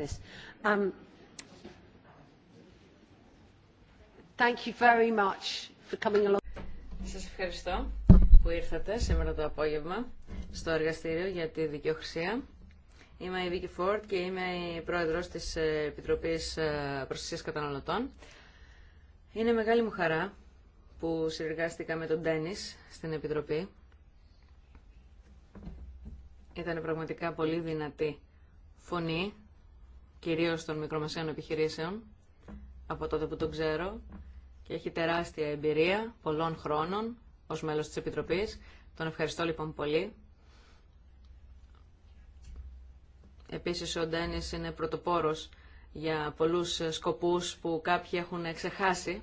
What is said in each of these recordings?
this. Um, thank you very much for coming along. Σας ευχαριστώ που ήρθατε σήμερα το απόγευμα στο εργαστήριο για τη δικαιοχρησία. Είμαι η Βίκη Φόρτ και είμαι η πρόεδρος της ε, Επιτροπής ε, Προστασίας Καταναλωτών. Είναι μεγάλη μου χαρά που συνεργάστηκα με τον Τένις στην Επιτροπή. Ήταν πραγματικά πολύ δυνατή φωνή Κυρίω των μικρομεσαίων επιχειρήσεων, από τότε που τον ξέρω, και έχει τεράστια εμπειρία πολλών χρόνων ως μέλος της Επιτροπής. Τον ευχαριστώ λοιπόν πολύ. Επίση ο Ντένι είναι πρωτοπόρος για πολλούς σκοπούς που κάποιοι έχουν ξεχάσει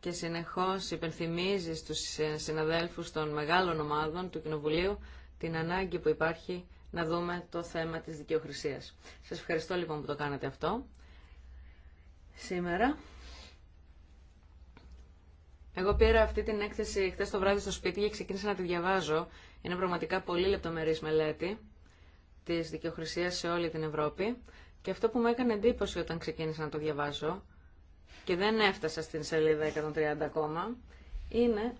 και συνεχώς υπενθυμίζει στους συναδέλφους των μεγάλων ομάδων του Κοινοβουλίου την ανάγκη που υπάρχει να δούμε το θέμα της δικαιοχρησίας. Σας ευχαριστώ λοιπόν που το κάνατε αυτό σήμερα. Εγώ πήρα αυτή την έκθεση χθε το βράδυ στο σπίτι και ξεκίνησα να τη διαβάζω. Είναι πραγματικά πολύ λεπτομερής μελέτη της δικαιοχρησίας σε όλη την Ευρώπη. Και αυτό που μου έκανε εντύπωση όταν ξεκίνησα να το διαβάζω και δεν έφτασα στην σελίδα 130 ακόμα, είναι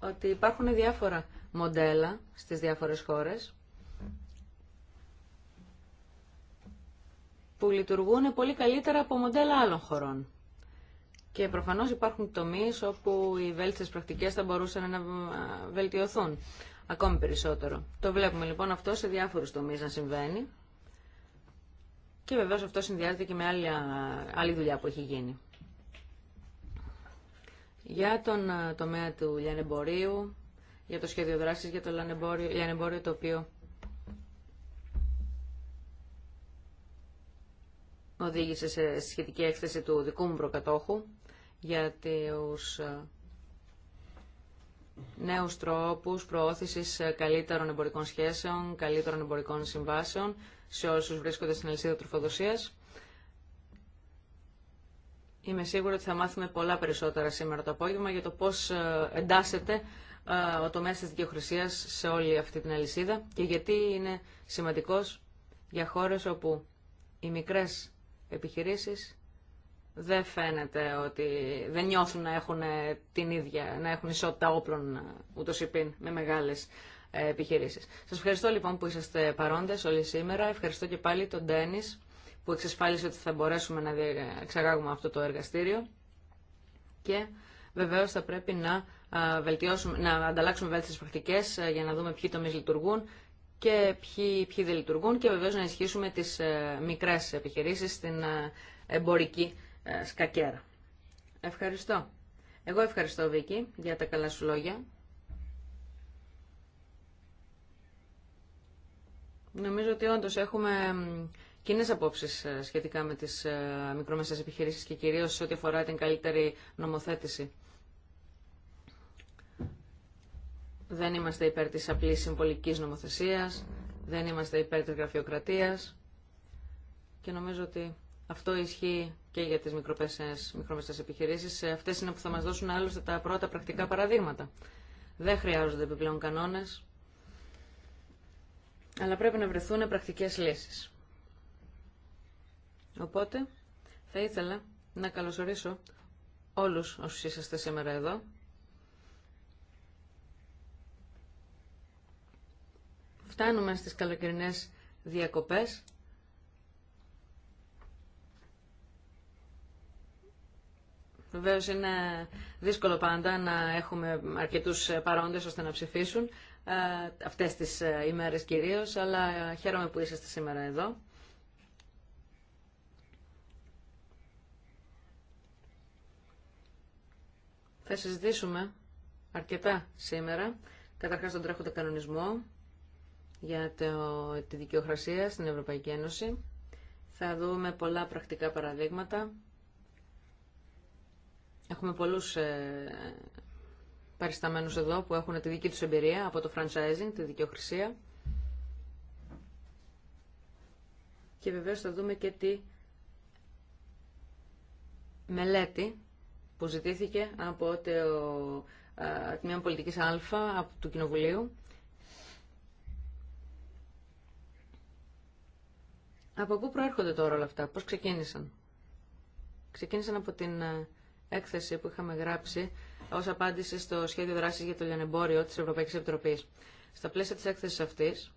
ότι υπάρχουν διάφορα μοντέλα στις διάφορες χώρες που λειτουργούν πολύ καλύτερα από μοντέλα άλλων χωρών. Και προφανώς υπάρχουν τομείς όπου οι βέλτιστες πρακτικές θα μπορούσαν να βελτιωθούν ακόμη περισσότερο. Το βλέπουμε λοιπόν αυτό σε διάφορους τομείς να συμβαίνει και βεβαίω αυτό συνδυάζεται και με άλλη, άλλη δουλειά που έχει γίνει. Για τον ε, τομέα του λιανεμπορίου για το σχέδιο δράσης για το λανεμπόριο το οποίο οδήγησε σε σχετική έκθεση του δικού μου προκατόχου για τους ε, νέους τρόπους προώθησης ε, καλύτερων εμπορικών σχέσεων, καλύτερων εμπορικών συμβάσεων σε όσους βρίσκονται στην αλυσίδα τροφοδοσίας. Είμαι σίγουρη ότι θα μάθουμε πολλά περισσότερα σήμερα το απόγευμα για το πώς ε, εντάσσεται ο τομέας της δικαιοχρησίας σε όλη αυτή την αλυσίδα και γιατί είναι σημαντικός για χώρες όπου οι μικρές επιχειρήσεις δεν φαίνεται ότι δεν νιώθουν να έχουν ε, την ίδια, να έχουν ισότητα όπλων ε, ούτως πίν με μεγάλες ε, επιχειρήσεις. Σας ευχαριστώ λοιπόν που είσαστε παρόντες όλοι σήμερα. Ευχαριστώ και πάλι τον Τένις που εξασφάλισε ότι θα μπορέσουμε να εξαγάγουμε αυτό το εργαστήριο και βεβαίως θα πρέπει να βελτιώσουμε, να ανταλλάξουμε βέλτιστες πρακτικές ε, για να δούμε ποιοι τομείς λειτουργούν και ποιοι, ποιοι δεν λειτουργούν και βεβαίω να ενισχύσουμε τις ε, μικρές επιχειρήσεις στην ε, εμπορική σκακέρα. Ευχαριστώ. Εγώ ευχαριστώ Βίκη για τα καλά σου λόγια. Νομίζω ότι όντω έχουμε κοινέ απόψεις σχετικά με τι μικρομεσαίες επιχειρήσει και κυρίως ό,τι αφορά την καλύτερη νομοθέτηση. Δεν είμαστε υπέρ της απλής συμπολικής νομοθεσίας, δεν είμαστε υπέρ της γραφειοκρατίας και νομίζω ότι αυτό ισχύει και για τις μικρομεσαίες επιχειρήσεις. Ε, αυτές είναι που θα μας δώσουν άλλωστε τα πρώτα πρακτικά παραδείγματα. Δεν χρειάζονται επιπλέον κανόνες, αλλά πρέπει να βρεθούν πρακτικές λύσεις. Οπότε, θα ήθελα να καλωσορίσω όλους όσους είσαστε σήμερα εδώ φτάνουμε στις καλοκαιρινές διακοπές Βεβαίω είναι δύσκολο πάντα να έχουμε αρκετούς παρόντες ώστε να ψηφίσουν ε, αυτές τις ε, ημέρες κυρίως, αλλά ε, χαίρομαι που είσαστε σήμερα εδώ. Θα συζητήσουμε αρκετά σήμερα, καταρχάς τον τρέχοντα κανονισμό, για το, τη δικαιοχρασία στην Ευρωπαϊκή Ένωση. Θα δούμε πολλά πρακτικά παραδείγματα. Έχουμε πολλούς ε, παρισταμένους εδώ που έχουν τη δική τους εμπειρία από το franchising, τη δικαιοχρησία. Και βεβαίως θα δούμε και τη μελέτη που ζητήθηκε από το ε, Τμήμα Πολιτικής Α του Κοινοβουλίου Από πού προέρχονται τώρα όλα αυτά, πώς ξεκίνησαν. Ξεκίνησαν από την ε, έκθεση που είχαμε γράψει ως απάντηση στο σχέδιο δράσης για το λιανεμπόριο της Ευρωπαϊκής Επιτροπής. Στα πλαίσια της έκθεσης αυτής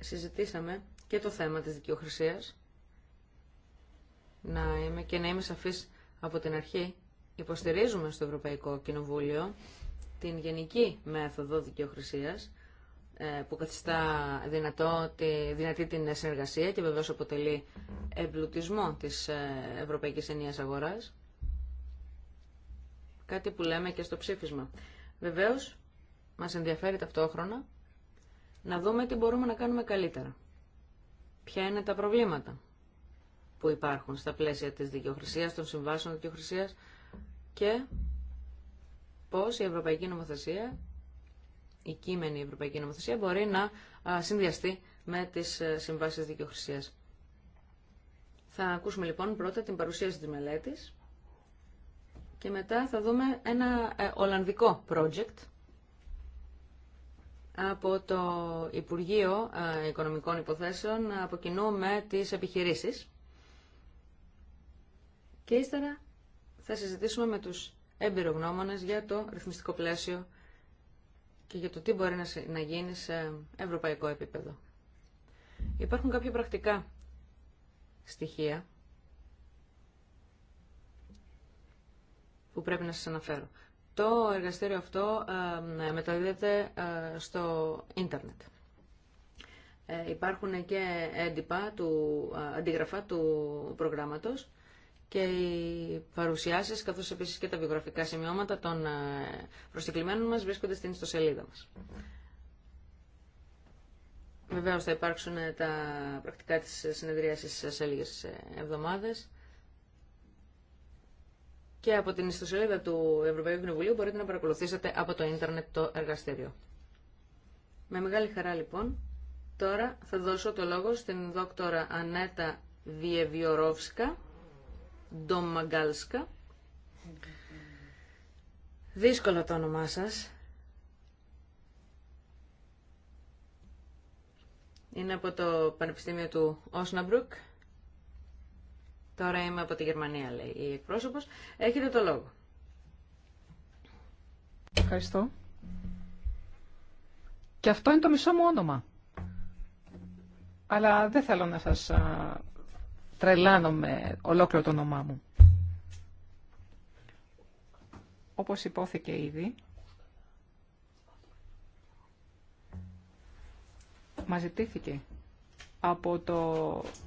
συζητήσαμε και το θέμα της δικαιοχρησίας. Να είμαι και να είμαι σαφής από την αρχή. Υποστηρίζουμε στο Ευρωπαϊκό Κοινοβούλιο την γενική μέθοδο δικαιοχρησίας ε, που καθιστά δυνατό, τη, δυνατή την συνεργασία και βεβαίως αποτελεί εμπλουτισμό της ε, Ευρωπαϊκής Ενίας Αγοράς. Κάτι που λέμε και στο ψήφισμα. Βεβαίως, μας ενδιαφέρει ταυτόχρονα να δούμε τι μπορούμε να κάνουμε καλύτερα. Ποια είναι τα προβλήματα που υπάρχουν στα πλαίσια της δικαιοχρησίας, των συμβάσεων δικαιοχρησίας και πώς η Ευρωπαϊκή Νομοθεσία η κείμενη Ευρωπαϊκή Νομοθεσία μπορεί να συνδυαστεί με τις ε, συμβάσεις δικαιοχρησίας. Θα ακούσουμε λοιπόν πρώτα την παρουσίαση της μελέτης και μετά θα δούμε ένα ε, Ολλανδικό project από το Υπουργείο ε, Οικονομικών Υποθέσεων από κοινού με τις επιχειρήσεις και ύστερα θα συζητήσουμε με τους εμπειρογνώμονες για το ρυθμιστικό πλαίσιο και για το τι μπορεί να γίνει σε ευρωπαϊκό επίπεδο. Υπάρχουν κάποια πρακτικά στοιχεία που πρέπει να σας αναφέρω. Το εργαστήριο αυτό ε, μεταδίδεται ε, στο ίντερνετ. Ε, υπάρχουν και έντυπα, του, αντίγραφα του προγράμματος και οι παρουσιάσεις καθώς επίσης και τα βιογραφικά σημειώματα των ε, προσκεκλημένων μας βρίσκονται στην ιστοσελίδα μας. Βεβαίω θα υπάρξουν ε, τα πρακτικά της συνεδρίασης σε λίγες ε, εβδομάδες και από την ιστοσελίδα του Ευρωπαϊκού Κοινοβουλίου μπορείτε να παρακολουθήσετε από το ίντερνετ το εργαστήριο. Με μεγάλη χαρά λοιπόν, τώρα θα δώσω το λόγο στην δόκτωρα Ανέτα Διεβιορόφσκα, Μαγκάλσκα. Δύσκολο το όνομά σας. Είναι από το Πανεπιστήμιο του Όσναμπρουκ. Τώρα είμαι από τη Γερμανία, λέει η εκπρόσωπος. Έχετε το λόγο. Ευχαριστώ. Και αυτό είναι το μισό μου όνομα. Αλλά δεν θέλω να σας τρελάνω ολόκληρο το όνομά μου. Όπως υπόθηκε ήδη, μας ζητήθηκε από το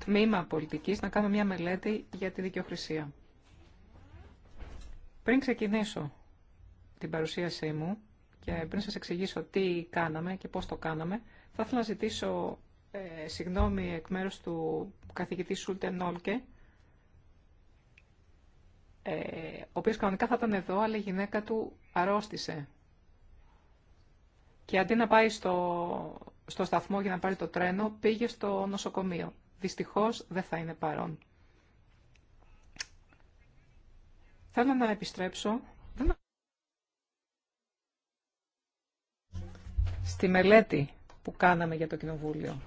τμήμα πολιτικής να κάνω μια μελέτη για τη δικαιοχρησία. Πριν ξεκινήσω την παρουσίασή μου και πριν σας εξηγήσω τι κάναμε και πώς το κάναμε, θα ήθελα να ζητήσω ε, συγγνώμη εκ μέρους του καθηγητή Σούλτε Νόλκε, ε, ο οποίος κανονικά θα ήταν εδώ, αλλά η γυναίκα του αρρώστησε. Και αντί να πάει στο, στο σταθμό για να πάρει το τρένο, πήγε στο νοσοκομείο. Δυστυχώς δεν θα είναι παρόν. Θέλω να επιστρέψω στη μελέτη που κάναμε για το Κοινοβούλιο.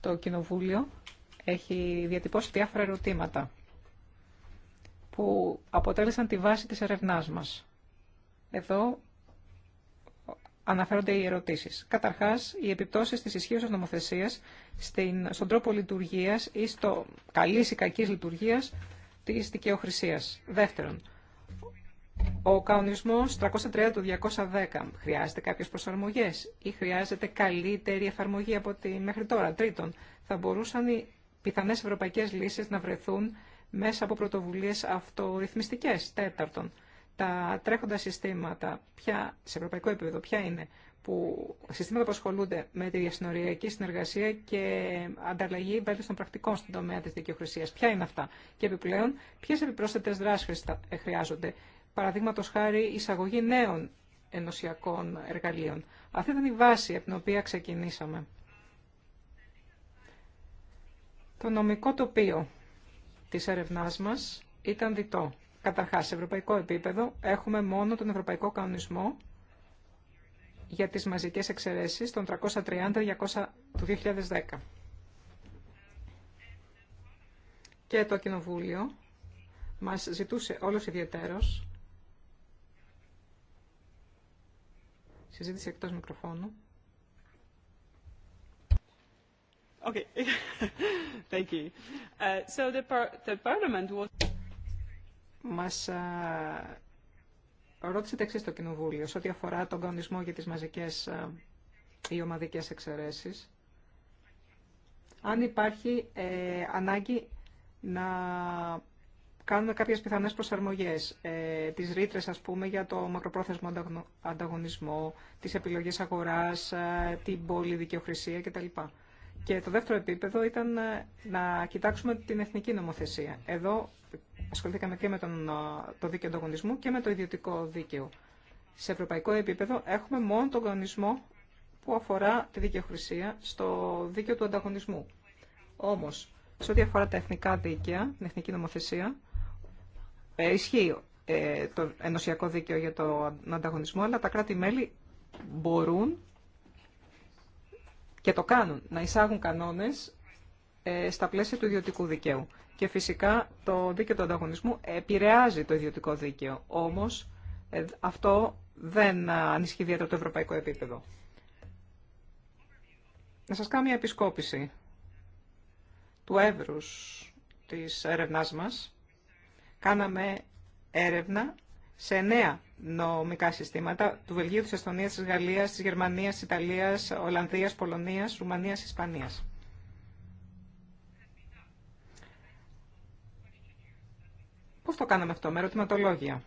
Το Κοινοβούλιο έχει διατυπώσει διάφορα ερωτήματα που αποτέλεσαν τη βάση της ερευνάς μας. Εδώ αναφέρονται οι ερωτήσεις. Καταρχάς, οι επιπτώσεις της ισχύωσης νομοθεσίας στην, στον τρόπο λειτουργίας ή στο καλής ή κακής λειτουργίας της δικαιοχρησίας. Δεύτερον, ο κανονισμό 330 του 210 χρειάζεται κάποιε προσαρμογέ ή χρειάζεται καλύτερη εφαρμογή από τη μέχρι τώρα. Τρίτον, θα μπορούσαν οι πιθανέ ευρωπαϊκέ λύσει να βρεθούν μέσα από πρωτοβουλίε αυτορυθμιστικέ. Τέταρτον, τα τρέχοντα συστήματα σε ευρωπαϊκό επίπεδο ποια είναι που συστήματα που ασχολούνται με τη διασυνοριακή συνεργασία και ανταλλαγή βέλτιστων πρακτικών στον τομέα τη δικαιοχρησία. Ποια είναι αυτά. Και επιπλέον, ποιε επιπρόσθετε δράσει ε, χρειάζονται παραδείγματος χάρη εισαγωγή νέων ενωσιακών εργαλείων. Αυτή ήταν η βάση από την οποία ξεκινήσαμε. Το νομικό τοπίο της έρευνάς μας ήταν διτό. Καταρχάς, σε ευρωπαϊκό επίπεδο έχουμε μόνο τον Ευρωπαϊκό Κανονισμό για τις μαζικές εξαιρέσεις των 330-200 του 2010. Και το Κοινοβούλιο μας ζητούσε όλος ιδιαίτερος Συζήτηση εκτό μικροφώνου. Okay. Thank you. Uh, so the, par the parliament was... Μας uh, ρώτησε τα το Κοινοβούλιο σε ό,τι αφορά τον κανονισμό για τις μαζικές uh, ή ομαδικές εξαιρέσεις. Αν υπάρχει ε, ανάγκη να κάνουμε κάποιε πιθανέ προσαρμογέ, Ε, τις ρήτρε, ας πούμε, για το μακροπρόθεσμο ανταγωνισμό, τι επιλογέ αγορά, ε, την πόλη δικαιοχρησία κτλ. Και το δεύτερο επίπεδο ήταν ε, να κοιτάξουμε την εθνική νομοθεσία. Εδώ ασχοληθήκαμε και με τον, ε, το δίκαιο ανταγωνισμού και με το ιδιωτικό δίκαιο. Σε ευρωπαϊκό επίπεδο έχουμε μόνο τον κανονισμό που αφορά τη δικαιοχρησία στο δίκαιο του ανταγωνισμού. Όμως, σε ό,τι αφορά τα εθνικά δίκαια, την εθνική νομοθεσία, ε, ισχύει ε, το ενωσιακό δίκαιο για τον ανταγωνισμό, αλλά τα κράτη-μέλη μπορούν και το κάνουν, να εισάγουν κανόνες ε, στα πλαίσια του ιδιωτικού δικαίου. Και φυσικά το δίκαιο του ανταγωνισμού επηρεάζει το ιδιωτικό δίκαιο. Όμως αυτό δεν ανισχύει ιδιαίτερα το ευρωπαϊκό επίπεδο. Να σας κάνω μια επισκόπηση του εύρους της έρευνάς μας Κάναμε έρευνα σε νέα νομικά συστήματα του Βελγίου, της Εστονίας, της Γαλλίας, της Γερμανίας, της Ιταλίας, Ολλανδίας, Πολωνίας, Ρουμανίας, Ισπανίας. Πώς το κάναμε αυτό, με ερωτηματολόγια.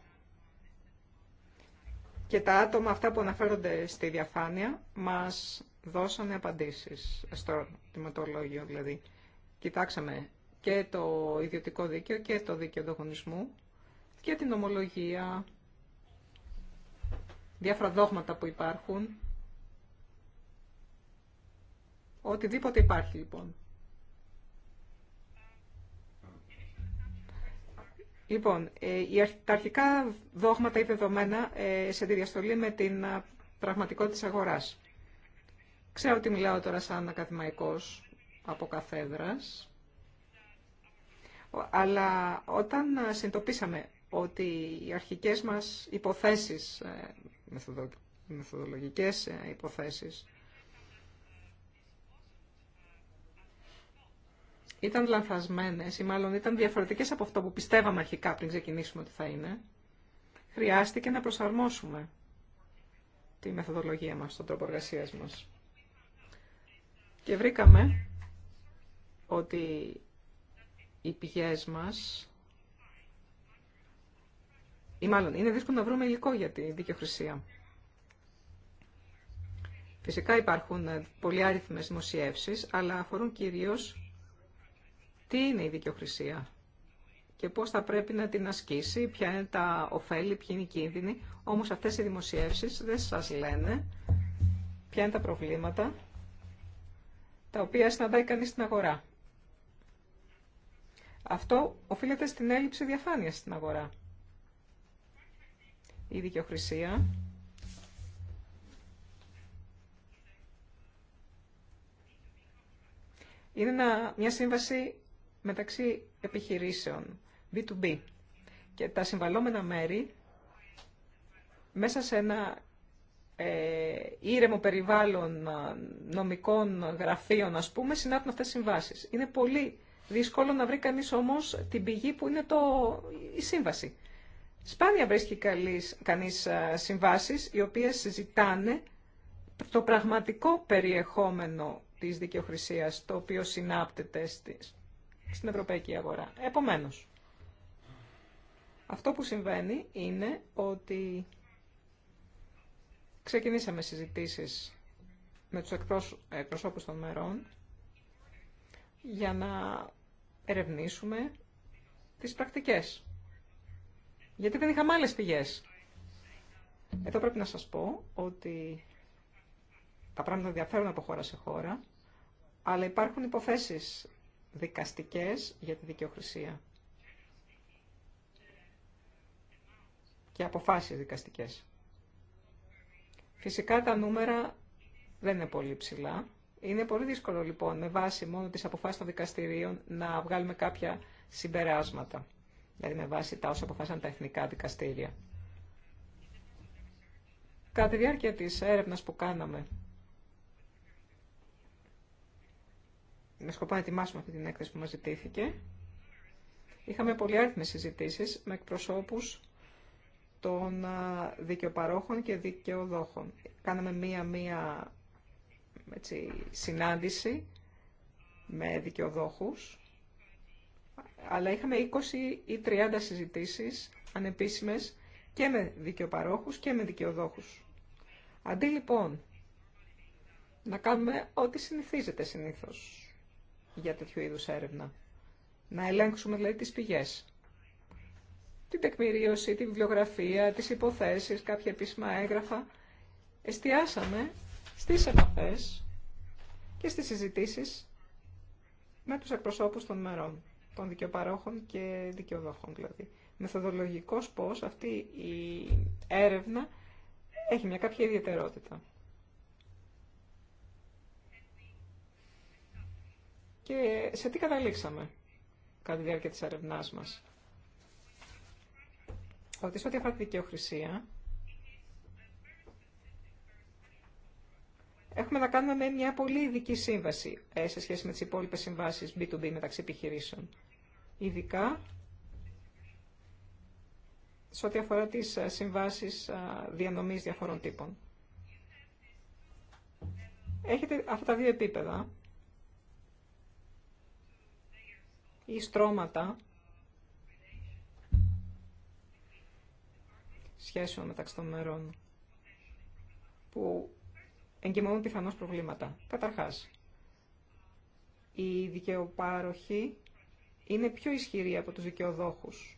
Και τα άτομα αυτά που αναφέρονται στη διαφάνεια μας δώσανε απαντήσεις στο ερωτηματολόγιο, δηλαδή. Κοιτάξαμε και το ιδιωτικό δίκαιο και το δίκαιο ανταγωνισμού και την ομολογία, διάφορα δόγματα που υπάρχουν. Οτιδήποτε υπάρχει λοιπόν. Λοιπόν, ε, τα αρχικά δόγματα ή δεδομένα ε, σε τη διαστολή με την ε, πραγματικότητα της αγοράς. Ξέρω ότι μιλάω τώρα σαν ακαδημαϊκός από καθέδρας, αλλά όταν συνειδητοποίησαμε ότι οι αρχικές μας υποθέσεις, ε, μεθοδολογικές ε, υποθέσεις, ήταν λανθασμένες ή μάλλον ήταν διαφορετικές από αυτό που πιστεύαμε αρχικά πριν ξεκινήσουμε ότι θα είναι, χρειάστηκε να προσαρμόσουμε τη μεθοδολογία μας, τον τρόπο εργασίας μας. Και βρήκαμε ότι οι πηγές μας, ή μάλλον είναι δύσκολο να βρούμε υλικό για τη δικαιοχρησία. Φυσικά υπάρχουν ε, πολλοί άριθμες δημοσιεύσεις, αλλά αφορούν κυρίως τι είναι η δικαιοχρησία και πώς θα πρέπει να την ασκήσει, ποια είναι τα ωφέλη, ποια είναι οι κίνδυνη. Όμως αυτές οι δημοσιεύσεις δεν σας λένε ποια είναι τα προβλήματα τα οποία συναντάει κανείς στην αγορά. Αυτό οφείλεται στην έλλειψη διαφάνειας στην αγορά. Η δικαιοχρησία είναι μια σύμβαση μεταξύ επιχειρήσεων, B2B. Και τα συμβαλώμενα μέρη μέσα σε ένα ε, ήρεμο περιβάλλον ε, νομικών γραφείων, ας πούμε, συνάπτουν αυτές τις συμβάσεις. Είναι πολύ Δύσκολο να βρει κανείς όμως την πηγή που είναι το, η σύμβαση. Σπάνια βρίσκει καλής, κανείς συμβάσεις οι οποίες συζητάνε το πραγματικό περιεχόμενο της δικαιοχρησίας το οποίο συνάπτεται στην ευρωπαϊκή αγορά. Επομένως, αυτό που συμβαίνει είναι ότι ξεκινήσαμε συζητήσεις με τους εκπροσώπους των μερών για να ερευνήσουμε τις πρακτικές. Γιατί δεν είχαμε άλλες πηγές. Εδώ πρέπει να σας πω ότι τα πράγματα διαφέρουν από χώρα σε χώρα, αλλά υπάρχουν υποθέσεις δικαστικές για τη δικαιοχρησία. Και αποφάσεις δικαστικές. Φυσικά τα νούμερα δεν είναι πολύ ψηλά είναι πολύ δύσκολο λοιπόν με βάση μόνο τις αποφάσεις των δικαστηρίων να βγάλουμε κάποια συμπεράσματα. Δηλαδή με βάση τα όσα αποφάσισαν τα εθνικά δικαστήρια. Κατά τη διάρκεια της έρευνας που κάναμε, με σκοπό να ετοιμάσουμε αυτή την έκθεση που μας ζητήθηκε, είχαμε πολύ άριθμες συζητήσεις με εκπροσώπους των δικαιοπαρόχων και δικαιοδόχων. Κάναμε μία-μία έτσι, συνάντηση με δικαιοδόχους, αλλά είχαμε 20 ή 30 συζητήσεις ανεπίσημες και με δικαιοπαρόχους και με δικαιοδόχους. Αντί λοιπόν να κάνουμε ό,τι συνηθίζεται συνήθως για τέτοιου είδους έρευνα, να ελέγξουμε δηλαδή τις πηγές, την τεκμηρίωση, τη βιβλιογραφία, τις υποθέσεις, κάποια επίσημα έγγραφα, εστιάσαμε στις επαφές και στις συζητήσεις με τους εκπροσώπους των μερών, των δικαιοπαρόχων και δικαιοδόχων δηλαδή. Μεθοδολογικός πώς αυτή η έρευνα έχει μια κάποια ιδιαιτερότητα. Και σε τι καταλήξαμε κατά τη διάρκεια της έρευνάς μας. Ότι σε ό,τι αφορά τη δικαιοχρησία, έχουμε να κάνουμε μια πολύ ειδική σύμβαση ε, σε σχέση με τις υπόλοιπες συμβάσεις B2B μεταξύ επιχειρήσεων. Ειδικά σε ό,τι αφορά τις ε, συμβάσεις ε, διανομής διαφορών τύπων. Έχετε αυτά τα δύο επίπεδα ή στρώματα σχέσεων μεταξύ των μερών που εγκυμονούν πιθανώς προβλήματα. Καταρχάς, η δικαιοπάροχη είναι πιο ισχυρή από τους δικαιοδόχους.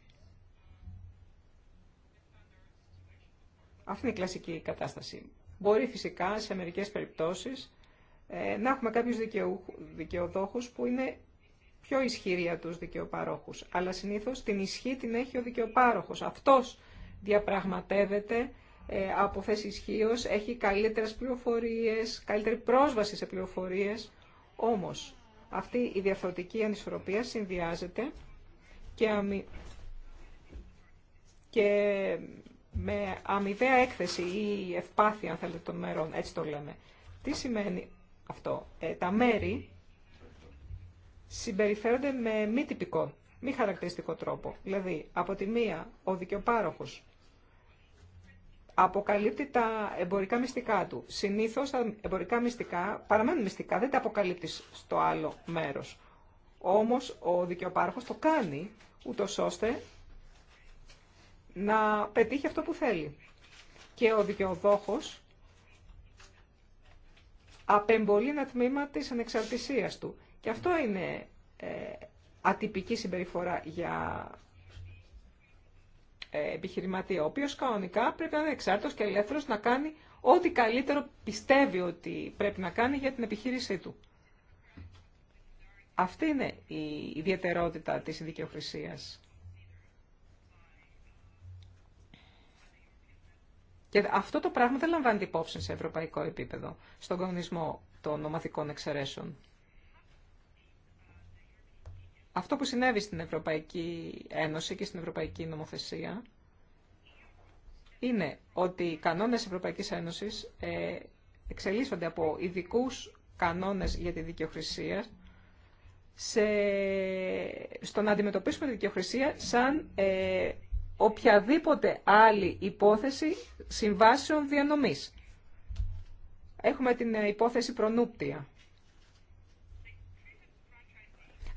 Αυτή είναι η κλασική κατάσταση. Μπορεί φυσικά σε μερικές περιπτώσεις ε, να έχουμε κάποιους δικαιοδόχους που είναι πιο ισχυρή από τους δικαιοπαρόχους. Αλλά συνήθως την ισχύ την έχει ο δικαιοπάροχος. Αυτός διαπραγματεύεται ε, από θέση ισχύω, έχει καλύτερες πληροφορίες, καλύτερη πρόσβαση σε πληροφορίες. Όμως, αυτή η διαφορετική ανισορροπία συνδυάζεται και, και με αμοιβαία έκθεση ή ευπάθεια, αν θέλετε, των μερών, έτσι το λέμε. Τι σημαίνει αυτό. Ε, τα μέρη συμπεριφέρονται με μη τυπικό, μη χαρακτηριστικό τρόπο. Δηλαδή, από τη μία, ο δικαιοπάροχος αποκαλύπτει τα εμπορικά μυστικά του. Συνήθως τα εμπορικά μυστικά παραμένουν μυστικά, δεν τα αποκαλύπτει στο άλλο μέρος. Όμως ο δικαιοπάρχο το κάνει ούτω ώστε να πετύχει αυτό που θέλει. Και ο δικαιοδόχος απεμπολεί ένα τμήμα της ανεξαρτησίας του. Και αυτό είναι ε, ατυπική συμπεριφορά για ε, επιχειρηματία, ο οποίος κανονικά πρέπει να είναι εξάρτητος και ελεύθερος να κάνει ό,τι καλύτερο πιστεύει ότι πρέπει να κάνει για την επιχείρησή του. Αυτή είναι η ιδιαιτερότητα της δικαιοχρησίας. Και αυτό το πράγμα δεν λαμβάνεται υπόψη σε ευρωπαϊκό επίπεδο, στον κανονισμό των ομαδικών εξαιρέσεων. Αυτό που συνέβη στην Ευρωπαϊκή Ένωση και στην Ευρωπαϊκή Νομοθεσία είναι ότι οι κανόνες Ευρωπαϊκής Ένωσης ε, εξελίσσονται από ειδικού κανόνες για τη δικαιοχρησία σε... στο να αντιμετωπίσουμε τη δικαιοχρησία σαν ε, οποιαδήποτε άλλη υπόθεση συμβάσεων διανομής. Έχουμε την ε, υπόθεση προνούπτια.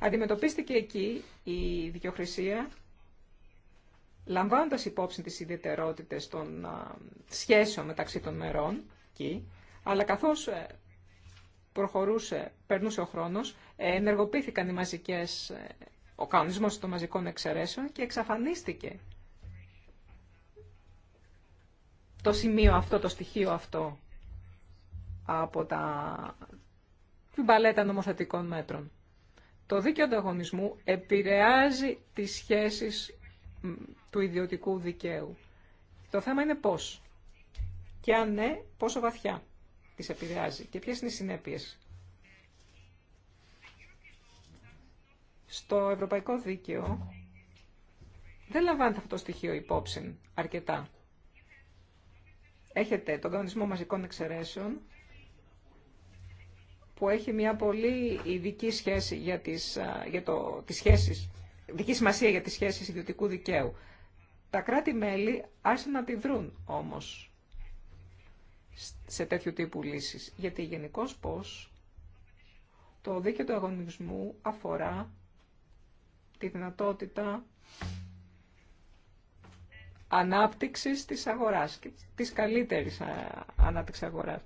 Αντιμετωπίστηκε εκεί η δικαιοχρησία, λαμβάνοντας υπόψη τις ιδιαιτερότητες των σχέσεων μεταξύ των μερών, εκεί, αλλά καθώς ε, προχωρούσε, περνούσε ο χρόνος, ε, ενεργοποιήθηκαν οι μαζικές, ε, ο κανονισμός των μαζικών εξαιρέσεων και εξαφανίστηκε το σημείο αυτό, το στοιχείο αυτό από τα, την παλέτα νομοθετικών μέτρων. Το δίκαιο ανταγωνισμού επηρεάζει τις σχέσεις του ιδιωτικού δικαίου. Το θέμα είναι πώς. Και αν ναι, πόσο βαθιά τις επηρεάζει και ποιες είναι οι συνέπειες. Στο ευρωπαϊκό δίκαιο δεν λαμβάνεται αυτό το στοιχείο υπόψη αρκετά. Έχετε τον κανονισμό μαζικών εξαιρέσεων που έχει μια πολύ ειδική σχέση για, τις, για το, τις σχέσεις, ειδική σημασία για τις σχέσεις ιδιωτικού δικαίου. Τα κράτη-μέλη άρχισαν να τη δρούν όμως σε τέτοιου τύπου λύσεις. Γιατί γενικώ πώς το δίκαιο του αγωνισμού αφορά τη δυνατότητα ανάπτυξης της αγοράς, της καλύτερης ανάπτυξης αγοράς.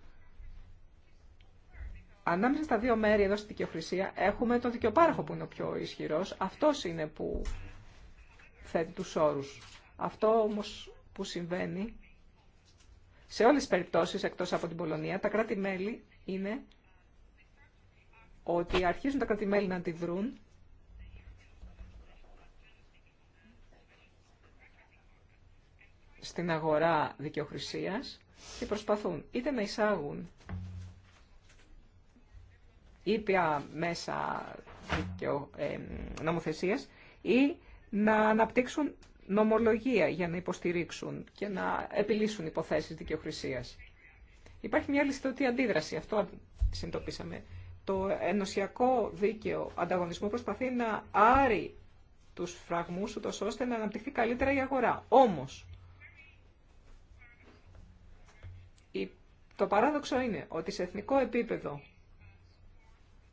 Ανάμεσα στα δύο μέρη εδώ στη δικαιοχρησία έχουμε τον δικαιοπάραχο που είναι ο πιο ισχυρός. Αυτός είναι που θέτει τους όρους. Αυτό όμως που συμβαίνει σε όλες τις περιπτώσεις εκτός από την Πολωνία, τα κράτη-μέλη είναι ότι αρχίζουν τα κράτη-μέλη να αντιδρούν στην αγορά δικαιοχρησίας και προσπαθούν είτε να εισάγουν ήπια μέσα δικαιο, ε, ή να αναπτύξουν νομολογία για να υποστηρίξουν και να επιλύσουν υποθέσεις δικαιοχρησίας. Υπάρχει μια ληστωτή αντίδραση, αυτό συντοπίσαμε. Το ενωσιακό δίκαιο ανταγωνισμού προσπαθεί να άρει τους φραγμούς ούτως ώστε να αναπτυχθεί καλύτερα η αγορά. Όμως, το παράδοξο είναι ότι σε εθνικό επίπεδο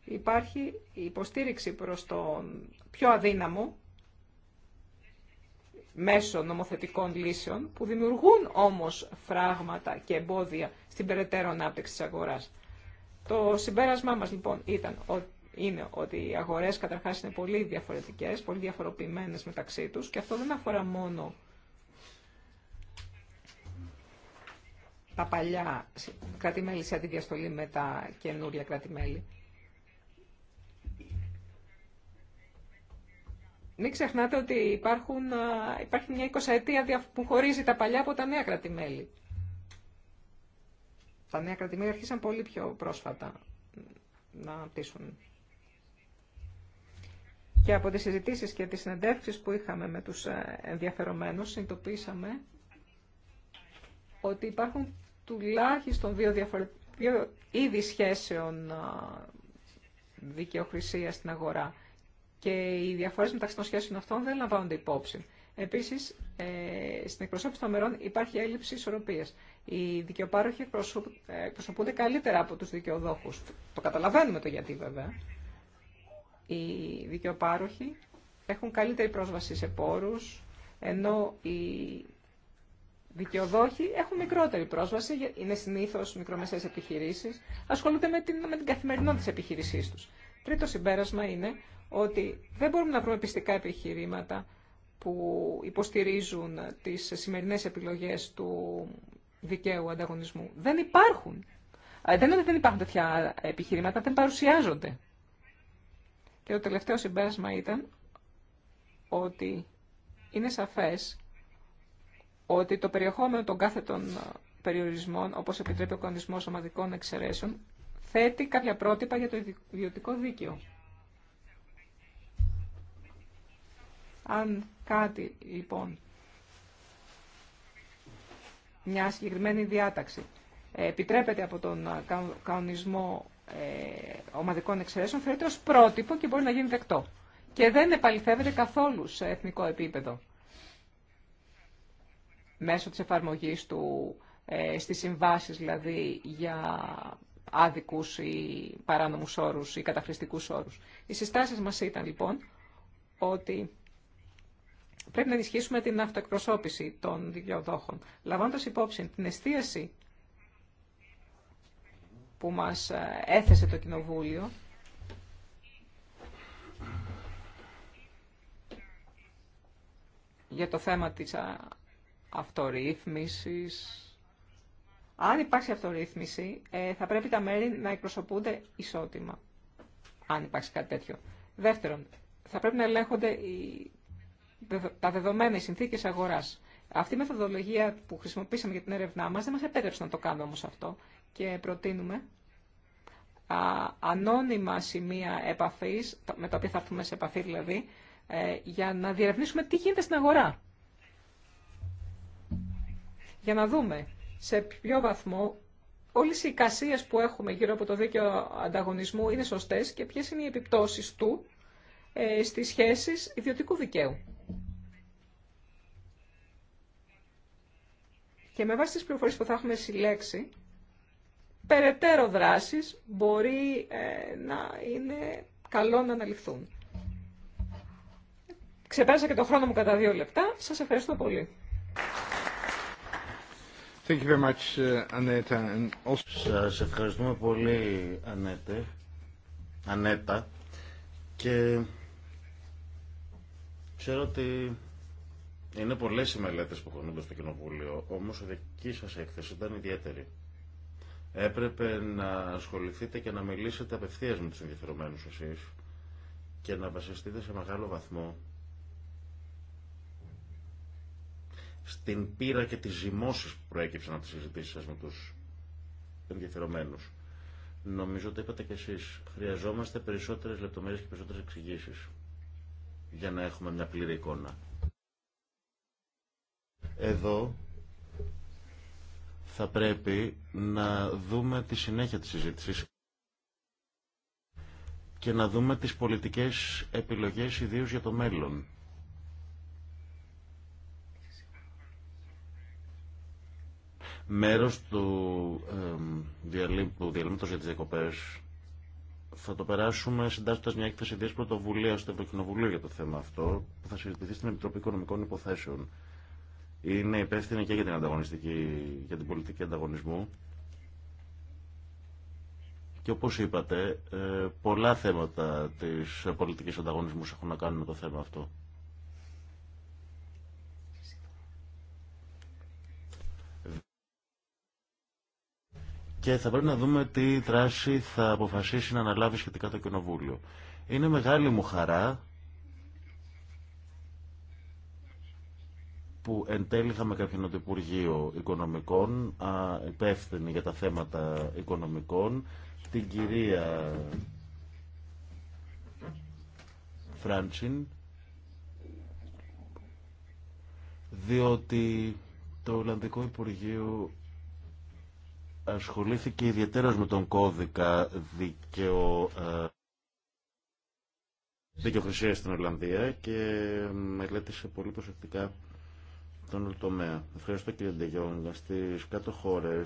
υπάρχει υποστήριξη προς τον πιο αδύναμο μέσω νομοθετικών λύσεων που δημιουργούν όμως φράγματα και εμπόδια στην περαιτέρω ανάπτυξη της αγοράς. Το συμπέρασμά μας λοιπόν ήταν είναι ότι οι αγορές καταρχάς είναι πολύ διαφορετικές, πολύ διαφοροποιημένες μεταξύ τους και αυτό δεν αφορά μόνο τα παλιά κρατημέλη σε αντιδιαστολή με τα καινούρια κρατημέλη. Μην ξεχνάτε ότι υπάρχουν, υπάρχει μια 20 ετία που χωρίζει τα παλιά από τα νέα κρατημέλη. Τα νέα κρατημέλη αρχίσαν πολύ πιο πρόσφατα να αναπτύσσουν. Και από τις συζητήσεις και τις συνεντεύξεις που είχαμε με τους ε, ενδιαφερομένους, συνειδητοποίησαμε ότι υπάρχουν τουλάχιστον δύο, διαφορε... δύο είδη σχέσεων δικαιοχρησίας στην αγορά και οι διαφορές μεταξύ των σχέσεων αυτών δεν λαμβάνονται υπόψη. Επίσης, ε, στην εκπροσώπηση των μερών υπάρχει έλλειψη ισορροπίας. Οι δικαιοπάροχοι εκπροσωπούνται καλύτερα από τους δικαιοδόχους. Το καταλαβαίνουμε το γιατί βέβαια. Οι δικαιοπάροχοι έχουν καλύτερη πρόσβαση σε πόρους, ενώ οι δικαιοδόχοι έχουν μικρότερη πρόσβαση, είναι συνήθως μικρομεσαίες επιχειρήσεις, ασχολούνται με την, με την καθημερινότητα της επιχείρησής τους. Τρίτο συμπέρασμα είναι ότι δεν μπορούμε να βρούμε πιστικά επιχειρήματα που υποστηρίζουν τις σημερινές επιλογές του δικαίου ανταγωνισμού. Δεν υπάρχουν. Ε, δεν είναι ότι δεν υπάρχουν τέτοια επιχειρήματα, δεν παρουσιάζονται. Και το τελευταίο συμπέρασμα ήταν ότι είναι σαφές ότι το περιεχόμενο των των περιορισμών, όπως επιτρέπει ο κανονισμός ομαδικών εξαιρέσεων, θέτει κάποια πρότυπα για το ιδιωτικό δίκαιο. Αν κάτι, λοιπόν, μια συγκεκριμένη διάταξη επιτρέπεται από τον ε, κανονισμό ε, ομαδικών εξαιρέσεων, θεωρείται ως πρότυπο και μπορεί να γίνει δεκτό. Και δεν επαληθεύεται καθόλου σε εθνικό επίπεδο μέσω της εφαρμογής του ε, στις συμβάσεις δηλαδή για άδικους ή παράνομους όρους ή καταχρηστικούς όρους. Οι συστάσεις μας ήταν λοιπόν ότι πρέπει να ενισχύσουμε την αυτοεκπροσώπηση των δικαιοδόχων, λαμβάνοντας υπόψη την εστίαση που μας ε, έθεσε το Κοινοβούλιο, για το θέμα της αυτορύθμισης. Αν υπάρχει αυτορύθμιση, ε, θα πρέπει τα μέρη να εκπροσωπούνται ισότιμα, αν υπάρχει κάτι τέτοιο. Δεύτερον, θα πρέπει να ελέγχονται οι τα δεδομένα, οι συνθήκε αγοράς. Αυτή η μεθοδολογία που χρησιμοποίησαμε για την έρευνά μας δεν μας επέτρεψε να το κάνουμε όμως αυτό και προτείνουμε α, ανώνυμα σημεία επαφής, με τα οποία θα έρθουμε σε επαφή δηλαδή, ε, για να διερευνήσουμε τι γίνεται στην αγορά. Για να δούμε σε ποιο βαθμό όλε οι εικασίε που έχουμε γύρω από το δίκαιο ανταγωνισμού είναι σωστέ και ποιε είναι οι επιπτώσει του ε, στις στι σχέσει ιδιωτικού δικαίου. Και με βάση τις πληροφορίες που θα έχουμε συλλέξει, περαιτέρω δράσεις μπορεί ε, να είναι καλό να αναλυθούν. Ξεπέρασα και το χρόνο μου κατά δύο λεπτά. Σας ευχαριστώ πολύ. Thank you very much, ε, Aneta. Σας ευχαριστούμε πολύ, Ανέτε. Ανέτα. Και ξέρω ότι είναι πολλέ οι μελέτε που κονούνται στο Κοινοβούλιο, όμω η δική σα έκθεση ήταν ιδιαίτερη. Έπρεπε να ασχοληθείτε και να μιλήσετε απευθεία με του ενδιαφερομένου εσεί και να βασιστείτε σε μεγάλο βαθμό στην πείρα και τις ζυμώσεις που προέκυψαν από τις συζητήσεις σας με τους ενδιαφερομένους. Νομίζω ότι είπατε κι εσείς, χρειαζόμαστε περισσότερες λεπτομέρειες και περισσότερες εξηγήσει για να έχουμε μια πλήρη εικόνα. Εδώ θα πρέπει να δούμε τη συνέχεια της συζήτησης και να δούμε τις πολιτικές επιλογές ιδίως για το μέλλον. Μέρος του ε, διαλύματος για τις διακοπές θα το περάσουμε συντάσσοντας μια έκθεση πρωτοβουλία στο Ευρωκοινοβουλίο για το θέμα αυτό που θα συζητηθεί στην Επιτροπή Οικονομικών Υποθέσεων είναι υπεύθυνη και για την, ανταγωνιστική, για την πολιτική ανταγωνισμού. Και όπως είπατε, ε, πολλά θέματα της πολιτικής ανταγωνισμού έχουν να κάνουν με το θέμα αυτό. Και θα πρέπει να δούμε τι τράση θα αποφασίσει να αναλάβει σχετικά το Κοινοβούλιο. Είναι μεγάλη μου χαρά που εν τέλει είχαμε κάποιον Υπουργείο Οικονομικών, α, υπεύθυνη για τα θέματα οικονομικών, την κυρία Φράντσιν, διότι το Ολλανδικό Υπουργείο ασχολήθηκε ιδιαίτερα με τον κώδικα δικαιο, ε, δικαιοχρησίας στην Ολλανδία και μελέτησε πολύ προσεκτικά τον όλο τομέα. Ευχαριστώ κύριε Ντεγιόγκα. Στι κάτω χώρε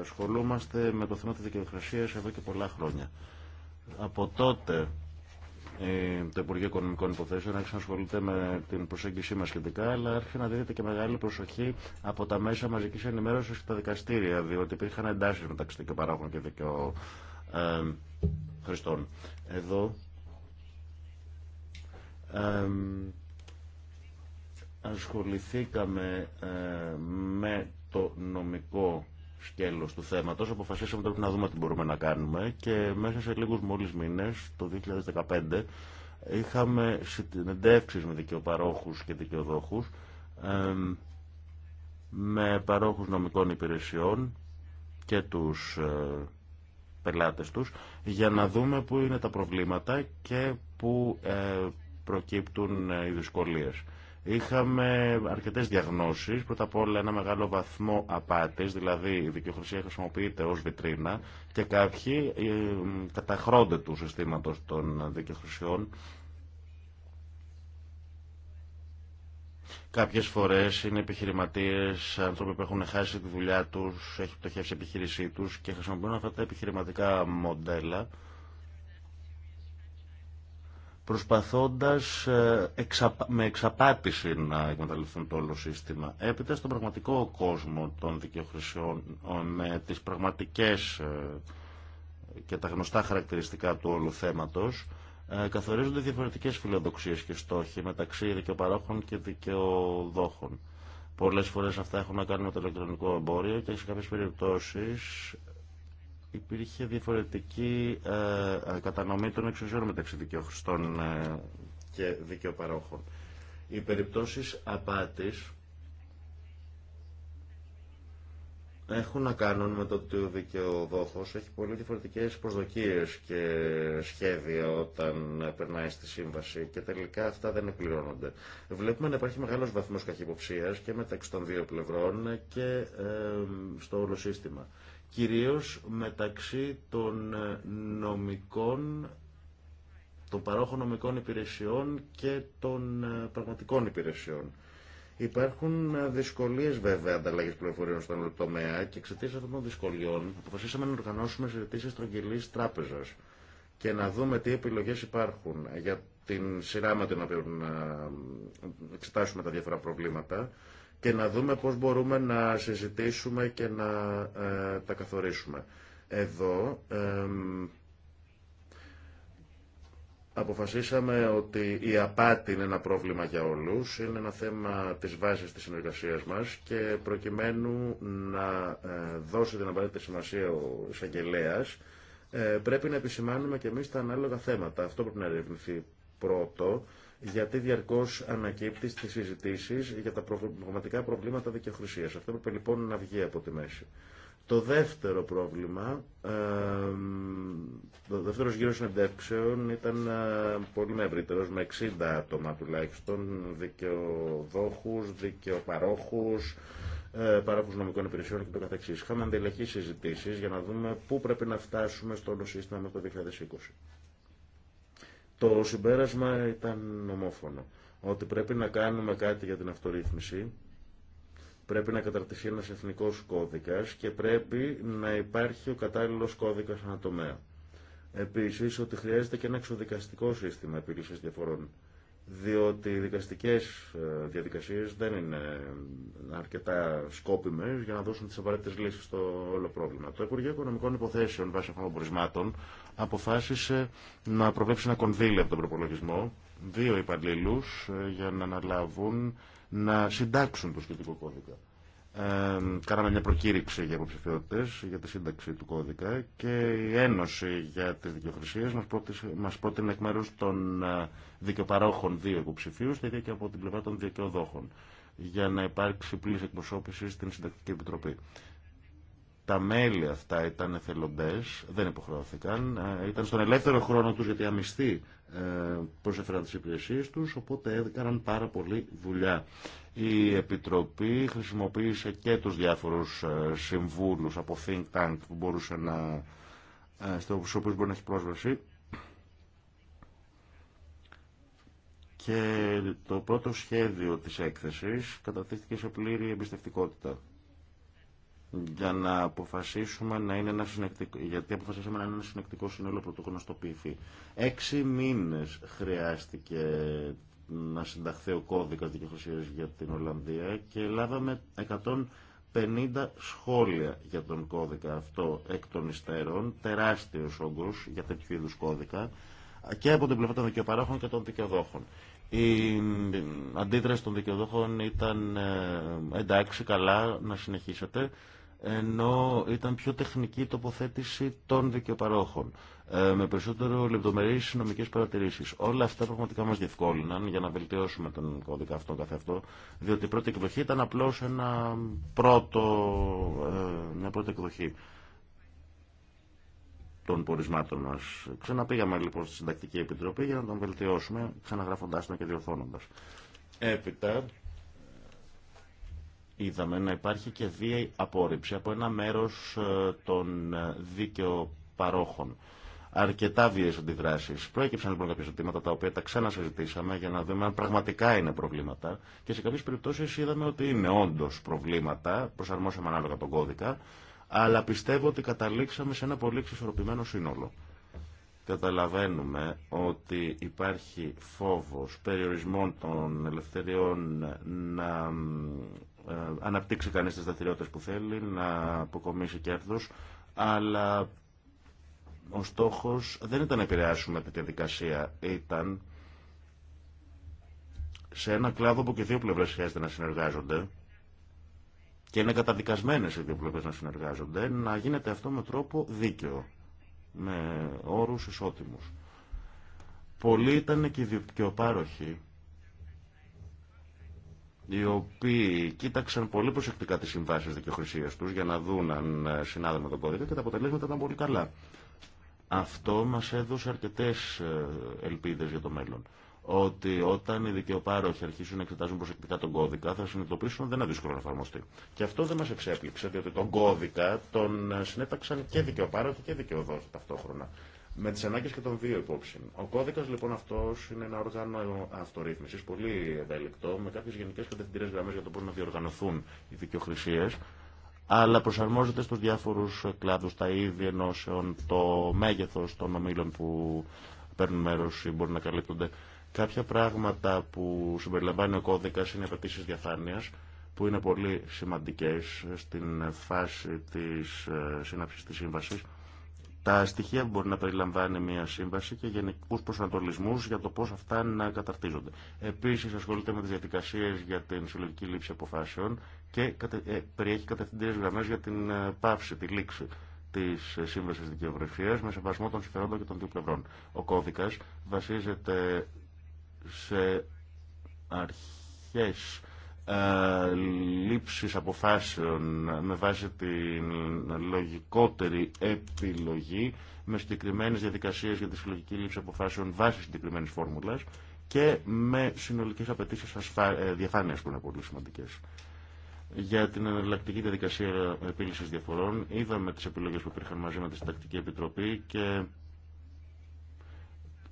ασχολούμαστε με το θέμα τη δικαιοκρασία εδώ και πολλά χρόνια. Από τότε ε, το Υπουργείο Οικονομικών Υποθέσεων άρχισε να ασχολείται με την προσέγγιση μα σχετικά, αλλά άρχισε να δίνεται και μεγάλη προσοχή από τα μέσα μαζική ενημέρωση και τα δικαστήρια, διότι υπήρχαν εντάσει μεταξύ δικαιοπαράγων και δικαιοχρηστών. Ε, εδώ. Ε, ασχοληθήκαμε ε, με το νομικό σκέλος του θέματος, αποφασίσαμε τώρα να δούμε τι μπορούμε να κάνουμε και μέσα σε λίγους μόλις μήνες, το 2015, είχαμε συνεντεύξεις με δικαιοπαρόχους και δικαιοδόχους, ε, με παρόχους νομικών υπηρεσιών και τους ε, πελάτες τους, για να δούμε πού είναι τα προβλήματα και πού προκύπτουν οι δυσκολίες. Είχαμε αρκετέ διαγνώσει. Πρώτα απ' όλα ένα μεγάλο βαθμό απάτη, δηλαδή η δικαιοχρησία χρησιμοποιείται ω βιτρίνα και κάποιοι ε, καταχρώνται του συστήματο των δικαιοχρησιών. Κάποιε φορέ είναι επιχειρηματίε, άνθρωποι που έχουν χάσει τη δουλειά του, έχει πτωχεύσει η επιχείρησή του και χρησιμοποιούν αυτά τα επιχειρηματικά μοντέλα προσπαθώντας ε, με εξαπάτηση να εκμεταλλευτούν το όλο σύστημα. Έπειτα στον πραγματικό κόσμο των δικαιοχρησιών με τις πραγματικές ε, και τα γνωστά χαρακτηριστικά του όλου θέματος ε, καθορίζονται διαφορετικές φιλοδοξίες και στόχοι μεταξύ δικαιοπαρόχων και δικαιοδόχων. Πολλές φορές αυτά έχουν να κάνουν με το ηλεκτρονικό εμπόριο και σε κάποιες περιπτώσεις υπήρχε διαφορετική ε, ε, κατανομή των εξουσιών μεταξύ δικαιοχρηστών ε, και δικαιοπαρόχων. Οι περιπτώσεις απάτης έχουν να κάνουν με το ότι ο δικαιοδόχος έχει πολύ διαφορετικές προσδοκίες και σχέδια όταν περνάει στη σύμβαση και τελικά αυτά δεν εκπληρώνονται. Βλέπουμε να υπάρχει μεγάλος βαθμός καχυποψίας και μεταξύ των δύο πλευρών και στο όλο σύστημα κυρίως μεταξύ των ε, νομικών, των παρόχων νομικών υπηρεσιών και των ε, πραγματικών υπηρεσιών. Υπάρχουν ε, δυσκολίε βέβαια ανταλλαγή πληροφοριών στον τομέα και εξαιτία αυτών των δυσκολιών αποφασίσαμε να οργανώσουμε συζητήσει τρογγυλή τράπεζα και να δούμε τι επιλογέ υπάρχουν για την σειρά με την οποία εξετάσουμε τα διάφορα προβλήματα και να δούμε πώς μπορούμε να συζητήσουμε και να ε, τα καθορίσουμε. Εδώ αποφασίσαμε ότι η απάτη είναι ένα πρόβλημα για όλους, είναι ένα θέμα της βάσης της συνεργασίας μας και προκειμένου να ε, δώσει την απαραίτητη σημασία ο εισαγγελέα, ε, πρέπει να επισημάνουμε και εμείς τα ανάλογα θέματα. Αυτό πρέπει να ερευνηθεί πρώτο γιατί διαρκώ ανακύπτει στι συζητήσει για τα πραγματικά προβλήματα δικαιοχρησία. Αυτό έπρεπε λοιπόν να βγει από τη μέση. Το δεύτερο πρόβλημα, το δεύτερο γύρο συνεντεύξεων ήταν ε, πολύ ευρύτερο, με 60 άτομα τουλάχιστον, δικαιοδόχους, δικαιοπαρόχους, ε, παρόχου, νομικών υπηρεσιών και το Είχαμε αντελεχεί συζητήσει για να δούμε πού πρέπει να φτάσουμε στο όλο σύστημα το 2020. Το συμπέρασμα ήταν ομόφωνο. Ότι πρέπει να κάνουμε κάτι για την αυτορύθμιση, πρέπει να καταρτηθεί ένας εθνικός κώδικας και πρέπει να υπάρχει ο κατάλληλος κώδικας ανατομέα. Επίσης, ότι χρειάζεται και ένα εξοδικαστικό σύστημα επίλυσης διαφορών, διότι οι δικαστικές ε, διαδικασίες δεν είναι αρκετά σκόπιμες για να δώσουν τις απαραίτητες λύσεις στο όλο πρόβλημα. Το Υπουργείο Οικονομικών Υποθέσεων, βάσει αυτών των αποφάσισε να προβλέψει ένα κονδύλι από τον προπολογισμό, δύο υπαλλήλου ε, για να αναλάβουν να συντάξουν το σχετικό κώδικα. Ε, κάναμε μια προκήρυξη για υποψηφιότητε για τη σύνταξη του κώδικα και η Ένωση για τι Δικαιοχρησίε μα πρότεινε εκ μέρου των ε, δικαιοπαρόχων δύο υποψηφίου, ίδια και από την πλευρά των δικαιοδόχων, για να υπάρξει πλήρη εκπροσώπηση στην Συντακτική Επιτροπή. Τα μέλη αυτά ήταν εθελοντές, δεν υποχρεώθηκαν, ε, ήταν στον ελεύθερο χρόνο τους γιατί αμυστή ε, προσέφεραν τι υπηρεσίες τους, οπότε έκαναν πάρα πολύ δουλειά. Η Επιτροπή χρησιμοποίησε και τους διάφορους ε, συμβούλους από think tank που μπορούσε να, στους οποίους μπορεί να έχει πρόσβαση. Και το πρώτο σχέδιο της έκθεσης καταθέθηκε σε πλήρη εμπιστευτικότητα για να αποφασίσουμε να είναι ένα συνεκτικό, γιατί αποφασίσαμε να είναι ένα συνεκτικό σύνολο πρωτόκολλο στο Έξι μήνες χρειάστηκε να συνταχθεί ο κώδικας δικαιοσύνης για την Ολλανδία και λάβαμε 150 σχόλια για τον κώδικα αυτό εκ των υστέρων, τεράστιος όγκος για τέτοιου είδους κώδικα και από την πλευρά των δικαιοπαράχων και των δικαιοδόχων. Η αντίδραση των δικαιοδόχων ήταν ε, εντάξει, καλά, να συνεχίσετε ενώ ήταν πιο τεχνική η τοποθέτηση των δικαιοπαρόχων, ε, με περισσότερο λεπτομερείς νομικές παρατηρήσεις. Όλα αυτά πραγματικά μας διευκόλυναν για να βελτιώσουμε τον κώδικα αυτόν καθ' διότι η πρώτη εκδοχή ήταν απλώς ένα πρώτο, ε, μια πρώτη εκδοχή των πορισμάτων μας. Ξαναπήγαμε λοιπόν στη Συντακτική Επιτροπή για να τον βελτιώσουμε, ξαναγράφοντάς τον και διορθώνοντας. Έπειτα, είδαμε να υπάρχει και βία απόρριψη από ένα μέρος ε, των ε, δίκαιο παρόχων. Αρκετά βίαιες αντιδράσεις. Προέκυψαν λοιπόν κάποια ζητήματα τα οποία τα ξανασυζητήσαμε για να δούμε αν πραγματικά είναι προβλήματα και σε κάποιες περιπτώσεις είδαμε ότι είναι όντως προβλήματα, προσαρμόσαμε ανάλογα τον κώδικα, αλλά πιστεύω ότι καταλήξαμε σε ένα πολύ εξισορροπημένο σύνολο. Καταλαβαίνουμε ότι υπάρχει φόβος περιορισμών των ελευθεριών να ε, αναπτύξει κανείς τις δραστηριότητε που θέλει, να αποκομίσει κέρδος, αλλά ο στόχος δεν ήταν να επηρεάσουμε τη διαδικασία, ήταν σε ένα κλάδο που και δύο πλευρές χρειάζεται να συνεργάζονται και είναι καταδικασμένες οι δύο πλευρές να συνεργάζονται, να γίνεται αυτό με τρόπο δίκαιο, με όρους ισότιμους. Πολλοί ήταν και οι οι οποίοι κοίταξαν πολύ προσεκτικά τι συμβάσει δικαιοχρησία του για να δουν αν ε, συνάδουν με τον κώδικα και τα αποτελέσματα ήταν πολύ καλά. Αυτό μα έδωσε αρκετέ ε, ελπίδε για το μέλλον. Ότι όταν οι δικαιοπάροχοι αρχίσουν να εξετάζουν προσεκτικά τον κώδικα θα συνειδητοποιήσουν ότι δεν είναι δύσκολο να εφαρμοστεί. Και αυτό δεν μα εξέπληξε, διότι τον κώδικα τον ε, συνέταξαν και δικαιοπάροχοι και δικαιοδόχοι ταυτόχρονα με τι ανάγκε και των δύο υπόψη. Ο κώδικα λοιπόν αυτό είναι ένα όργανο αυτορύθμιση, πολύ ευέλικτο, με κάποιε γενικέ κατευθυντήρε γραμμέ για το πώ να διοργανωθούν οι δικαιοχρησίε, αλλά προσαρμόζεται στου διάφορου κλάδου, τα είδη ενώσεων, το μέγεθο των ομίλων που παίρνουν μέρο ή μπορεί να καλύπτονται. Κάποια πράγματα που συμπεριλαμβάνει ο κώδικα είναι απαιτήσει διαφάνεια, που είναι πολύ σημαντικέ στην φάση τη ε, σύναψη τη σύμβαση τα στοιχεία που μπορεί να περιλαμβάνει μια σύμβαση και γενικού προσανατολισμού για το πώ αυτά να καταρτίζονται. Επίση, ασχολείται με τι διαδικασίε για την συλλογική λήψη αποφάσεων και ε, περιέχει κατευθυντήρε γραμμέ για την ε, πάυση, τη λήξη τη ε, σύμβαση δικαιογραφία με σεβασμό των συμφερόντων και των δύο πλευρών. Ο κώδικα βασίζεται σε αρχέ ε, λήψης αποφάσεων με βάση την λογικότερη επιλογή με συγκεκριμένες διαδικασίες για τη συλλογική λήψη αποφάσεων βάσει συγκεκριμένης φόρμουλας και με συνολικές απαιτήσεις ε, διαφάνειας που είναι πολύ σημαντικές. Για την εναλλακτική διαδικασία επίλυσης διαφορών είδαμε τις επιλογές που υπήρχαν μαζί με τη Συντακτική Επιτροπή και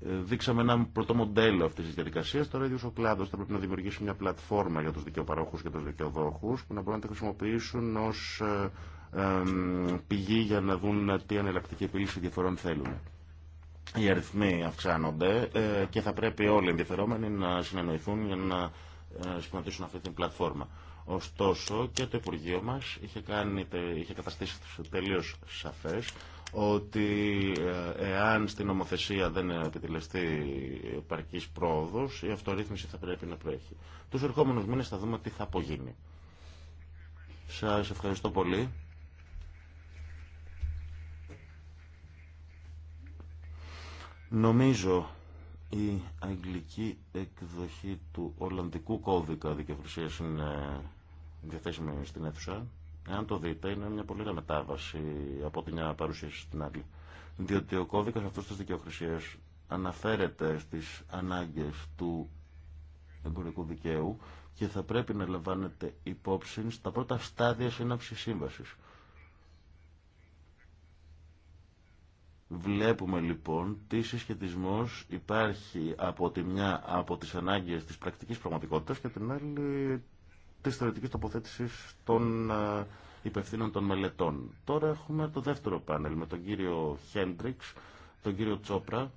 ε, δείξαμε ένα πρωτομοντέλο μοντέλο αυτή τη διαδικασία. Τώρα, ίδιο ο κλάδο θα πρέπει να δημιουργήσει μια πλατφόρμα για του δικαιοπαρόχου και του δικαιοδόχου που να μπορούν να τη χρησιμοποιήσουν ω ε, πηγή για να δουν τι ανελακτική επίλυση διαφορών θέλουν. Οι αριθμοί αυξάνονται ε, και θα πρέπει όλοι οι ενδιαφερόμενοι να συνεννοηθούν για να σχηματίσουν αυτή την πλατφόρμα. Ωστόσο και το Υπουργείο μας είχε, είχε καταστήσει τελείως σαφές ότι ε, εάν στην νομοθεσία δεν επιτελεστεί παρκή πρόοδο, η αυτορύθμιση θα πρέπει να προέχει. Τους ερχόμενου μήνε θα δούμε τι θα απογίνει. Σα ευχαριστώ πολύ. Νομίζω η αγγλική εκδοχή του Ολλανδικού κώδικα δικαιοχρησίας είναι διαθέσιμη στην αίθουσα. Εάν το δείτε, είναι μια πολύ μετάβαση από την μια παρουσίαση στην άλλη. Διότι ο κώδικα αυτός τη δικαιοχρησίας αναφέρεται στις ανάγκες του εμπορικού δικαίου και θα πρέπει να λαμβάνεται υπόψη στα πρώτα στάδια σύναψη σύμβαση. Βλέπουμε λοιπόν τι συσχετισμό υπάρχει από τη μια από τις ανάγκες της πρακτικής και την άλλη Τη θεωρητική τοποθέτηση των ε, υπευθύνων των μελετών. Τώρα έχουμε το δεύτερο πάνελ με τον κύριο Χέντριξ, τον κύριο Τσόπρα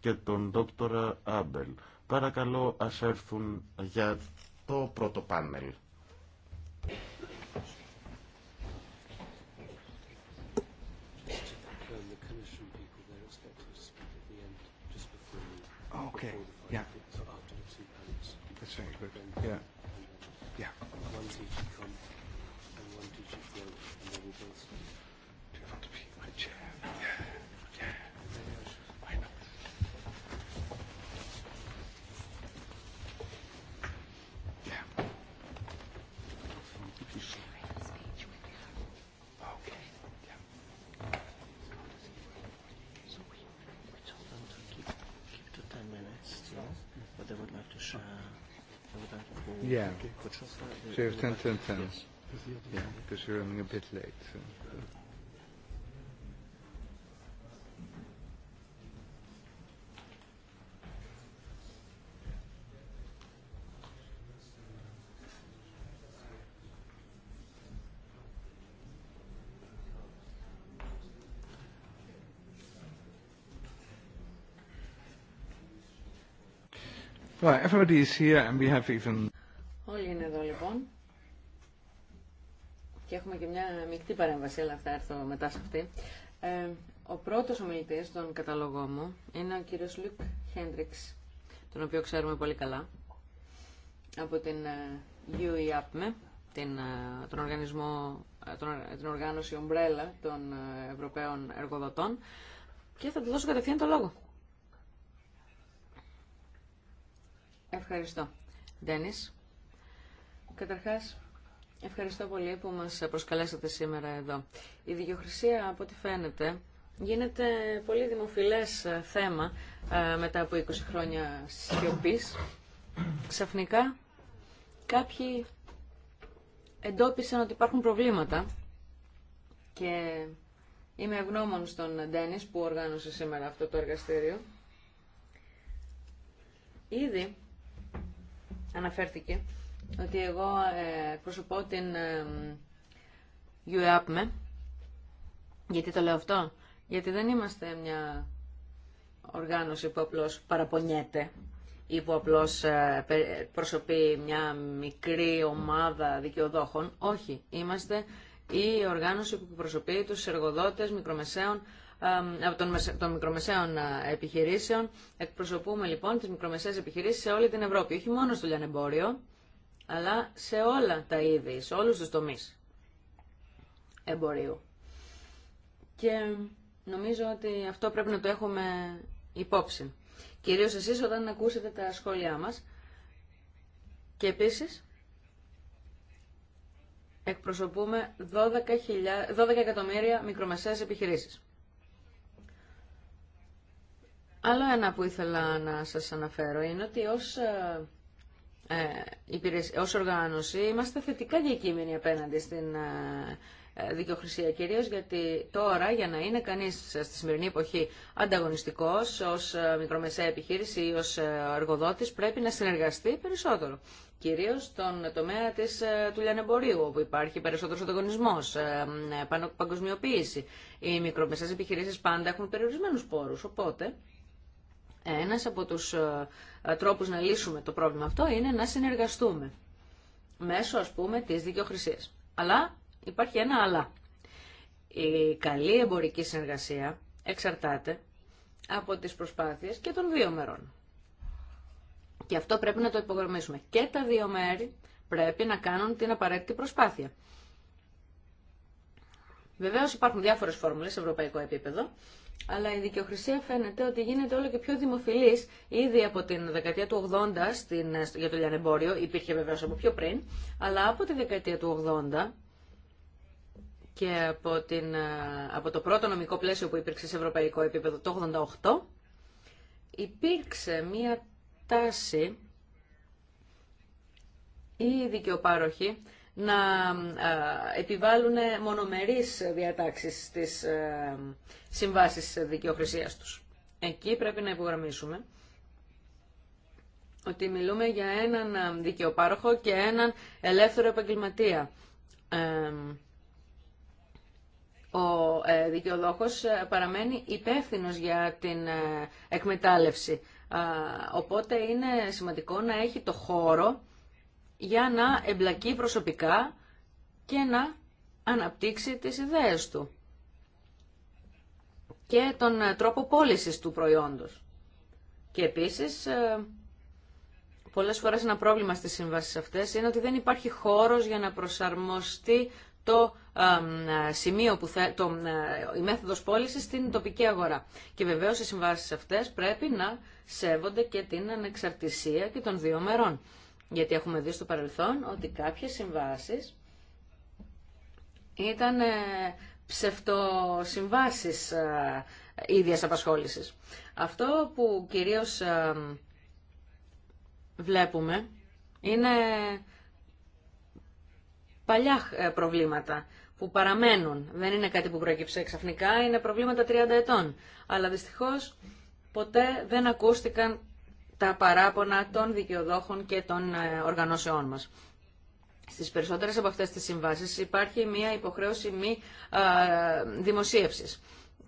και τον δόκτορα Άμπελ. Παρακαλώ ας έρθουν για το πρώτο πάνελ. Yeah. Yeah. One and one and Do you want to be my chair? Yeah. So 10, because you're running a bit late. Well, everybody is here and we have even παρέμβαση, αλλά θα έρθω μετά σε αυτή. Ε, ο πρώτος ομιλητή στον καταλογό μου είναι ο κύριο Λουκ Χέντριξ, τον οποίο ξέρουμε πολύ καλά, από την ε, UEAPME, την, ε, τον οργανισμό, τον, την οργάνωση ομπρέλα των Ευρωπαίων Εργοδοτών και θα του δώσω κατευθείαν το λόγο. Ευχαριστώ. Ντένις, καταρχάς Ευχαριστώ πολύ που μας προσκαλέσατε σήμερα εδώ. Η δικαιοχρησία, από ό,τι φαίνεται, γίνεται πολύ δημοφιλές ε, θέμα ε, μετά από 20 χρόνια σιωπής. Ξαφνικά κάποιοι εντόπισαν ότι υπάρχουν προβλήματα και είμαι ευγνώμων στον Ντένις που οργάνωσε σήμερα αυτό το εργαστήριο. Ήδη αναφέρθηκε ότι εγώ ε, εκπροσωπώ την UEAPME. Ε, Γιατί το λέω αυτό. Γιατί δεν είμαστε μια οργάνωση που απλώς παραπονιέται ή που απλώς ε, προσωπεί μια μικρή ομάδα δικαιοδόχων. Όχι, είμαστε η οργάνωση που προσωπεί τους εργοδότες μικρομεσαίων των, των μικρομεσαίων επιχειρήσεων. Εκπροσωπούμε λοιπόν τις μικρομεσαίες επιχειρήσεις σε όλη την Ευρώπη, όχι μόνο στο λιανεμπόριο, αλλά σε όλα τα είδη, σε όλους τους τομείς εμπορίου. Και νομίζω ότι αυτό πρέπει να το έχουμε υπόψη. Κυρίως εσείς όταν ακούσετε τα σχόλιά μας. Και επίσης, εκπροσωπούμε 12, 12 εκατομμύρια μικρομεσαίες επιχειρήσεις. Άλλο ένα που ήθελα να σας αναφέρω είναι ότι ως ε, ε, ως οργάνωση είμαστε θετικά διακείμενοι απέναντι στην ε, ε, δικαιοχρησία κυρίως γιατί τώρα για να είναι κανείς στη σημερινή εποχή ανταγωνιστικός ως μικρομεσαία επιχείρηση ή ως εργοδότης πρέπει να συνεργαστεί περισσότερο. Κυρίως στον τομέα της, του λιανεμπορίου όπου υπάρχει περισσότερος ανταγωνισμός, παγκοσμιοποίηση. Οι μικρομεσαίες επιχειρήσεις πάντα έχουν περιορισμένους πόρους οπότε ένας από τους ε, ε, τρόπους να λύσουμε το πρόβλημα αυτό είναι να συνεργαστούμε μέσω ας πούμε της δικαιοχρησίας. Αλλά υπάρχει ένα αλλά. Η καλή εμπορική συνεργασία εξαρτάται από τις προσπάθειες και των δύο μερών. Και αυτό πρέπει να το υπογραμμίσουμε. Και τα δύο μέρη πρέπει να κάνουν την απαραίτητη προσπάθεια. Βεβαίω υπάρχουν διάφορες φόρμουλες σε ευρωπαϊκό επίπεδο, αλλά η δικαιοχρησία φαίνεται ότι γίνεται όλο και πιο δημοφιλής ήδη από την δεκαετία του 80 στην, για το λιανεμπόριο, υπήρχε βεβαίω από πιο πριν, αλλά από τη δεκαετία του 80 και από, την, από το πρώτο νομικό πλαίσιο που υπήρξε σε ευρωπαϊκό επίπεδο το 88, υπήρξε μία τάση ή δικαιοπάροχη να ε, επιβάλλουν μονομερείς διατάξεις στις ε, συμβάσεις δικαιοχρησίας τους. Εκεί πρέπει να υπογραμμίσουμε ότι μιλούμε για έναν ε, δικαιοπάροχο και έναν ελεύθερο επαγγελματία. Ο δικαιοδόχος παραμένει υπεύθυνος για την εκμετάλλευση. Οπότε είναι σημαντικό να έχει το χώρο για να εμπλακεί προσωπικά και να αναπτύξει τις ιδέες του και τον ε, τρόπο πώλησης του προϊόντος. Και επίσης, ε, πολλές φορές ένα πρόβλημα στις συμβάσεις αυτές είναι ότι δεν υπάρχει χώρος για να προσαρμοστεί το ε, σημείο που θα, η μέθοδος πώλησης στην τοπική αγορά. Και βεβαίως οι συμβάσεις αυτές πρέπει να σέβονται και την ανεξαρτησία και των δύο μερών. Γιατί έχουμε δει στο παρελθόν ότι κάποιες συμβάσεις ήταν ε, ψευτοσυμβάσεις ε, ίδιας απασχόλησης. Αυτό που κυρίως ε, βλέπουμε είναι παλιά προβλήματα που παραμένουν. Δεν είναι κάτι που προέκυψε ξαφνικά, είναι προβλήματα 30 ετών. Αλλά δυστυχώς ποτέ δεν ακούστηκαν τα παράπονα των δικαιοδόχων και των ε, οργανώσεών μας. Στις περισσότερες από αυτές τις συμβάσεις υπάρχει μια υποχρέωση μη ε, δημοσίευσης.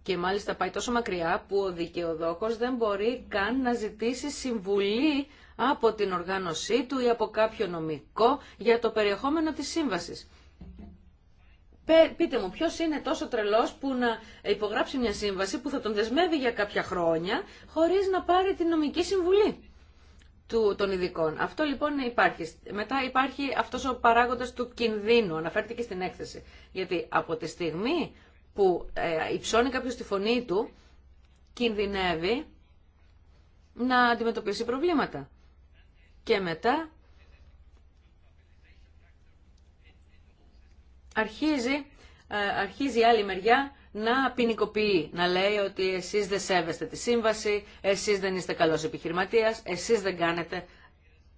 Και μάλιστα πάει τόσο μακριά που ο δικαιοδόχος δεν μπορεί καν να ζητήσει συμβουλή από την οργάνωσή του ή από κάποιο νομικό για το περιεχόμενο της σύμβασης πείτε μου ποιος είναι τόσο τρελός που να υπογράψει μια σύμβαση που θα τον δεσμεύει για κάποια χρόνια χωρίς να πάρει την νομική συμβουλή του, των ειδικών. Αυτό λοιπόν υπάρχει. Μετά υπάρχει αυτός ο παράγοντας του κινδύνου, αναφέρθηκε στην έκθεση. Γιατί από τη στιγμή που ε, υψώνει κάποιο τη φωνή του, κινδυνεύει να αντιμετωπίσει προβλήματα. Και μετά αρχίζει, ε, αρχίζει η άλλη μεριά να ποινικοποιεί, να λέει ότι εσείς δεν σέβεστε τη σύμβαση, εσείς δεν είστε καλός επιχειρηματίας, εσείς δεν κάνετε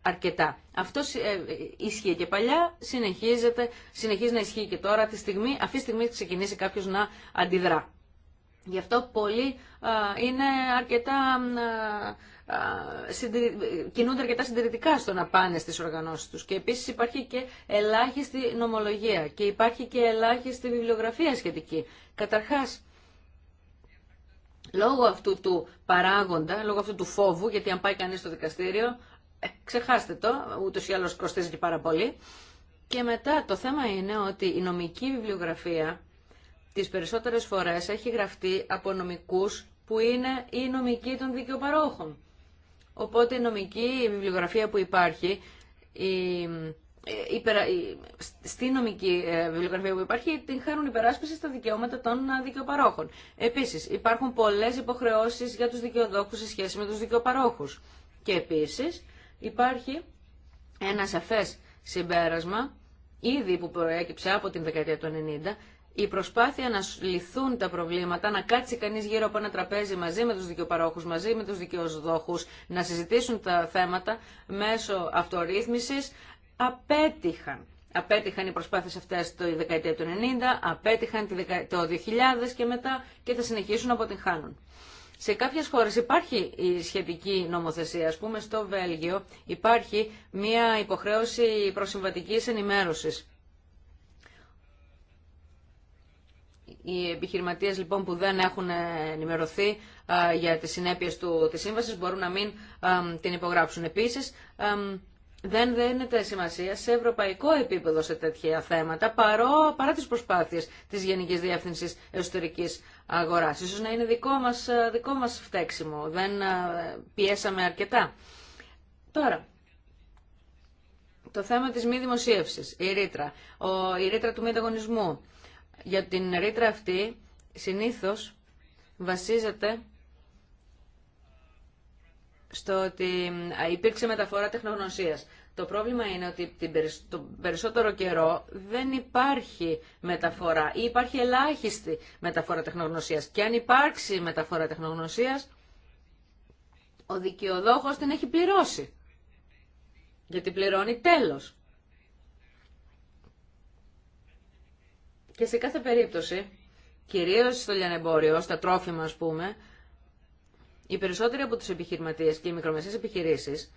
αρκετά. Αυτό ε, ισχύει και παλιά, συνεχίζεται, συνεχίζει να ισχύει και τώρα. Τη στιγμή, αυτή τη στιγμή ξεκινήσει κάποιος να αντιδρά. Γι' αυτό πολλοί ε, είναι αρκετά κινούνται αρκετά συντηρητικά στο να πάνε στις οργανώσεις τους. Και επίσης υπάρχει και ελάχιστη νομολογία και υπάρχει και ελάχιστη βιβλιογραφία σχετική. Καταρχάς, λόγω αυτού του παράγοντα, λόγω αυτού του φόβου, γιατί αν πάει κανείς στο δικαστήριο, ε, ξεχάστε το, ούτως ή άλλως κοστίζει και πάρα πολύ. Και μετά το θέμα είναι ότι η νομική βιβλιογραφία τις περισσότερες φορές έχει γραφτεί από νομικούς που είναι οι νομικοί των δικαιοπαρόχων. Οπότε η νομική βιβλιογραφία που υπάρχει, η, ε, στη νομική ε, βιβλιογραφία που υπάρχει, την χάνουν υπεράσπιση στα δικαιώματα των ε, δικαιοπαρόχων. Επίσης, υπάρχουν πολλές υποχρεώσεις για τους δικαιοδόχους σε σχέση με τους δικαιοπαρόχους. Και επίσης, υπάρχει ένα σαφέ συμπέρασμα, ήδη που προέκυψε από την δεκαετία του 90, η προσπάθεια να λυθούν τα προβλήματα, να κάτσει κανείς γύρω από ένα τραπέζι μαζί με τους δικαιοπαρόχους, μαζί με τους δικαιοσδόχους, να συζητήσουν τα θέματα μέσω αυτορύθμισης, απέτυχαν. Απέτυχαν οι προσπάθειες αυτές το δεκαετία του 90, απέτυχαν το 2000 και μετά και θα συνεχίσουν να αποτυγχάνουν. Σε κάποιες χώρες υπάρχει η σχετική νομοθεσία, ας πούμε στο Βέλγιο υπάρχει μια υποχρέωση προσυμβατικής ενημέρωσης Οι επιχειρηματίες λοιπόν που δεν έχουν ενημερωθεί για τις συνέπειες του, της σύμβασης μπορούν να μην την υπογράψουν. Επίσης, δεν δίνεται σημασία σε ευρωπαϊκό επίπεδο σε τέτοια θέματα παρό, παρά τις προσπάθειες της Γενικής Διεύθυνσης Εσωτερικής Αγοράς. Ίσως να είναι δικό μας, δικό μας φταίξιμο. Δεν πιέσαμε αρκετά. Τώρα, το θέμα της μη δημοσίευσης, η ρήτρα, η του μη ανταγωνισμού, για την ρήτρα αυτή συνήθως βασίζεται στο ότι υπήρξε μεταφορά τεχνογνωσίας. Το πρόβλημα είναι ότι το περισσότερο καιρό δεν υπάρχει μεταφορά ή υπάρχει ελάχιστη μεταφορά τεχνογνωσίας. Και αν υπάρξει μεταφορά τεχνογνωσίας, ο δικαιοδόχος την έχει πληρώσει. Γιατί πληρώνει τέλος. Και σε κάθε περίπτωση, κυρίως στο λιανεμπόριο, στα τρόφιμα ας πούμε, οι περισσότεροι από τους επιχειρηματίες και οι μικρομεσαίες επιχειρήσεις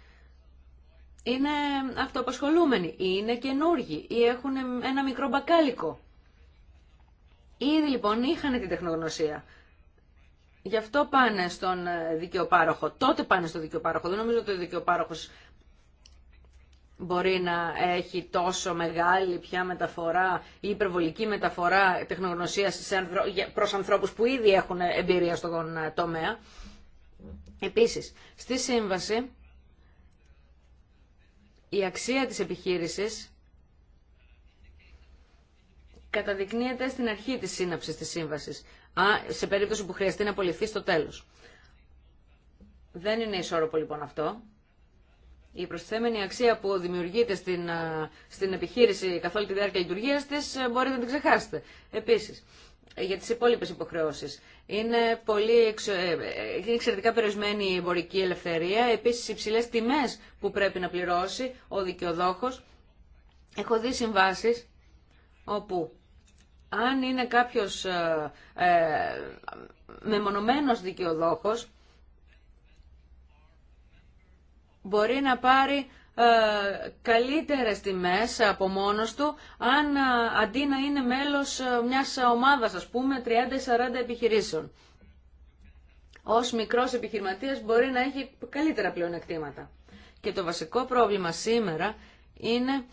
είναι αυτοαπασχολούμενοι ή είναι καινούργοι ή έχουν ένα μικρό μπακάλικο. Ήδη λοιπόν είχαν την τεχνογνωσία. Γι' αυτό πάνε στον δικαιοπάροχο. Τότε πάνε στον δικαιοπάροχο. Δεν νομίζω ότι ο δικαιοπάροχος μπορεί να έχει τόσο μεγάλη πια μεταφορά ή υπερβολική μεταφορά τεχνογνωσίας προς ανθρώπους που ήδη έχουν εμπειρία στον τομέα. Επίσης, στη σύμβαση η αξία της επιχείρησης καταδεικνύεται στην αρχή της σύναψης της σύμβασης, σε περίπτωση που χρειαστεί να απολυθεί στο τέλος. Δεν είναι ισόρροπο λοιπόν αυτό η προσθέμενη αξία που δημιουργείται στην, στην επιχείρηση καθ' όλη τη διάρκεια λειτουργία τη ε, μπορείτε να την ξεχάσετε. Επίση, για τι υπόλοιπε υποχρεώσει. Είναι, πολύ ε, ε, εξαιρετικά περιορισμένη η εμπορική ελευθερία. Επίση, υψηλέ τιμέ που πρέπει να πληρώσει ο δικαιοδόχο. Έχω δει συμβάσει όπου αν είναι κάποιος ε, μεμονωμένος δικαιοδόχος, μπορεί να πάρει ε, καλύτερες τιμές από μόνος του αν ε, αντί να είναι μέλος ε, μιας ομάδας ας πούμε 30-40 επιχειρήσεων. Ως μικρός επιχειρηματίας μπορεί να έχει καλύτερα πλεονεκτήματα. Και το βασικό πρόβλημα σήμερα είναι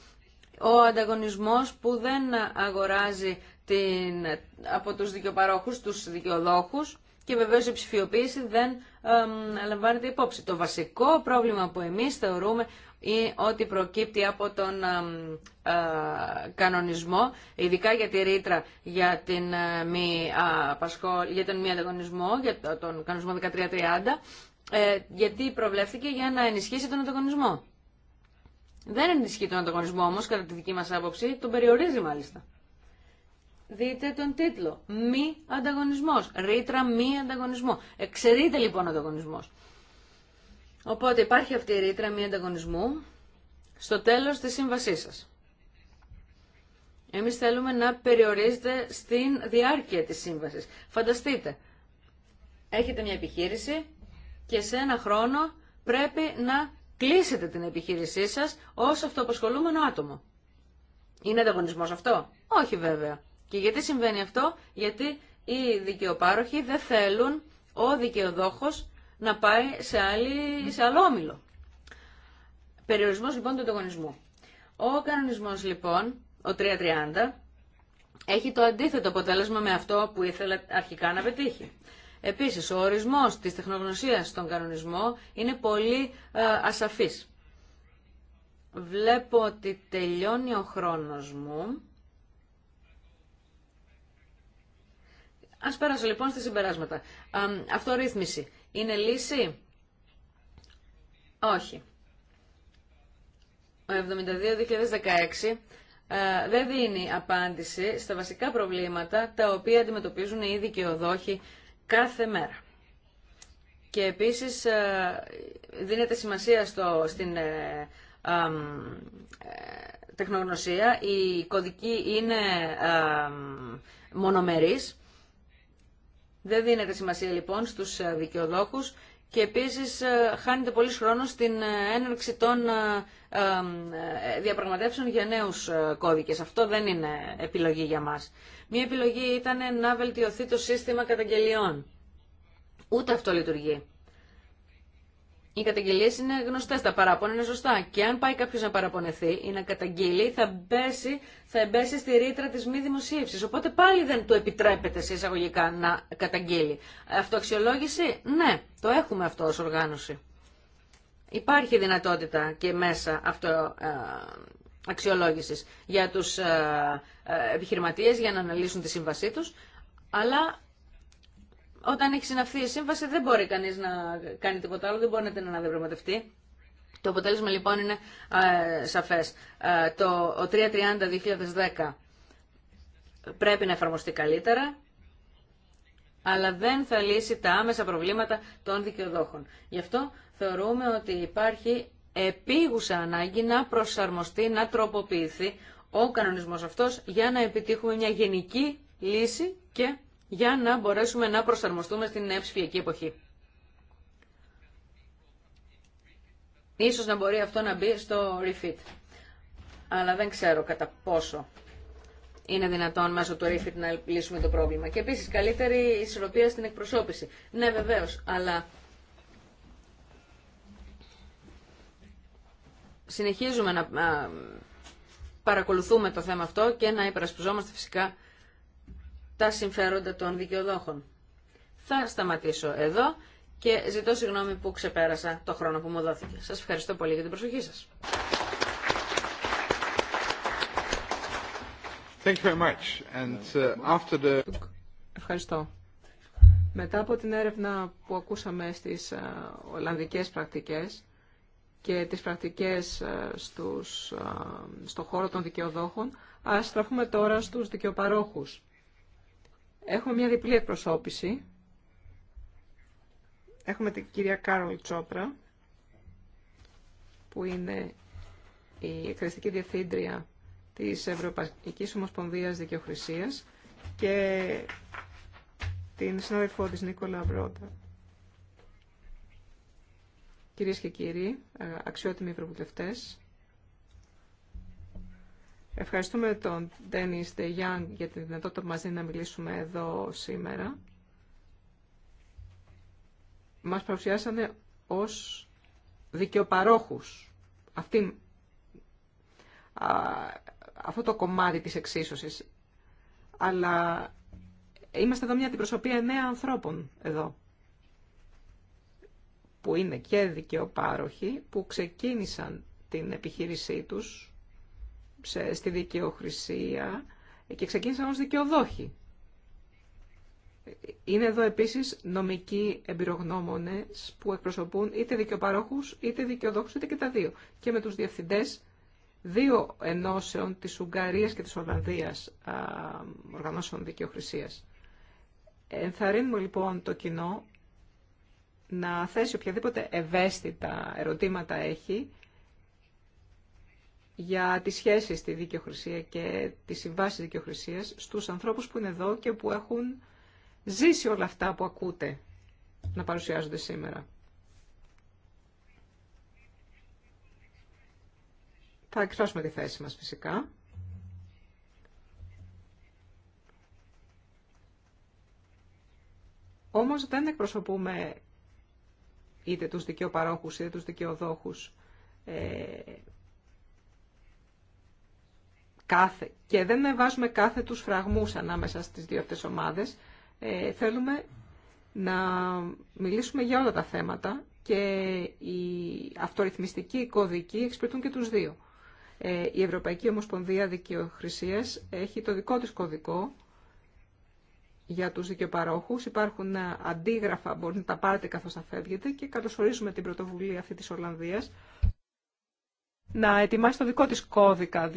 ο ανταγωνισμός που δεν αγοράζει την, από τους δικαιοπαρόχους, τους δικαιοδόχους και βεβαίως η ψηφιοποίηση δεν λαμβάνεται υπόψη. Το βασικό πρόβλημα που εμείς θεωρούμε είναι ότι προκύπτει από τον ε, κανονισμό, ειδικά για τη ρήτρα για, την, ε, μη, για τον μη ανταγωνισμό, για τον κανονισμό 1330, ε, γιατί προβλέφθηκε για να ενισχύσει τον ανταγωνισμό. Δεν ενισχύει τον ανταγωνισμό όμως, κατά τη δική μας άποψη, τον περιορίζει μάλιστα δείτε τον τίτλο. Μη ανταγωνισμός. Ρήτρα μη ανταγωνισμό. Εξαιρείται λοιπόν ο ανταγωνισμός. Οπότε υπάρχει αυτή η ρήτρα μη ανταγωνισμού στο τέλος της σύμβασής σας. Εμείς θέλουμε να περιορίζετε στην διάρκεια της σύμβασης. Φανταστείτε, έχετε μια επιχείρηση και σε ένα χρόνο πρέπει να κλείσετε την επιχείρησή σας ως αυτοαπασχολούμενο άτομο. Είναι ανταγωνισμός αυτό? Όχι βέβαια. Και γιατί συμβαίνει αυτό, γιατί οι δικαιοπάροχοι δεν θέλουν ο δικαιοδόχος να πάει σε, άλλη, σε άλλο όμιλο. Περιορισμός λοιπόν του ανταγωνισμού. Ο κανονισμός λοιπόν, ο 330, έχει το αντίθετο αποτέλεσμα με αυτό που ήθελε αρχικά να πετύχει. Επίσης, ο ορισμός της τεχνογνωσίας στον κανονισμό είναι πολύ ε, ασαφής. Βλέπω ότι τελειώνει ο χρόνος μου. Ας πέρασω λοιπόν στα συμπεράσματα. Αυτορύθμιση. Είναι λύση? Όχι. Ο 72-2016 ε, δεν δίνει απάντηση στα βασικά προβλήματα τα οποία αντιμετωπίζουν οι δικαιοδόχοι κάθε μέρα. Και επίσης ε, δίνεται σημασία στο, στην ε, τεχνογνωσία. Η κωδική είναι α, μονομερής δεν δίνεται σημασία λοιπόν στους ε, δικαιοδόχους και επίσης ε, χάνεται πολύ χρόνο στην ε, έναρξη των διαπραγματεύσεων για νέους κώδικες. Αυτό δεν είναι επιλογή για μας. Μία επιλογή ήταν να βελτιωθεί το σύστημα καταγγελιών. Ούτε αυτό λειτουργεί οι καταγγελίε είναι γνωστέ, τα παράπονα είναι σωστά. Και αν πάει κάποιο να παραπονεθεί ή να καταγγείλει, θα μπέσει, θα μπέσει στη ρήτρα τη μη δημοσίευση. Οπότε πάλι δεν του επιτρέπεται σε εισαγωγικά να καταγγείλει. Αυτοαξιολόγηση, ναι, το έχουμε αυτό ω οργάνωση. Υπάρχει δυνατότητα και μέσα αυτό, ε, για τους ε, ε, επιχειρηματίες για να αναλύσουν τη σύμβασή τους, αλλά όταν έχει συναυθεί η σύμβαση δεν μπορεί κανείς να κάνει τίποτα άλλο, δεν μπορεί να την αναδιαπραγματευτεί. Το αποτέλεσμα λοιπόν είναι ε, σαφές. το 330-2010 πρέπει να εφαρμοστεί καλύτερα, αλλά δεν θα λύσει τα άμεσα προβλήματα των δικαιοδόχων. Γι' αυτό θεωρούμε ότι υπάρχει επίγουσα ανάγκη να προσαρμοστεί, να τροποποιηθεί ο κανονισμός αυτός για να επιτύχουμε μια γενική λύση και για να μπορέσουμε να προσαρμοστούμε στην ψηφιακή εποχή. Ίσως να μπορεί αυτό να μπει στο refit. Αλλά δεν ξέρω κατά πόσο είναι δυνατόν μέσω του refit να λύσουμε το πρόβλημα. Και επίσης καλύτερη ισορροπία στην εκπροσώπηση. Ναι βεβαίως, αλλά συνεχίζουμε να παρακολουθούμε το θέμα αυτό και να υπερασπιζόμαστε φυσικά τα συμφέροντα των δικαιοδόχων. Θα σταματήσω εδώ και ζητώ συγγνώμη που ξεπέρασα το χρόνο που μου δόθηκε. Σας ευχαριστώ πολύ για την προσοχή σας. Thank you very much. And, uh, after the... Ευχαριστώ. Μετά από την έρευνα που ακούσαμε στις ε, Ολλανδικές πρακτικές και τις πρακτικές ε, στους, ε, στο χώρο των δικαιοδόχων, ας στραφούμε τώρα στους δικαιοπαρόχους. Έχουμε μια διπλή εκπροσώπηση. Έχουμε την κυρία Κάρολ Τσόπρα, που είναι η εκκριστική διευθύντρια της Ευρωπαϊκής Ομοσπονδίας Δικαιοχρησίας και την συνάδελφό της Νίκολα Βρότα. Κυρίες και κύριοι, αξιότιμοι ευρωβουλευτές, Ευχαριστούμε τον Ντένις Τεγιάν για τη δυνατότητα που μας δίνει να μιλήσουμε εδώ σήμερα. Μας παρουσιάσανε ως δικαιοπαρόχους. Αυτή, α, αυτό το κομμάτι της εξίσωσης. Αλλά είμαστε εδώ μια αντιπροσωπεία νέα ανθρώπων εδώ. Που είναι και δικαιοπάροχοι, που ξεκίνησαν την επιχείρησή τους στη δικαιοχρησία και ξεκίνησαν ως δικαιοδόχοι. Είναι εδώ επίσης νομικοί εμπειρογνώμονες που εκπροσωπούν είτε δικαιοπαρόχους, είτε δικαιοδόχους, είτε και τα δύο. Και με τους διευθυντές δύο ενώσεων της Ουγγαρίας και της Ολλανδίας α, οργανώσεων δικαιοχρησίας. Ενθαρρύνουμε λοιπόν το κοινό να θέσει οποιαδήποτε ευαίσθητα ερωτήματα έχει για τις σχέσεις στη δικαιοχρησία και τη συμβάσεις δικαιοχρησίας στους ανθρώπους που είναι εδώ και που έχουν ζήσει όλα αυτά που ακούτε να παρουσιάζονται σήμερα. Θα εκφράσουμε τη θέση μας φυσικά. Όμως δεν εκπροσωπούμε είτε τους δικαιοπαρόχους είτε τους δικαιοδόχους ε, κάθε, και δεν βάζουμε κάθε τους φραγμούς ανάμεσα στις δύο αυτές ομάδες. Ε, θέλουμε να μιλήσουμε για όλα τα θέματα και οι αυτορυθμιστικοί κωδικοί εξυπηρετούν και τους δύο. Ε, η Ευρωπαϊκή Ομοσπονδία Δικαιοχρησίας έχει το δικό της κωδικό για τους δικαιοπαρόχους. Υπάρχουν ε, αντίγραφα, μπορείτε να τα πάρετε καθώς θα φεύγετε και καλωσορίζουμε την πρωτοβουλία αυτή της Ολλανδίας να ετοιμάσει το δικό της κώδικα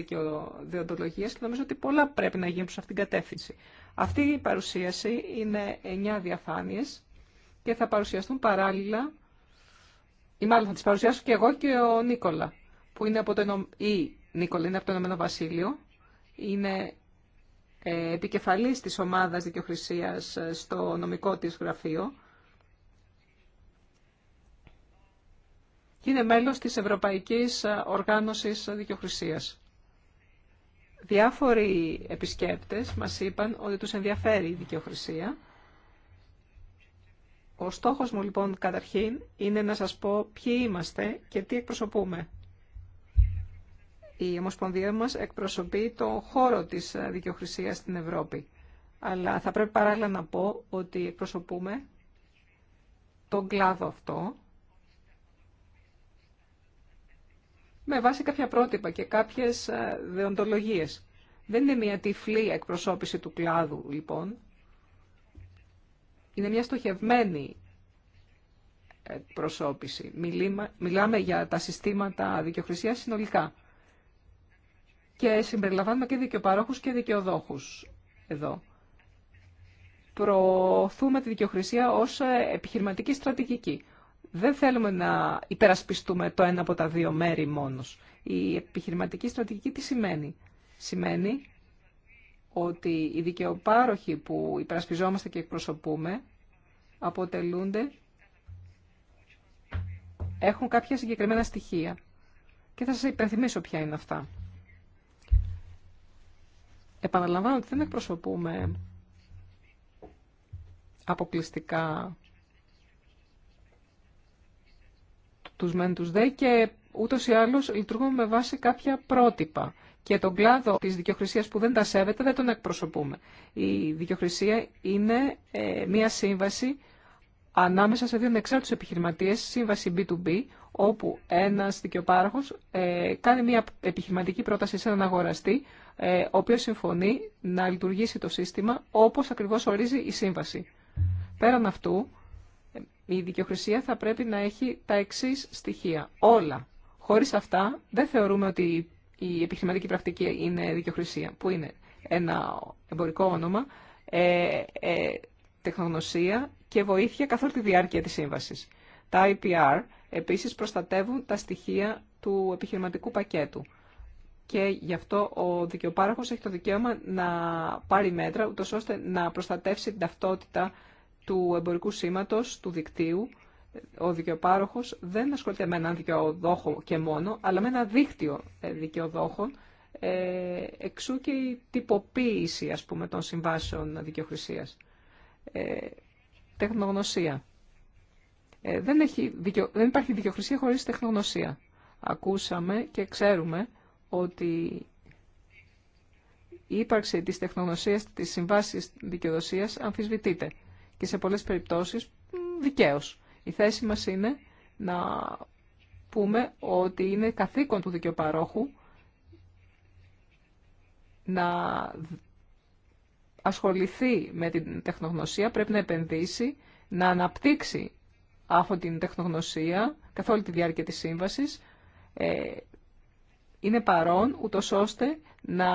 διοντολογία και νομίζω ότι πολλά πρέπει να γίνουν σε αυτήν την κατεύθυνση. Αυτή η παρουσίαση είναι εννιά διαφάνειες και θα παρουσιαστούν παράλληλα, ή μάλλον θα τις παρουσιάσω και εγώ και ο Νίκολα, που είναι από το, ή, Νίκολα, είναι από το Ηνωμένο Βασίλειο, είναι ε, επικεφαλής της ομάδας δικαιοχρησίας ε, στο νομικό της γραφείο και είναι μέλος της Ευρωπαϊκής Οργάνωσης Δικαιοχρησίας. Διάφοροι επισκέπτες μας είπαν ότι τους ενδιαφέρει η δικαιοχρησία. Ο στόχος μου λοιπόν καταρχήν είναι να σας πω ποιοι είμαστε και τι εκπροσωπούμε. Η Ομοσπονδία μας εκπροσωπεί το χώρο της δικαιοχρησίας στην Ευρώπη. Αλλά θα πρέπει παράλληλα να πω ότι εκπροσωπούμε τον κλάδο αυτό, με βάση κάποια πρότυπα και κάποιες ε, δεοντολογίες. Δεν είναι μια τυφλή εκπροσώπηση του κλάδου, λοιπόν. Είναι μια στοχευμένη εκπροσώπηση. Μιλάμε για τα συστήματα δικαιοχρησία συνολικά. Και συμπεριλαμβάνουμε και δικαιοπαρόχους και δικαιοδόχους εδώ. Προωθούμε τη δικαιοχρησία ως ε, επιχειρηματική στρατηγική. Δεν θέλουμε να υπερασπιστούμε το ένα από τα δύο μέρη μόνος. Η επιχειρηματική στρατηγική τι σημαίνει. Σημαίνει ότι οι δικαιοπάροχοι που υπερασπιζόμαστε και εκπροσωπούμε αποτελούνται, έχουν κάποια συγκεκριμένα στοιχεία. Και θα σας υπενθυμίσω ποια είναι αυτά. Επαναλαμβάνω ότι δεν εκπροσωπούμε αποκλειστικά τους μεν τους δε και ούτως ή άλλως λειτουργούμε με βάση κάποια πρότυπα. Και τον κλάδο της δικαιοχρησίας που δεν τα σέβεται δεν τον εκπροσωπούμε. Η δικαιοχρησία είναι ε, μια σύμβαση ανάμεσα σε δύο ανεξάρτητους επιχειρηματίες, σύμβαση B2B, όπου ένας δικαιοπαραχο ε, κάνει μια επιχειρηματική πρόταση σε έναν αγοραστή, ε, ο οποίος συμφωνεί να λειτουργήσει το σύστημα όπως ακριβώς ορίζει η σύμβαση. Πέραν αυτού, η δικαιοχρησία θα πρέπει να έχει τα εξή στοιχεία. Όλα. Χωρίς αυτά δεν θεωρούμε ότι η επιχειρηματική πρακτική είναι δικαιοχρησία. Που είναι ένα εμπορικό όνομα, ε, ε τεχνογνωσία και βοήθεια καθ' τη διάρκεια της σύμβαση. Τα IPR επίσης προστατεύουν τα στοιχεία του επιχειρηματικού πακέτου και γι' αυτό ο δικαιοπάραχος έχει το δικαίωμα να πάρει μέτρα ούτως ώστε να προστατεύσει την ταυτότητα του εμπορικού σήματο, του δικτύου, ο δικαιοπάροχος δεν ασχολείται με έναν δικαιοδόχο και μόνο, αλλά με ένα δίκτυο ε, δικαιοδόχων, ε, εξού και η τυποποίηση, ας πούμε, των συμβάσεων δικαιοχρησίας. Ε, τεχνογνωσία. Ε, δεν, έχει δεν υπάρχει δικαιοχρησία χωρίς τεχνογνωσία. Ακούσαμε και ξέρουμε ότι η ύπαρξη της τεχνογνωσίας της συμβάσης δικαιοδοσίας αμφισβητείται και σε πολλές περιπτώσεις δικαίως. Η θέση μας είναι να πούμε ότι είναι καθήκον του δικαιοπαρόχου να ασχοληθεί με την τεχνογνωσία, πρέπει να επενδύσει, να αναπτύξει αυτή την τεχνογνωσία καθ' όλη τη διάρκεια της σύμβασης, ε, είναι παρόν ούτω ώστε να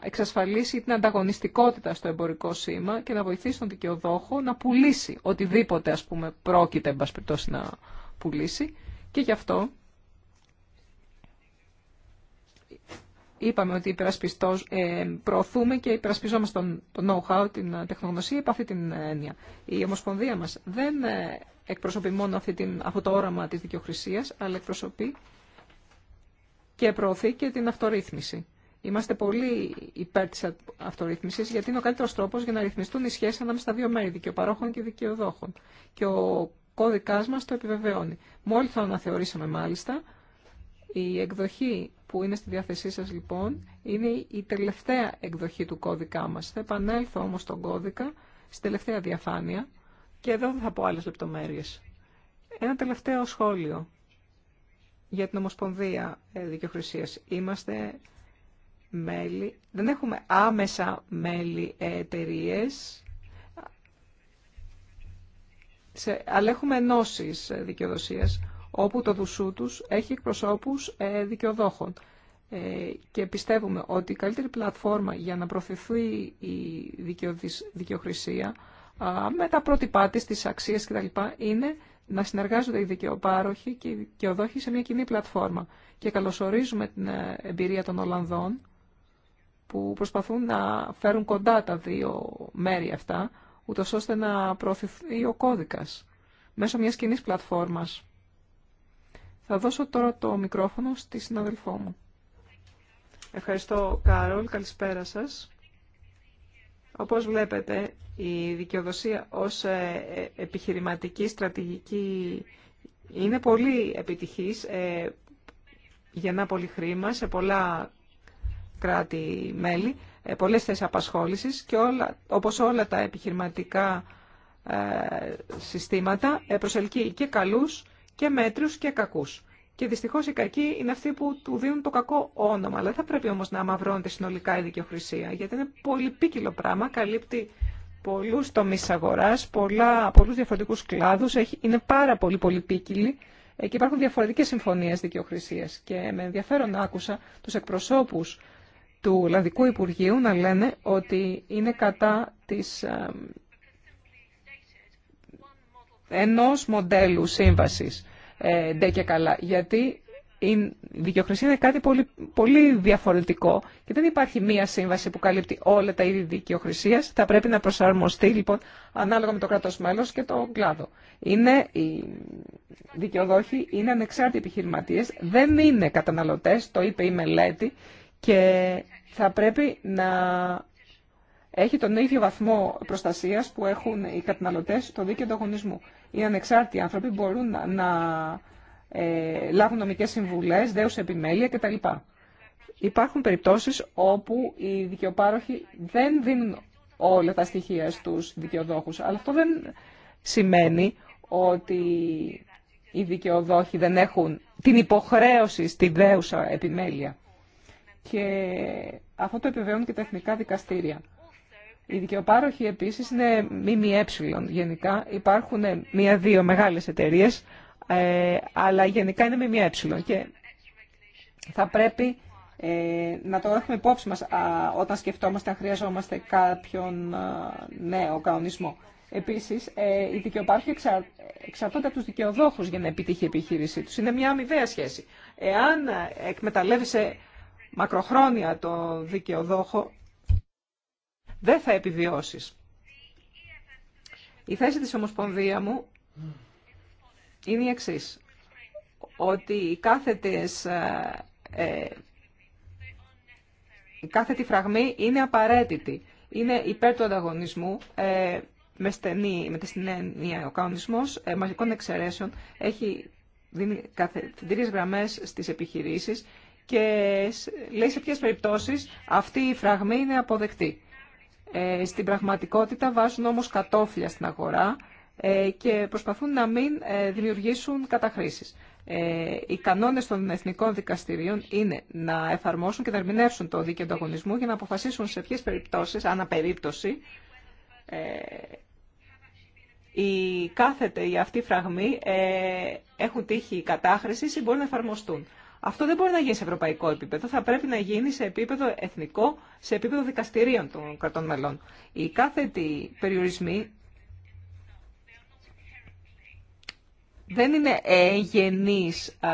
εξασφαλίσει την ανταγωνιστικότητα στο εμπορικό σήμα και να βοηθήσει τον δικαιοδόχο να πουλήσει οτιδήποτε ας πούμε πρόκειται να πουλήσει και γι' αυτό είπαμε ότι ε, προωθούμε και υπερασπιζόμαστε τον, το know-how, την ε, τεχνογνωσία υπ' αυτή την ε, έννοια. Η Ομοσπονδία μας δεν ε, εκπροσωπεί μόνο αυτή την, αυτό το όραμα της δικαιοχρησίας, αλλά εκπροσωπεί και προωθεί και την αυτορύθμιση. Είμαστε πολύ υπέρ τη αυτορύθμιση, γιατί είναι ο καλύτερο τρόπο για να ρυθμιστούν οι σχέσει ανάμεσα στα δύο μέρη, δικαιοπαρόχων και δικαιοδόχων. Και ο κώδικα μα το επιβεβαιώνει. Μόλι θα αναθεωρήσαμε μάλιστα, η εκδοχή που είναι στη διάθεσή σα, λοιπόν είναι η τελευταία εκδοχή του κώδικά μα. Θα επανέλθω όμω στον κώδικα, στη τελευταία διαφάνεια και εδώ δεν θα πω άλλε λεπτομέρειε. Ένα τελευταίο σχόλιο για την Ομοσπονδία ε, Δικαιοχρησίας. Είμαστε μέλη, δεν έχουμε άμεσα μέλη εταιρείε, αλλά έχουμε ενώσεις ε, δικαιοδοσίας, όπου το δουσού τους έχει εκπροσώπους ε, δικαιοδόχων. Και πιστεύουμε ότι η καλύτερη πλατφόρμα για να προωθηθεί η δικαιοχρησία με τα πρότυπά της, τι αξίες κτλ. είναι να συνεργάζονται οι δικαιοπάροχοι και οι δικαιοδόχοι σε μια κοινή πλατφόρμα. Και καλωσορίζουμε την ε, εμπειρία των Ολλανδών που προσπαθούν να φέρουν κοντά τα δύο μέρη αυτά, ούτω ώστε να προωθηθεί ο κώδικας μέσω μιας κοινή πλατφόρμας. Θα δώσω τώρα το μικρόφωνο στη συναδελφό μου. Ευχαριστώ, Κάρολ. Καλησπέρα σα Όπως βλέπετε, η δικαιοδοσία ως ε, ε, επιχειρηματική στρατηγική είναι πολύ επιτυχής, ε, γεννά πολύ χρήμα σε πολλά κράτη-μέλη, πολλές θέσεις απασχόλησης και όλα, όπως όλα τα επιχειρηματικά συστήματα προσελκύει και καλούς και μέτρους και κακούς. Και δυστυχώ οι κακοί είναι αυτοί που του δίνουν το κακό όνομα. Αλλά δεν θα πρέπει όμω να αμαυρώνεται συνολικά η δικαιοχρησία, γιατί είναι πολύ πίκυλο πράγμα. Καλύπτει Πολλού τομεί αγορά, πολλού πολλούς διαφορετικούς κλάδους, είναι πάρα πολύ πολυπίκυλη ε, και υπάρχουν διαφορετικές συμφωνίες δικαιοχρησία. Και με ενδιαφέρον άκουσα τους εκπροσώπους του Ολλανδικού Υπουργείου να λένε ότι είναι κατά της ε, ενός μοντέλου σύμβασης ε, ντε και καλά. Γιατί η δικαιοχρησία είναι κάτι πολύ, πολύ διαφορετικό και δεν υπάρχει μία σύμβαση που καλύπτει όλα τα είδη δικαιοχρησία. Θα πρέπει να προσαρμοστεί λοιπόν ανάλογα με το κράτο μέλο και τον κλάδο. Είναι οι δικαιοδόχοι, είναι ανεξάρτητοι επιχειρηματίε, δεν είναι καταναλωτέ, το είπε η μελέτη και θα πρέπει να έχει τον ίδιο βαθμό προστασία που έχουν οι καταναλωτέ στο δίκαιο ανταγωνισμού. Οι ανεξάρτητοι άνθρωποι μπορούν να ε, λάβουν νομικές συμβουλές, δέους επιμέλεια κτλ. Υπάρχουν περιπτώσεις όπου οι δικαιοπάροχοι δεν δίνουν όλα τα στοιχεία στους δικαιοδόχους. Αλλά αυτό δεν σημαίνει ότι οι δικαιοδόχοι δεν έχουν την υποχρέωση στη δέουσα επιμέλεια. Και αυτό το επιβεβαιώνουν και τα εθνικά δικαστήρια. Οι δικαιοπάροχοι επίσης είναι ΜΜΕ. Γενικά υπάρχουν μία-δύο μεγάλες εταιρείες ε, αλλά γενικά είναι με μία έψιλον ε. και θα πρέπει ε, να το έχουμε υπόψη μας όταν σκεφτόμαστε αν χρειαζόμαστε κάποιον νέο κανονισμό. Επίσης, ε, οι δικαιοπάρχοι εξαρτώνται από τους δικαιοδόχους για να επιτύχει η επιχείρησή τους. Είναι μια αμοιβαία σχέση. Εάν εκμεταλλεύεσαι μακροχρόνια το δικαιοδόχο, δεν θα επιβιώσεις. Η θέση της Ομοσπονδία μου είναι η εξή. Ότι η κάθετη φραγμή είναι απαραίτητη. Είναι υπέρ του ανταγωνισμού. Ε, με, στενή, με τη στενή, ο κανονισμός ε, μαζικών εξαιρέσεων έχει δίνει καθεντήριες γραμμές στις επιχειρήσεις και λέει σε ποιες περιπτώσεις αυτή η φραγμή είναι αποδεκτή. Ε, στην πραγματικότητα βάζουν όμως κατόφλια στην αγορά ε, και προσπαθούν να μην ε, δημιουργήσουν καταχρήσεις. Ε, οι κανόνες των εθνικών δικαστηρίων είναι να εφαρμόσουν και να ερμηνεύσουν το δίκαιο του αγωνισμού για να αποφασίσουν σε ποιες περιπτώσεις, ε, οι κάθετε ή αυτοί φραγμοί έχουν τύχει ή ή μπορει να εφαρμοστούν. Αυτό δεν μπορεί να γίνει σε ευρωπαϊκό επίπεδο, θα πρέπει να γίνει σε επίπεδο εθνικό, σε επίπεδο δικαστηρίων των κρατών μελών. Οι κάθετοι περιορισμοί δεν είναι εγενείς α,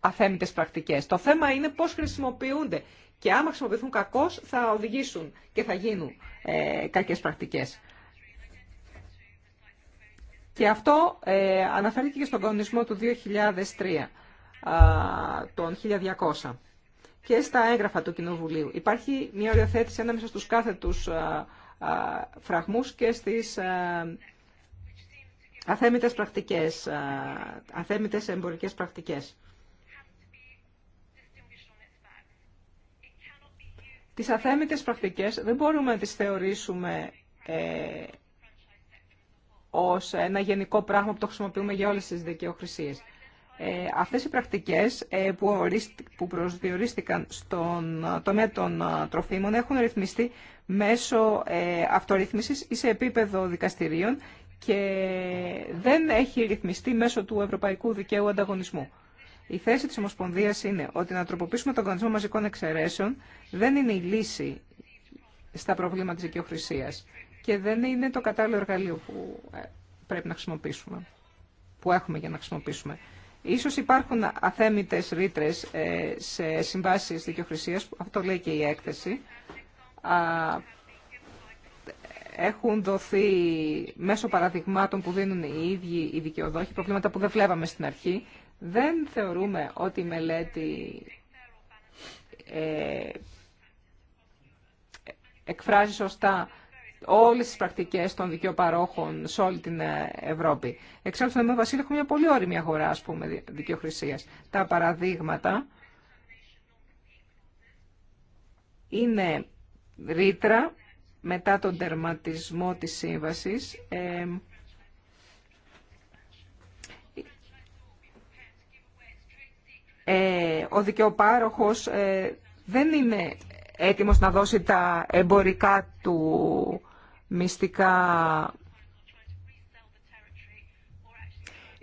αθέμητες πρακτικές. Το θέμα είναι πώς χρησιμοποιούνται και άμα χρησιμοποιηθούν κακώς θα οδηγήσουν και θα γίνουν ε, κακές πρακτικές. Και αυτό ε, αναφέρθηκε και στον κανονισμό του 2003, α, τον 1200 και στα έγγραφα του Κοινοβουλίου. Υπάρχει μια οριοθέτηση ανάμεσα στους κάθετους α, α, φραγμούς και στις ε, αθέμητες πρακτικές, αθέμητες εμπορικές πρακτικές. Τις αθέμητες πρακτικές δεν μπορούμε να τις θεωρήσουμε ε, ως ένα γενικό πράγμα που το χρησιμοποιούμε για όλες τις δικαιοχρησίες. Ε, αυτές οι πρακτικές ε, που, προσδιορίστηκαν στον τομέα των ε, τροφίμων έχουν ρυθμιστεί μέσω ε, αυτορύθμισης ή σε επίπεδο δικαστηρίων και δεν έχει ρυθμιστεί μέσω του ευρωπαϊκού δικαίου ανταγωνισμού. Η θέση της Ομοσπονδίας είναι ότι να τροποποιήσουμε τον ανταγωνισμό μαζικών εξαιρέσεων δεν είναι η λύση στα προβλήματα της δικαιοχρησίας και δεν είναι το κατάλληλο εργαλείο που ε, πρέπει να χρησιμοποιήσουμε, που έχουμε για να χρησιμοποιήσουμε. Ίσως υπάρχουν αθέμητες ρήτρε ε, σε συμβάσεις δικαιοχρησίας, αυτό λέει και η έκθεση, έχουν δοθεί μέσω παραδειγμάτων που δίνουν οι ίδιοι οι δικαιοδόχοι, προβλήματα που δεν βλέπαμε στην αρχή. Δεν θεωρούμε ότι η μελέτη ε, εκφράζει σωστά όλες τις πρακτικές των δικαιοπαρόχων σε όλη την ε, Ευρώπη. Εξάλλου, στον Ευρωπαϊκό Βασίλειο έχουμε μια πολύ όρημη αγορά, ας πούμε, δικαιοχρησίας. Τα παραδείγματα είναι ρήτρα μετά τον τερματισμό της σύμβασης ε, ε, ο δικαιοπάροχος ε, δεν είναι έτοιμος να δώσει τα εμπορικά του μυστικά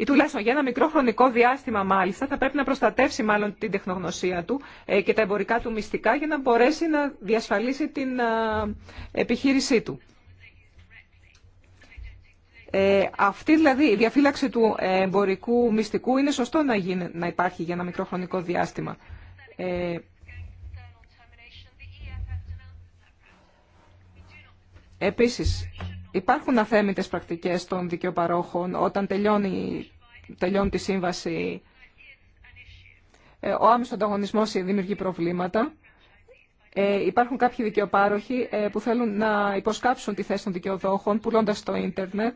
ή τουλάχιστον για ένα μικρό χρονικό διάστημα μάλιστα, θα πρέπει να προστατεύσει μάλλον την τεχνογνωσία του ε, και τα εμπορικά του μυστικά για να μπορέσει να διασφαλίσει την ε, επιχείρησή του. Ε, αυτή δηλαδή η διαφύλαξη του ε, εμπορικού μυστικού είναι σωστό να, γίνει, να υπάρχει για ένα μικρό χρονικό διάστημα. Ε, επίσης, υπάρχουν αθέμητες πρακτικές των δικαιοπαρόχων όταν τελειώνει, τελειώνει τη σύμβαση ε, ο άμεσος ανταγωνισμός δημιουργεί προβλήματα. Ε, υπάρχουν κάποιοι δικαιοπάροχοι ε, που θέλουν να υποσκάψουν τη θέση των δικαιοδόχων πουλώντας το ίντερνετ,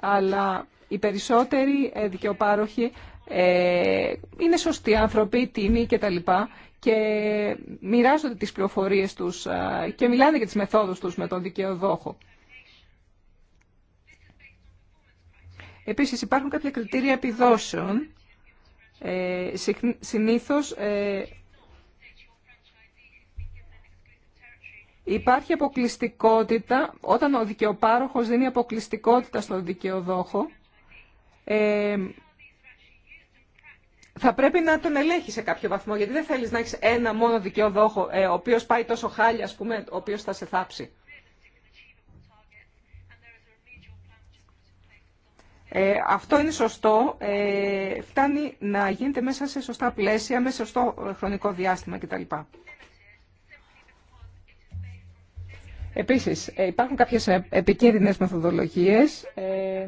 αλλά οι περισσότεροι ε, δικαιοπάροχοι ε, είναι σωστοί άνθρωποι, τίμοι κτλ. και μοιράζονται τις πληροφορίες τους ε, και μιλάνε για τις μεθόδους τους με τον δικαιοδόχο. Επίσης υπάρχουν κάποια κριτήρια επιδόσεων. Ε, συνήθως ε, υπάρχει αποκλειστικότητα όταν ο δικαιοπάροχος δίνει αποκλειστικότητα στον δικαιοδόχο. Ε, θα πρέπει να τον ελέγχει σε κάποιο βαθμό, γιατί δεν θέλεις να έχεις ένα μόνο δικαιοδόχο, ε, ο οποίος πάει τόσο χάλια, ας πούμε, ο οποίος θα σε θάψει. Ε, αυτό είναι σωστό, ε, φτάνει να γίνεται μέσα σε σωστά πλαίσια, μέσα σε σωστό ε, χρονικό διάστημα κτλ. Επίσης, ε, υπάρχουν κάποιες επικίνδυνες μεθοδολογίες. Ε,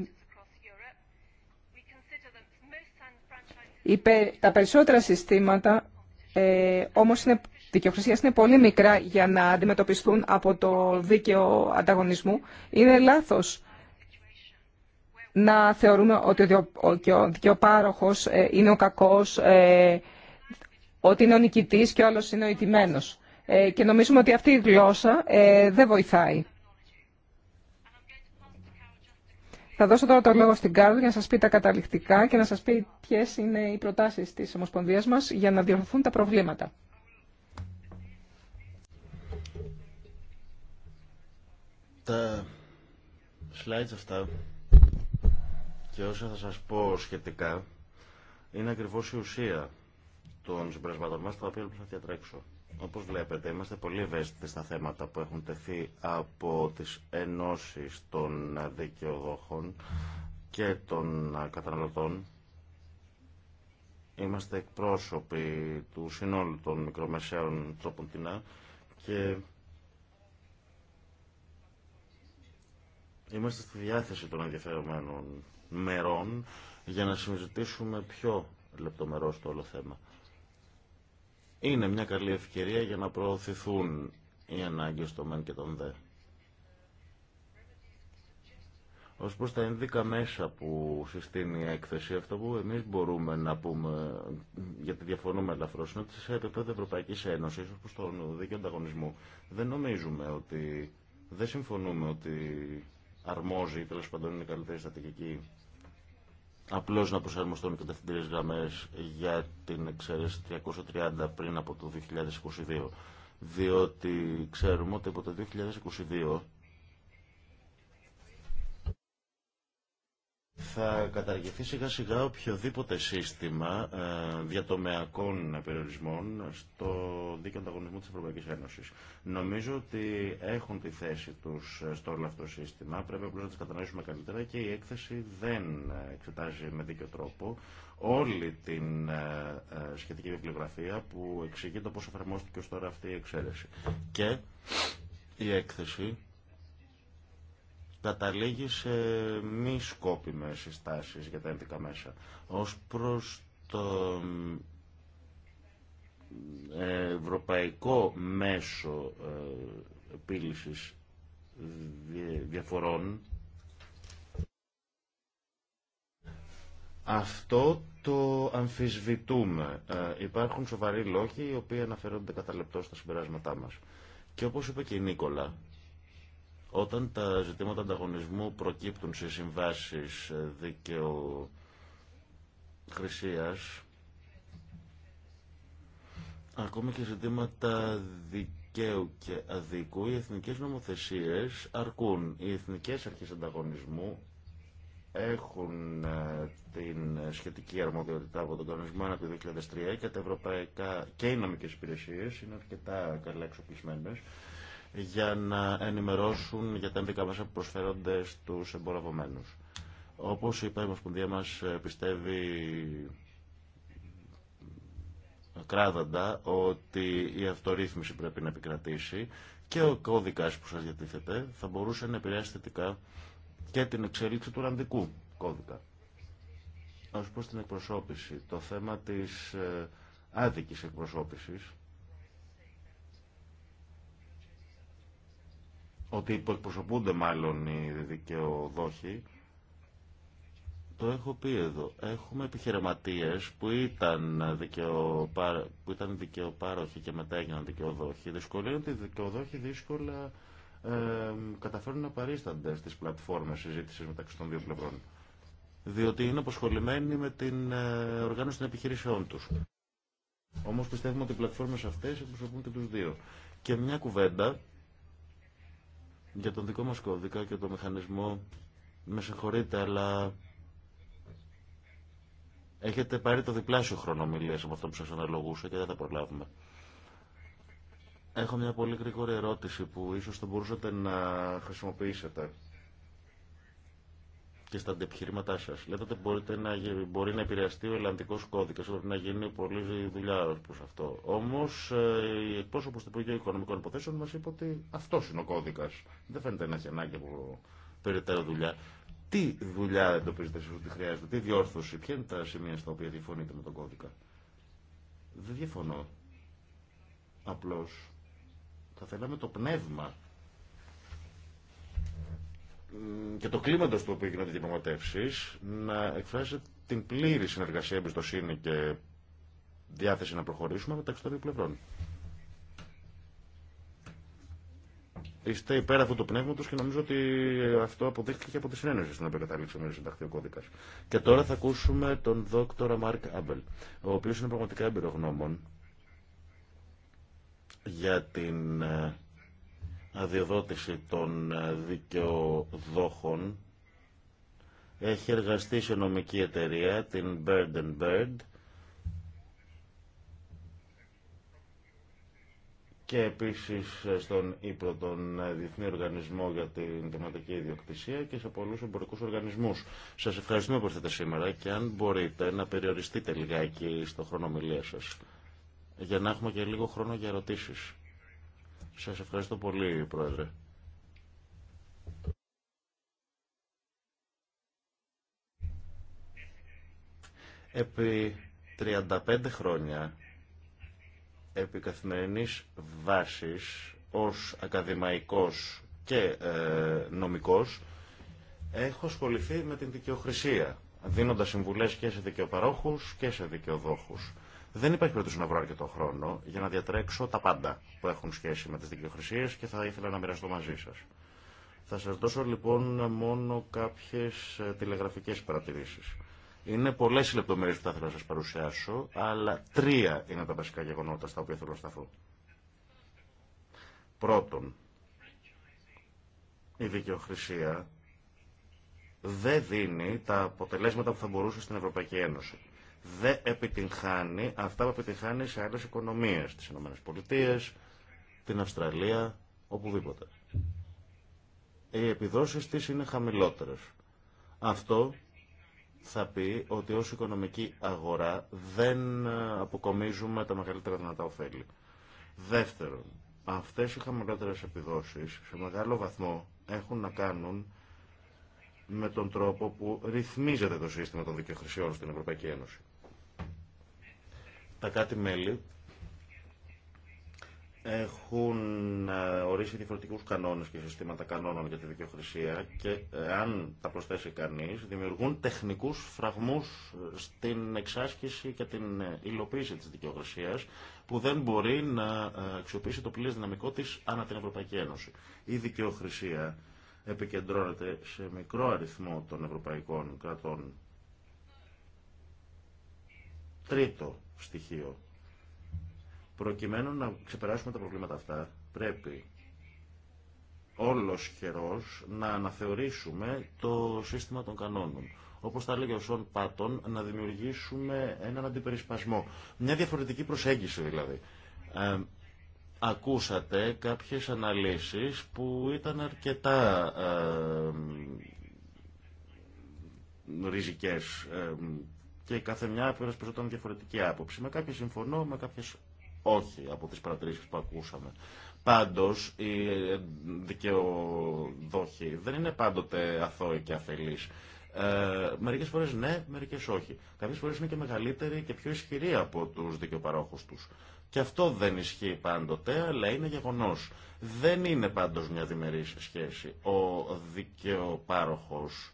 τα περισσότερα συστήματα ε, όμως είναι, δικαιοχρησίας είναι πολύ μικρά για να αντιμετωπιστούν από το δίκαιο ανταγωνισμού. Είναι λάθος να θεωρούμε ότι ο δικαιοπάροχος ε, είναι ο κακός, ε, ότι είναι ο νικητής και ο άλλος είναι ο ιτημένος. Ε, και νομίζουμε ότι αυτή η γλώσσα δεν βοηθάει. Θα δώσω τώρα το λόγο στην Κάρδο για να σας πει τα καταληκτικά και να σας πει ποιες είναι οι προτάσεις της Ομοσπονδίας μας για να διορθωθούν τα προβλήματα. Τα slides αυτά και όσα θα σας πω σχετικά είναι ακριβώς η ουσία των συμπερασμάτων μας, τα οποία λοιπόν θα διατρέξω. Όπως βλέπετε, είμαστε πολύ ευαίσθητοι στα θέματα που έχουν τεθεί από τις ενώσεις των δικαιοδόχων και των καταναλωτών. Είμαστε εκπρόσωποι του συνόλου των μικρομεσαίων τρόπων και είμαστε στη διάθεση των ενδιαφερομένων μερών για να συζητήσουμε πιο λεπτομερώς το όλο θέμα. Είναι μια καλή ευκαιρία για να προωθηθούν οι ανάγκες των μεν και των δε. Ω προ τα ενδίκα μέσα που συστήνει η έκθεση, αυτό που εμεί μπορούμε να πούμε, γιατί διαφωνούμε ελαφρώ, είναι ότι σε επίπεδο Ευρωπαϊκή Ένωση, ω προ τον δίκαιο ανταγωνισμό. δεν νομίζουμε ότι. Δεν συμφωνούμε ότι αρμόζει, τέλο πάντων είναι η καλύτερη στρατηγική απλώς να προσαρμοστούν οι κατευθυντήριες γραμμές για την εξαίρεση 330 πριν από το 2022. Διότι ξέρουμε ότι από το 2022 θα καταργηθεί σιγά σιγά οποιοδήποτε σύστημα ε, διατομεακών περιορισμών στο δίκαιο ανταγωνισμού της Ευρωπαϊκής Ένωσης. Νομίζω ότι έχουν τη θέση τους ε, στο όλο αυτό το σύστημα, πρέπει απλώς να τις κατανοήσουμε καλύτερα και η έκθεση δεν εξετάζει με δίκαιο τρόπο όλη την ε, σχετική βιβλιογραφία που εξηγεί το πώς εφαρμόστηκε ως τώρα αυτή η εξαίρεση. Και η έκθεση καταλήγει σε μη σκόπιμες συστάσεις για τα ένδικα μέσα. Ως προς το ε, ευρωπαϊκό μέσο ε, επίλυσης διαφορών, αυτό το αμφισβητούμε. Ε, υπάρχουν σοβαροί λόγοι οι οποίοι αναφέρονται κατά λεπτό στα συμπεράσματά μας. Και όπως είπε και η Νίκολα, όταν τα ζητήματα ανταγωνισμού προκύπτουν σε συμβάσεις ε, δίκαιο χρυσίας, ακόμη και ζητήματα δικαίου και αδίκου, οι εθνικές νομοθεσίες αρκούν. Οι εθνικές αρχές ανταγωνισμού έχουν ε, την σχετική αρμοδιότητα από τον κανονισμό του 2003 και, τα ευρωπαϊκά, και οι νομικές υπηρεσίες είναι αρκετά καλά εξοπλισμένες για να ενημερώσουν για τα ενδικά μέσα που προσφέρονται στους εμπορευομένους. Όπως είπα, η Ομοσπονδία μας ε, πιστεύει κράδαντα ότι η αυτορύθμιση πρέπει να επικρατήσει και ο κώδικας που σας διατίθεται θα μπορούσε να επηρεάσει θετικά και την εξέλιξη του ραντικού κώδικα. Ας προ την εκπροσώπηση, το θέμα της ε, άδικης εκπροσώπησης ότι υποεκπροσωπούνται μάλλον οι δικαιοδόχοι, το έχω πει εδώ. Έχουμε επιχειρηματίες που ήταν, που ήταν δικαιοπάροχοι και μετά έγιναν δικαιοδόχοι. Δυσκολεύονται οι δικαιοδόχοι δύσκολα ε, καταφέρουν να παρίστανται στις πλατφόρμες συζήτησης μεταξύ των δύο πλευρών. Διότι είναι αποσχολημένοι με την ε, οργάνωση των επιχειρήσεών τους. Όμως πιστεύουμε ότι οι πλατφόρμες αυτές εκπροσωπούν και τους δύο. Και μια κουβέντα για τον δικό μας κώδικα και το μηχανισμό, με συγχωρείτε, αλλά έχετε πάρει το διπλάσιο χρόνο σε από αυτό που σας αναλογούσα και δεν θα προλάβουμε. Έχω μια πολύ γρήγορη ερώτηση που ίσως θα μπορούσατε να χρησιμοποιήσετε και στα αντεπιχειρήματά σα. Λέτε ότι μπορείτε να, μπορεί να επηρεαστεί ο Ελλανδικό κώδικα, ότι να γίνει πολλή δουλειά προ αυτό. Όμω, η ε, εκπρόσωπο του Υπουργείου Οικονομικών Υποθέσεων μα είπε ότι αυτό είναι ο κώδικα. Δεν φαίνεται να έχει ανάγκη από περαιτέρω δουλειά. Τι δουλειά εντοπίζετε εσεί ότι χρειάζεται, τι διόρθωση, ποια είναι τα σημεία στα οποία διαφωνείτε με τον κώδικα. Δεν διαφωνώ. Απλώ θα θέλαμε το πνεύμα και το κλίμα του οποίου γίνονται οι διαπραγματεύσει να εκφράσει την πλήρη συνεργασία, εμπιστοσύνη και διάθεση να προχωρήσουμε μεταξύ των δύο πλευρών. Είστε υπέρ αυτού του πνεύματο και νομίζω ότι αυτό αποδείχθηκε και από τη συνένεση στην οποία καταλήξαμε ο κώδικα. Και τώρα θα ακούσουμε τον δόκτωρα Μάρκ Άμπελ, ο οποίο είναι πραγματικά εμπειρογνώμων για την ε, αδειοδότηση των ε, δικαιοδόχων έχει εργαστεί σε νομική εταιρεία, την Bird and Bird, και επίσης ε, στον ύπρο τον ε, Διεθνή Οργανισμό για την Θεματική Ιδιοκτησία και σε πολλούς εμπορικούς οργανισμούς. Σας ευχαριστούμε που ήρθατε σήμερα και αν μπορείτε να περιοριστείτε λιγάκι στο χρόνο σα σας για να έχουμε και λίγο χρόνο για ερωτήσεις. Σας ευχαριστώ πολύ, Πρόεδρε. Επί 35 χρόνια, επί καθημερινής βάσης, ως ακαδημαϊκός και ε, νομικός, έχω ασχοληθεί με την δικαιοχρησία, δίνοντας συμβουλές και σε δικαιοπαρόχους και σε δικαιοδόχους. Δεν υπάρχει περίπτωση να βρω αρκετό χρόνο για να διατρέξω τα πάντα που έχουν σχέση με τι δικαιοχρησίε και θα ήθελα να μοιραστώ μαζί σα. Θα σα δώσω λοιπόν μόνο κάποιες ε, τηλεγραφικές παρατηρήσεις. Είναι πολλές οι λεπτομέρειες που θα ήθελα να σα παρουσιάσω, αλλά τρία είναι τα βασικά γεγονότα στα οποία θέλω να σταθώ. Πρώτον, η δικαιοχρησία δεν δίνει τα αποτελέσματα που θα μπορούσε στην Ευρωπαϊκή Ένωση δεν επιτυγχάνει αυτά που επιτυγχάνει σε άλλες οικονομίες, τις ΗΠΑ, την Αυστραλία, οπουδήποτε. Οι επιδόσεις της είναι χαμηλότερες. Αυτό θα πει ότι ως οικονομική αγορά δεν αποκομίζουμε τα μεγαλύτερα δυνατά ωφέλη. Δεύτερον, αυτές οι χαμηλότερες επιδόσεις σε μεγάλο βαθμό έχουν να κάνουν με τον τρόπο που ρυθμίζεται το σύστημα των δικαιοχρησιών στην Ευρωπαϊκή Ένωση. Τα κάτι μελη έχουν ε, ορίσει διαφορετικούς κανόνες και συστήματα κανόνων για τη δικαιοχρησία και ε, αν τα προσθέσει κανείς δημιουργούν τεχνικούς φραγμούς ε, στην εξάσκηση και την υλοποίηση της δικαιοχρησίας που δεν μπορεί να αξιοποιήσει το πλήρες δυναμικό της ανά την Ευρωπαϊκή Ένωση. Η δικαιοχρησία επικεντρώνεται σε μικρό αριθμό των ευρωπαϊκών κρατών Τρίτο στοιχείο. Προκειμένου να ξεπεράσουμε τα προβλήματα αυτά, πρέπει όλος χερός να αναθεωρήσουμε το σύστημα των κανόνων. Όπως τα λέγει ο Σον πατών, να δημιουργήσουμε έναν αντιπερισπασμό. Μια διαφορετική προσέγγιση δηλαδή. Ε, ακούσατε κάποιες αναλύσεις που ήταν αρκετά ε, ριζικές. Ε, και η καθεμιά υπερασπιζόταν διαφορετική άποψη. Με κάποιες συμφωνώ, με κάποιες όχι από τις παρατηρήσεις που ακούσαμε. Πάντως, οι δικαιοδόχοι δεν είναι πάντοτε αθώοι και αφελής. Ε, μερικές φορές ναι, μερικές όχι. Κάποιες φορές είναι και μεγαλύτεροι και πιο ισχυροί από τους δικαιοπαρόχους τους. Και αυτό δεν ισχύει πάντοτε, αλλά είναι γεγονός. Δεν είναι πάντως μια διμερής σχέση. Ο δικαιοπάροχος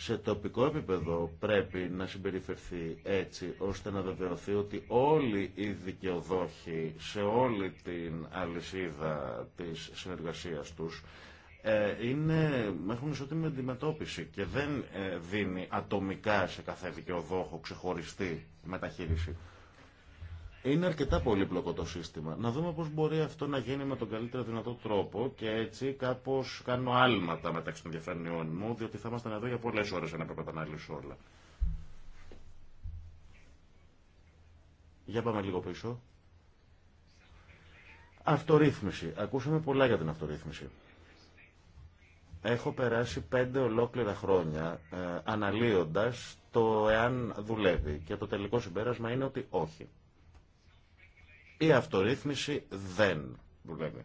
σε τοπικό επίπεδο πρέπει να συμπεριφερθεί έτσι ώστε να βεβαιωθεί ότι όλοι οι δικαιοδόχοι σε όλη την αλυσίδα της συνεργασίας τους ε, είναι, έχουν ισότιμη αντιμετώπιση και δεν ε, δίνει ατομικά σε κάθε δικαιοδόχο ξεχωριστή μεταχείριση. Είναι αρκετά πολύπλοκο το σύστημα. Να δούμε πώς μπορεί αυτό να γίνει με τον καλύτερο δυνατό τρόπο και έτσι κάπως κάνω άλματα μεταξύ των διαφανειών μου, διότι θα ήμασταν εδώ για πολλές ώρες αν έπρεπε να αναλύσω όλα. Για πάμε λίγο πίσω. Αυτορύθμιση. Ακούσαμε πολλά για την αυτορύθμιση. Έχω περάσει πέντε ολόκληρα χρόνια ε, αναλύοντας το εάν δουλεύει και το τελικό συμπέρασμα είναι ότι όχι. Η αυτορύθμιση δεν δουλεύει.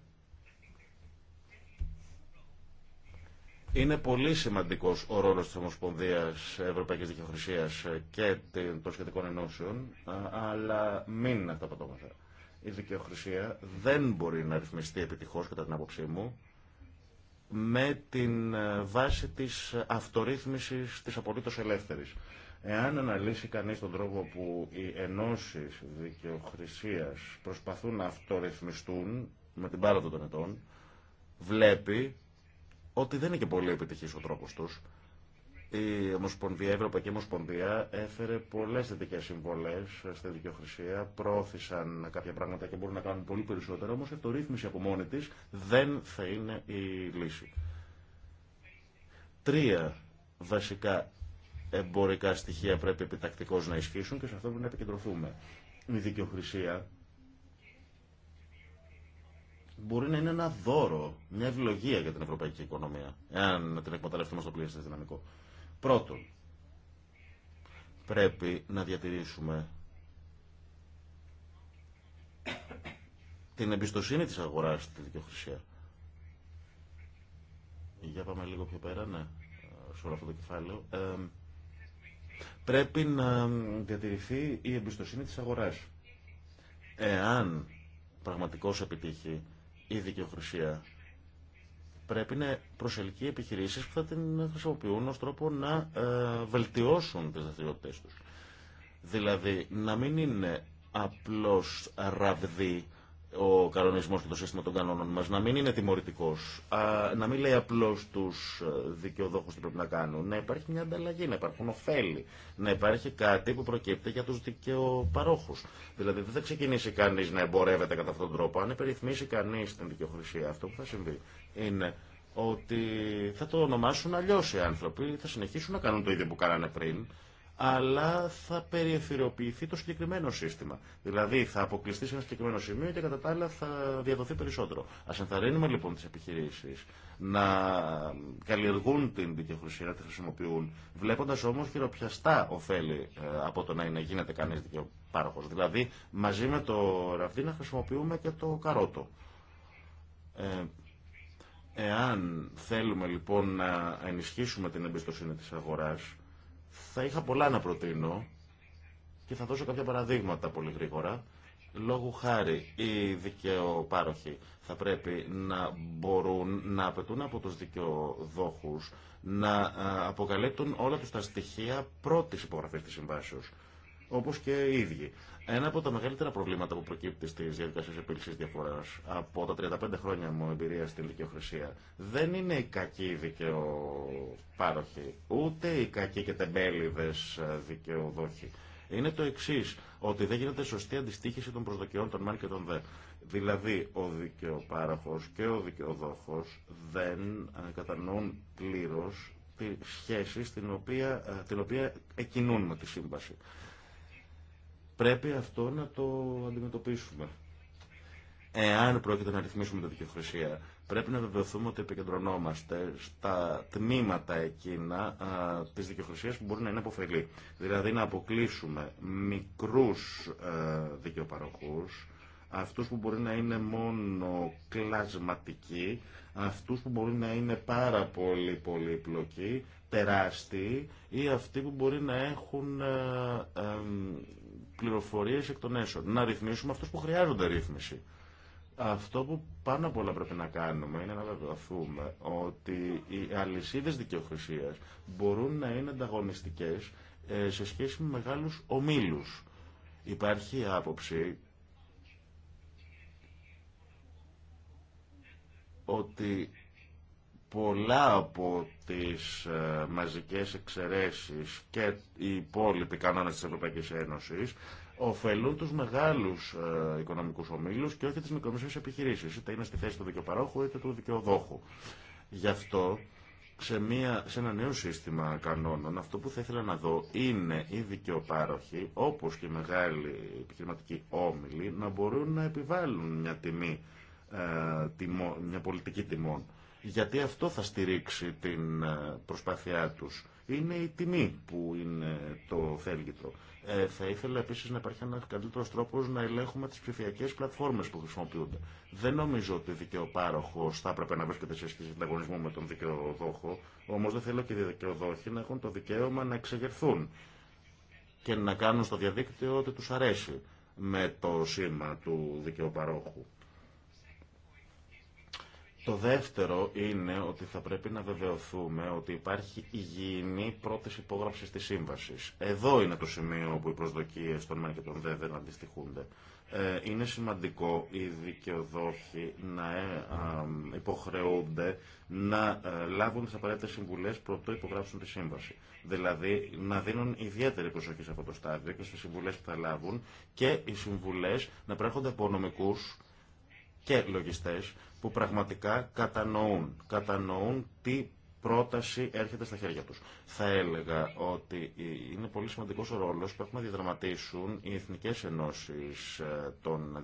Είναι πολύ σημαντικό ο ρόλο τη Ομοσπονδία Ευρωπαϊκή Δικαιοχρησία και των σχετικών ενώσεων, αλλά μην αυταπατώματα. Η δικαιοχρησία δεν μπορεί να ρυθμιστεί επιτυχώ, κατά την άποψή μου, με την ε, βάση της ε, αυτορύθμιση τη απολύτω ελεύθερη. Εάν αναλύσει κανείς τον τρόπο που οι ενώσεις δικαιοχρησίας προσπαθούν να αυτορυθμιστούν με την πάροδο των ετών, βλέπει ότι δεν είναι και πολύ επιτυχής ο τρόπος τους. Η Ομοσπονδία, η Ευρωπαϊκή Ομοσπονδία έφερε πολλές θετικέ συμβολέ στη δικαιοχρησία, πρόθυσαν κάποια πράγματα και μπορούν να κάνουν πολύ περισσότερο, όμω η αυτορύθμιση από μόνη τη δεν θα είναι η λύση. Τρία βασικά εμπορικά στοιχεία πρέπει επιτακτικώ να ισχύσουν και σε αυτό πρέπει να επικεντρωθούμε. Η δικαιοχρησία μπορεί να είναι ένα δώρο, μια ευλογία για την ευρωπαϊκή οικονομία, εάν την εκμεταλλευτούμε στο πλήρε δυναμικό. Πρώτον, πρέπει να διατηρήσουμε την εμπιστοσύνη της αγοράς στη δικαιοχρησία. Για πάμε λίγο πιο πέρα, ναι, σε όλο αυτό το κεφάλαιο. Ε, Πρέπει να διατηρηθεί η εμπιστοσύνη της αγοράς. Εάν πραγματικώς επιτύχει η δικαιοχρησία, πρέπει να προσελκύει επιχειρήσεις που θα την χρησιμοποιούν ως τρόπο να ε, βελτιώσουν τις δραστηριότητες τους. Δηλαδή, να μην είναι απλώς ραβδί ο κανονισμό και το σύστημα των κανόνων μας να μην είναι τιμωρητικός, να μην λέει απλώς τους ε, δικαιοδόχους τι πρέπει να κάνουν, να υπάρχει μια ανταλλαγή, να υπάρχουν ωφέλη, να υπάρχει κάτι που προκύπτει για τους δικαιοπαρόχους. Δηλαδή δεν θα ξεκινήσει κανείς να εμπορεύεται κατά αυτόν τον τρόπο, αν υπεριθμίσει κανείς την δικαιοχρησία αυτό που θα συμβεί είναι ότι θα το ονομάσουν αλλιώ οι άνθρωποι, θα συνεχίσουν να κάνουν το ίδιο που κάνανε πριν, αλλά θα περιεφηρεοποιηθεί το συγκεκριμένο σύστημα. Δηλαδή θα αποκλειστεί σε ένα συγκεκριμένο σημείο και κατά τα άλλα θα διαδοθεί περισσότερο. Α ενθαρρύνουμε λοιπόν τι επιχειρήσει να καλλιεργούν την δικαιοχρησία, να τη χρησιμοποιούν, βλέποντα όμω χειροπιαστά ωφέλη ε, από το να είναι, γίνεται κανεί δικαιοπάροχο. Δηλαδή μαζί με το ραβδί να χρησιμοποιούμε και το καρότο. Ε, εάν θέλουμε λοιπόν να ενισχύσουμε την εμπιστοσύνη της αγοράς, θα είχα πολλά να προτείνω και θα δώσω κάποια παραδείγματα πολύ γρήγορα. Λόγου χάρη, οι δικαιοπάροχοι θα πρέπει να μπορούν να απαιτούν από τους δικαιοδόχους να αποκαλύπτουν όλα τους τα στοιχεία πρώτης υπογραφής της συμβάσεως, όπως και οι ίδιοι. Ένα από τα μεγαλύτερα προβλήματα που προκύπτει στι διαδικασίε επίλυση διαφορά από τα 35 χρόνια μου εμπειρία στην δικαιοχρησία δεν είναι οι κακοί δικαιοπάροχοι, ούτε οι κακοί και τεμπέληδε δικαιοδόχοι. Είναι το εξή, ότι δεν γίνεται σωστή αντιστοίχηση των προσδοκιών των ΜΑΡ και των δε. Δηλαδή, ο δικαιοπάροχο και ο δικαιοδόχο δεν ε, κατανοούν πλήρω τη σχέση στην οποία, ε, την οποία εκκινούν με τη σύμβαση. Πρέπει αυτό να το αντιμετωπίσουμε. Εάν πρόκειται να ρυθμίσουμε τη δικαιοχρησία, πρέπει να βεβαιωθούμε ότι επικεντρωνόμαστε στα τμήματα εκείνα τη δικαιοχρησία που μπορεί να είναι αποφελή. Δηλαδή να αποκλείσουμε μικρού ε, δικαιοπαροχού, αυτούς που μπορεί να είναι μόνο κλασματικοί, αυτούς που μπορεί να είναι πάρα πολύ πολύπλοκοι, τεράστιοι ή αυτοί που μπορεί να έχουν ε, ε, Πληροφορίε εκ των έσω. Να ρυθμίσουμε αυτού που χρειάζονται ρύθμιση. Αυτό που πάνω απ' όλα πρέπει να κάνουμε είναι να βεβαιωθούμε ότι οι αλυσίδε δικαιοχρησίας μπορούν να είναι ανταγωνιστικέ ε, σε σχέση με μεγάλους ομίλου. Υπάρχει άποψη ότι πολλά από τις ε, μαζικές εξαιρέσεις και οι υπόλοιποι κανόνες της Ευρωπαϊκής Ένωσης ωφελούν τους μεγάλους ε, οικονομικούς ομίλους και όχι τις μικρομεσαίες επιχειρήσεις, είτε είναι στη θέση του δικαιοπαρόχου είτε του δικαιοδόχου. Γι' αυτό σε, μια, σε ένα νέο σύστημα κανόνων, αυτό που θα ήθελα να δω είναι οι δικαιοπάροχοι, όπως και οι μεγάλοι επιχειρηματικοί όμιλοι, να μπορούν να επιβάλλουν μια τιμή, ε, μια πολιτική τιμών γιατί αυτό θα στηρίξει την ε, προσπάθειά τους. Είναι η τιμή που είναι το θέλγητρο. Ε, θα ήθελα επίσης να υπάρχει ένα καλύτερος τρόπος να ελέγχουμε τις ψηφιακές πλατφόρμες που χρησιμοποιούνται. Δεν νομίζω ότι ο δικαιοπάροχος θα έπρεπε να βρίσκεται σε σχέση ανταγωνισμό με τον δικαιοδόχο, όμως δεν θέλω και οι δικαιοδόχοι να έχουν το δικαίωμα να εξεγερθούν και να κάνουν στο διαδίκτυο ό,τι τους αρέσει με το σήμα του δικαιοπαρόχου. Το δεύτερο είναι ότι θα πρέπει να βεβαιωθούμε ότι υπάρχει υγιεινή πρώτη υπόγραψη τη σύμβαση. Εδώ είναι το σημείο που οι προσδοκίε των ΜΕΝ και των ΔΕ δεν αντιστοιχούνται. Ε, είναι σημαντικό οι δικαιοδόχοι να ε, υποχρεούνται να ε, λάβουν τι απαραίτητε συμβουλέ πρωτού υπογράψουν τη σύμβαση. Δηλαδή να δίνουν ιδιαίτερη προσοχή σε αυτό το στάδιο και στι συμβουλέ που θα λάβουν και οι συμβουλέ να προέρχονται από νομικού και λογιστέ που πραγματικά κατανοούν, κατανοούν τι πρόταση έρχεται στα χέρια τους. Θα έλεγα ότι είναι πολύ σημαντικός ο ρόλος που έχουν να διαδραματίσουν οι εθνικές ενώσεις ε, των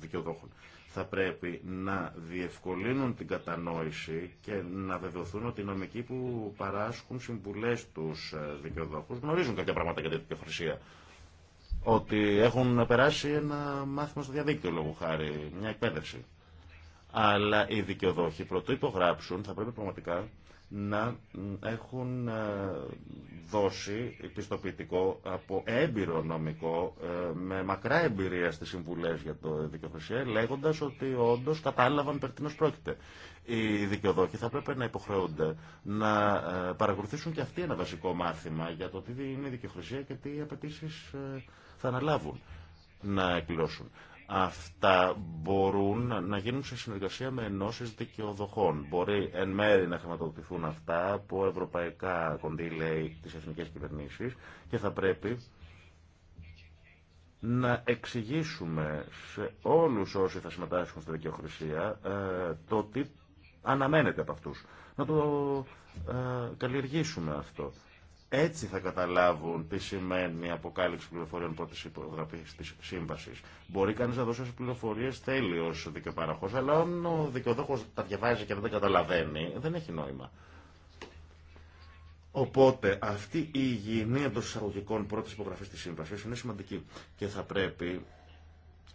δικαιοδόχων. Θα πρέπει να διευκολύνουν την κατανόηση και να βεβαιωθούν ότι οι νομικοί που παράσχουν συμβουλές τους ε, δικαιοδόχους γνωρίζουν κάποια πράγματα για την δικαιοφρυσία ότι έχουν περάσει ένα μάθημα στο διαδίκτυο λόγω χάρη, μια εκπαίδευση. Αλλά οι δικαιοδόχοι πρωτού υπογράψουν θα πρέπει πραγματικά να έχουν ε, δώσει πιστοποιητικό από έμπειρο νομικό ε, με μακρά εμπειρία στις συμβουλές για το δικαιοχρησία λέγοντας ότι όντως κατάλαβαν περί τίνος πρόκειται. Οι δικαιοδόχοι θα πρέπει να υποχρεούνται να ε, παρακολουθήσουν και αυτοί ένα βασικό μάθημα για το τι είναι η δικαιοχρησία και τι απαιτήσει θα αναλάβουν να εκπληρώσουν. Αυτά μπορούν να γίνουν σε συνεργασία με ενώσεις δικαιοδοχών. Μπορεί εν μέρη να χρηματοδοτηθούν αυτά από ευρωπαϊκά κονδύλια ή τις εθνικές κυβερνήσεις και θα πρέπει να εξηγήσουμε σε όλους όσοι θα συμμετάσχουν στη δικαιοχρησία ε, το τι αναμένεται από αυτούς. Να το ε, καλλιεργήσουμε αυτό. Έτσι θα καταλάβουν τι σημαίνει η αποκάλυψη πληροφοριών πρώτη υπογραφή τη σύμβαση. Μπορεί κανεί να δώσει πληροφορίε θέλει ω αλλά αν ο δικαιοδόχο τα διαβάζει και δεν τα καταλαβαίνει, δεν έχει νόημα. Οπότε αυτή η υγιεινή εντό εισαγωγικών πρώτη υπογραφή τη σύμβαση είναι σημαντική και θα πρέπει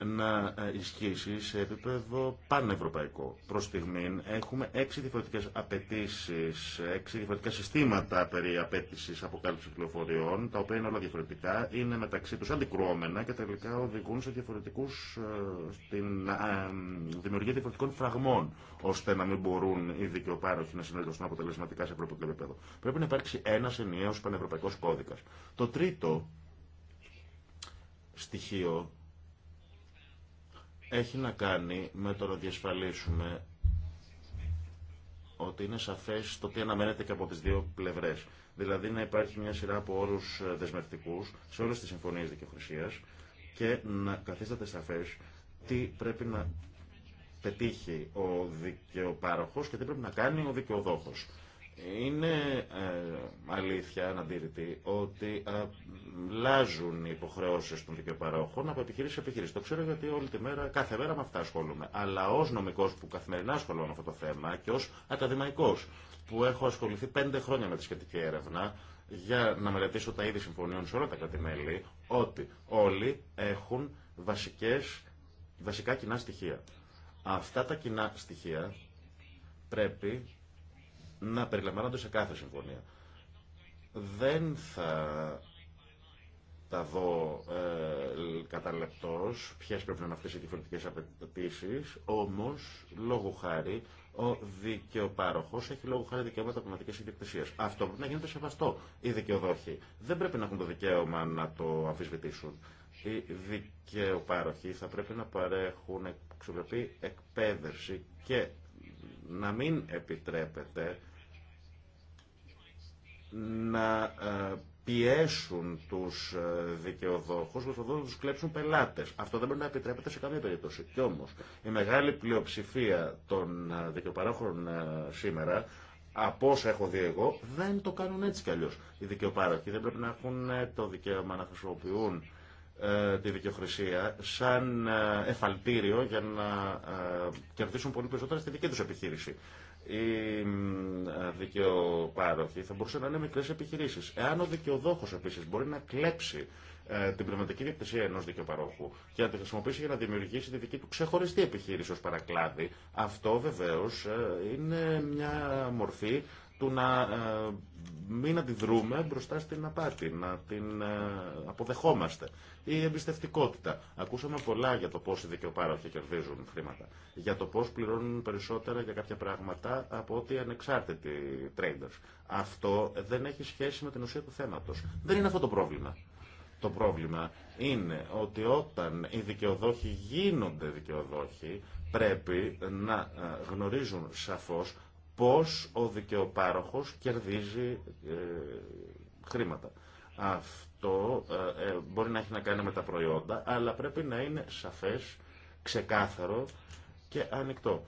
να ε, ισχύσει σε επίπεδο πανευρωπαϊκό. Προς στιγμήν έχουμε έξι διαφορετικές απαιτήσει, έξι διαφορετικά συστήματα περί απέτηση αποκάλυψης πληροφοριών, τα οποία είναι όλα διαφορετικά, είναι μεταξύ τους αντικρουόμενα και τελικά οδηγούν σε διαφορετικούς, ε, στην ε, δημιουργία διαφορετικών φραγμών, ώστε να μην μπορούν οι δικαιοπάροχοι να συνεργαστούν αποτελεσματικά σε ευρωπαϊκό επίπεδο. Πρέπει να υπάρξει ένας ενιαίος πανευρωπαϊκός κώδικας. Το τρίτο στοιχείο έχει να κάνει με το να διασφαλίσουμε ότι είναι σαφές το τι αναμένεται και από τις δύο πλευρές. Δηλαδή να υπάρχει μια σειρά από όρους ε, δεσμευτικούς σε όλες τις συμφωνίες δικαιοχρησίας και να καθίσταται σαφές τι πρέπει να πετύχει ο δικαιοπάροχος και τι πρέπει να κάνει ο δικαιοδόχος. Είναι ε, αλήθεια, αναντήρητη, ότι λάζουν οι υποχρεώσει των δικαιοπαρόχων από επιχειρήση σε επιχειρήση. Το ξέρω γιατί όλη τη μέρα, κάθε μέρα με αυτά ασχολούμαι. Αλλά ω νομικό που καθημερινά ασχολούμαι με αυτό το θέμα και ω ακαδημαϊκό που έχω ασχοληθεί πέντε χρόνια με τη σχετική έρευνα για να μελετήσω τα είδη συμφωνιών σε όλα τα κράτη-μέλη, ότι όλοι έχουν βασικές, βασικά κοινά στοιχεία. Αυτά τα κοινά στοιχεία πρέπει να περιλαμβάνονται σε κάθε συμφωνία. Δεν θα τα δω ε, κατά λεπτός, ποιες πρέπει να είναι αυτές οι διαφορετικές απαιτήσει, όμως, λόγω χάρη, ο δικαιοπάροχος έχει λόγω χάρη δικαιώματα πνευματική ιδιοκτησία. Αυτό πρέπει να γίνεται σεβαστό. Οι δικαιοδόχοι δεν πρέπει να έχουν το δικαίωμα να το αμφισβητήσουν. Οι δικαιοπάροχοι θα πρέπει να παρέχουν εξωπρεπή εκπαίδευση και να μην επιτρέπεται να ε, πιέσουν τους ε, δικαιοδόχους προσπαθούν να τους κλέψουν πελάτες. Αυτό δεν πρέπει να επιτρέπεται σε καμία περίπτωση. Κι όμως η μεγάλη πλειοψηφία των ε, δικαιοπαράχων σήμερα από όσα έχω δει εγώ, δεν το κάνουν έτσι κι αλλιώς. Οι δικαιοπάροχοι δεν πρέπει να έχουν το δικαίωμα να χρησιμοποιούν τη δικαιοχρησία σαν εφαλτήριο για να κερδίσουν πολύ περισσότερα στη δική τους επιχείρηση οι ε, δικαιοπάροχοι θα μπορούσαν να είναι μικρέ επιχειρήσει. Εάν ο δικαιοδόχο επίση μπορεί να κλέψει ε, την πνευματική διεκτησία ενό δικαιοπαρόχου και να τη χρησιμοποιήσει για να δημιουργήσει τη δική του ξεχωριστή επιχείρηση ω παρακλάδι, αυτό βεβαίω ε, είναι μια μορφή του να ε, μην αντιδρούμε μπροστά στην απάτη, να την ε, αποδεχόμαστε. Η εμπιστευτικότητα. Ακούσαμε πολλά για το πώς οι δικαιοπάροχοι κερδίζουν χρήματα. Για το πώς πληρώνουν περισσότερα για κάποια πράγματα από ότι ανεξάρτητοι traders. Αυτό δεν έχει σχέση με την ουσία του θέματος. Δεν είναι αυτό το πρόβλημα. Το πρόβλημα είναι ότι όταν οι δικαιοδόχοι γίνονται δικαιοδόχοι, πρέπει να ε, γνωρίζουν σαφώς πώς ο δικαιοπάροχος κερδίζει ε, χρήματα. Αυτό ε, ε, μπορεί να έχει να κάνει με τα προϊόντα, αλλά πρέπει να είναι σαφές, ξεκάθαρο και ανοιχτό.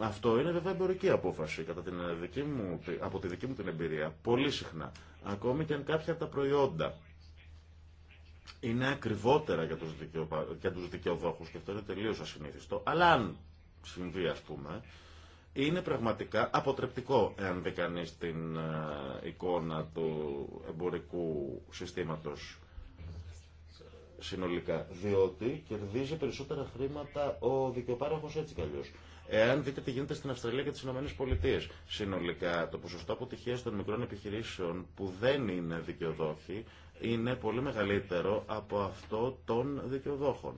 αυτό είναι βέβαια εμπορική απόφαση κατά την δική μου, από τη δική μου την εμπειρία. Πολύ συχνά. Ακόμη και αν κάποια από τα προϊόντα είναι ακριβότερα για τους, δικαιοδόχους και αυτό είναι τελείως ασυνήθιστο. Αλλά αν συμβεί ας πούμε, είναι πραγματικά αποτρεπτικό, εάν δει κανεί την ε, εικόνα του εμπορικού συστήματος συνολικά. Διότι κερδίζει περισσότερα χρήματα ο δικαιοπάραχος έτσι κι Εάν δείτε τι γίνεται στην Αυστραλία και τι ΗΠΑ, συνολικά το ποσοστό αποτυχία των μικρών επιχειρήσεων που δεν είναι δικαιοδόχοι είναι πολύ μεγαλύτερο από αυτό των δικαιοδόχων.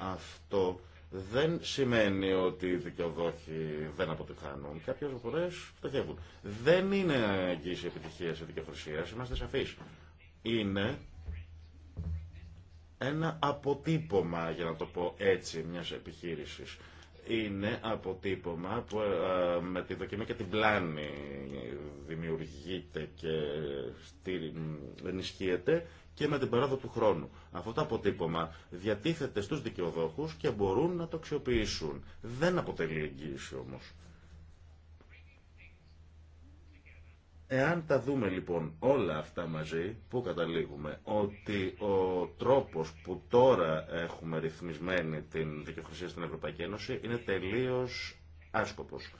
αυτό δεν σημαίνει ότι οι δικαιοδόχοι δεν αποτυχάνουν. Κάποιε φορέ φτωχεύουν. Δεν είναι εγγύηση επιτυχία η μας είμαστε σαφεί. Είναι ένα αποτύπωμα, για να το πω έτσι, μια επιχείρηση. Είναι αποτύπωμα που ε, με τη δοκιμή και την πλάνη δημιουργείται και ενισχύεται και με την περίοδο του χρόνου. Αυτό το αποτύπωμα διατίθεται στους δικαιοδόχους και μπορούν να το αξιοποιήσουν. Δεν αποτελεί εγγύηση όμως. Εάν τα δούμε λοιπόν όλα αυτά μαζί, πού καταλήγουμε ότι ο τρόπος που τώρα έχουμε ρυθμισμένη την δικαιοχρησία στην Ευρωπαϊκή Ένωση είναι τελείως άσκοπος.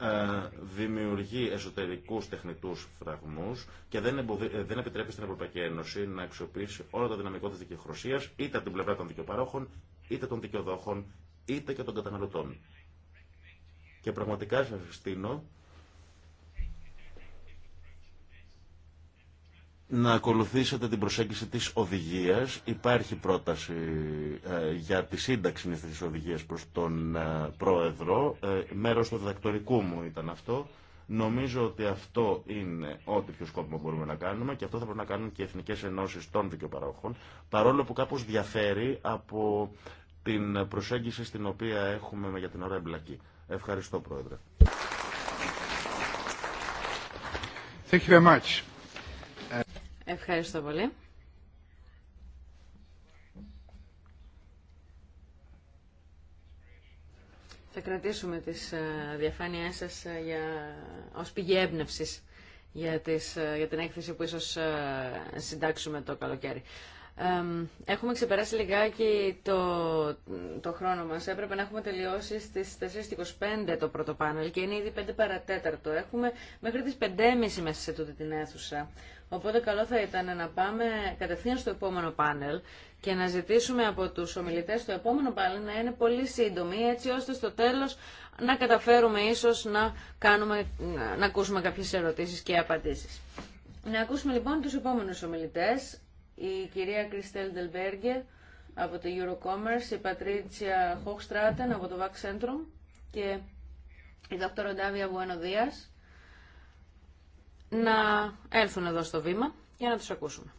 Ε, δημιουργεί εσωτερικούς τεχνητού φραγμούς και δεν, ε, δεν επιτρέπει στην Ευρωπαϊκή Ένωση να αξιοποιήσει όλα τα δυναμικό τη δικαιοχρωσία είτε από την πλευρά των δικαιοπαρόχων, είτε των δικαιοδόχων, είτε και των καταναλωτών. Και πραγματικά σα συστήνω να ακολουθήσετε την προσέγγιση της οδηγίας. Υπάρχει πρόταση ε, για τη σύνταξη της οδηγίας προς τον ε, πρόεδρο. Ε, μέρος του διδακτορικού μου ήταν αυτό. Νομίζω ότι αυτό είναι ό,τι πιο σκόπιμο μπορούμε να κάνουμε και αυτό θα πρέπει να κάνουν και οι Εθνικές Ενώσεις των Δικαιοπαρόχων, παρόλο που κάπως διαφέρει από την προσέγγιση στην οποία έχουμε για την ώρα εμπλακή. Ευχαριστώ, Πρόεδρε. Thank you very much. Ευχαριστώ πολύ. Θα κρατήσουμε τις ε, διαφάνειές σας ε, για, ως πηγή έμπνευσης για, ε, για την έκθεση που ίσως συντάξουμε το καλοκαίρι. Έχουμε ξεπεράσει λιγάκι το, το χρόνο μας. Έπρεπε να έχουμε τελειώσει στις 4.25 το πρώτο πάνελ και είναι ήδη 5 παρατέταρτο. Έχουμε μέχρι τις 5.30 μέσα σε τούτη την αίθουσα. Οπότε καλό θα ήταν να πάμε κατευθείαν στο επόμενο πάνελ και να ζητήσουμε από τους ομιλητές το επόμενο πάνελ να είναι πολύ σύντομοι έτσι ώστε στο τέλος να καταφέρουμε ίσως να, κάνουμε, να ακούσουμε κάποιες ερωτήσεις και απαντήσεις. Να ακούσουμε λοιπόν τους επόμενους ομιλητές. Η κυρία Κριστέλ Ντελμπέργκε από το Eurocommerce, η Πατρίτσια Χόχστράτεν από το VAC Centrum και η δόκτωρο Ντάβια Βουένο να έρθουν εδώ στο βήμα για να τους ακούσουμε.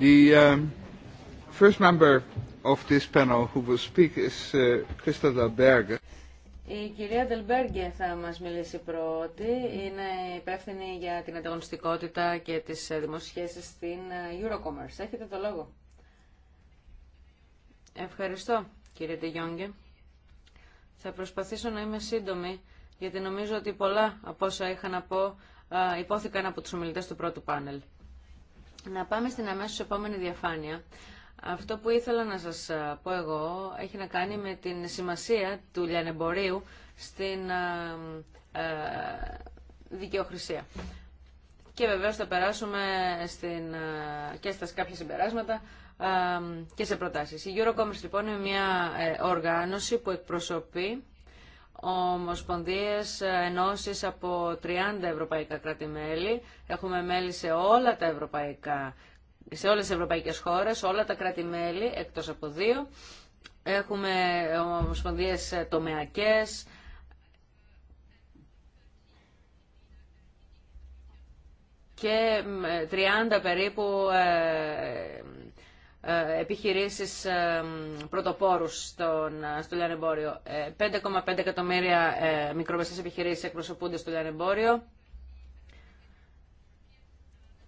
The um, first member of this panel who will speak is uh, Christa Η κυρία Δελμπέργκε θα μας μιλήσει πρώτη. Είναι υπεύθυνη για την ανταγωνιστικότητα και τις ε, δημοσίευσει στην ε, Eurocommerce. Έχετε το λόγο. Ευχαριστώ, κύριε Τιγιόγκε. Θα προσπαθήσω να είμαι σύντομη, γιατί νομίζω ότι πολλά από όσα είχα να πω ε, υπόθηκαν από τους ομιλητές του πρώτου πάνελ. Να πάμε στην αμέσως επόμενη διαφάνεια. Αυτό που ήθελα να σας πω εγώ έχει να κάνει με την σημασία του λιανεμπορίου στην δικαιοχρησία. Και βεβαίως θα περάσουμε στην, και στα κάποια συμπεράσματα και σε προτάσεις. Η Eurocommerce λοιπόν είναι μια ε, οργάνωση που εκπροσωπεί ομοσπονδίε ενώσει από 30 ευρωπαϊκά κράτη-μέλη. Έχουμε μέλη σε όλα τα ευρωπαϊκά, σε όλες τις ευρωπαϊκές χώρες, όλα τα κράτη-μέλη, εκτός από δύο. Έχουμε ομοσπονδίε τομεακέ. και 30 ε, περίπου ε, ε, επιχειρήσεις ε, πρωτοπόρους στον, ε, στο λιανεμπόριο. 5,5 εκατομμύρια μικρομεσαίες επιχειρήσεις εκπροσωπούνται στο λιανεμπόριο.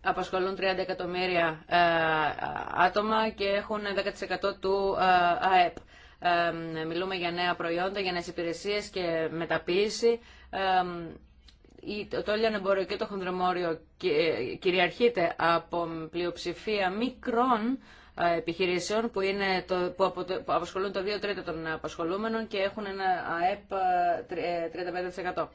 Απασχολούν 30 εκατομμύρια άτομα και έχουν 10% του ΑΕΠ. Μιλούμε για νέα προϊόντα, για νέες υπηρεσίες και μεταποίηση το λιανεμπόριο και το χονδρομόριο κυριαρχείται από πλειοψηφία μικρών ε, επιχειρήσεων που, είναι το, που, απασχολούν το 2 τρίτο των απασχολούμενων και έχουν ένα ΑΕΠ 35%. Ε, ε,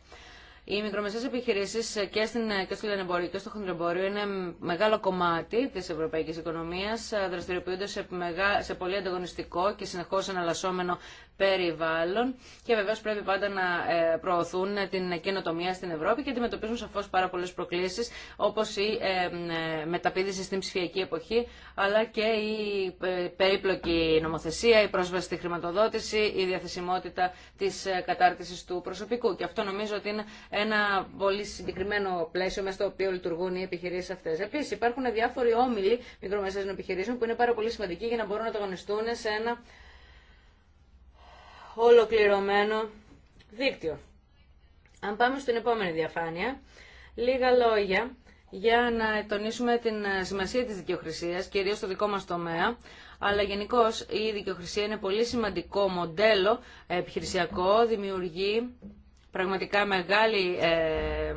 Οι μικρομεσαίες επιχειρήσεις και, στην, και στο λιανεμπόριο και στο χοντρεμπόριο είναι μεγάλο κομμάτι της ευρωπαϊκής οικονομίας, δραστηριοποιούνται σε, μεγά, σε πολύ ανταγωνιστικό και συνεχώς εναλλασσόμενο περιβάλλον και βεβαίως πρέπει πάντα να ε, προωθούν την καινοτομία στην Ευρώπη και αντιμετωπίζουν σαφώς πάρα πολλές προκλήσεις όπως η ε, ε, μεταπίδηση στην ψηφιακή εποχή αλλά και η περίπλοκη νομοθεσία, η πρόσβαση στη χρηματοδότηση, η διαθεσιμότητα της κατάρτισης του προσωπικού και αυτό νομίζω ότι είναι ένα πολύ συγκεκριμένο πλαίσιο μέσα στο οποίο λειτουργούν οι επιχειρήσεις αυτές. Επίσης υπάρχουν διάφοροι όμιλοι μικρομεσαίων επιχειρήσεων που είναι πάρα πολύ σημαντικοί για να μπορούν να το σε ένα ολοκληρωμένο δίκτυο. Αν πάμε στην επόμενη διαφάνεια, λίγα λόγια για να τονίσουμε την σημασία της δικαιοχρησίας, κυρίως στο δικό μας τομέα, αλλά γενικώ η δικαιοχρησία είναι πολύ σημαντικό μοντέλο επιχειρησιακό, δημιουργεί πραγματικά μεγάλη ε, ε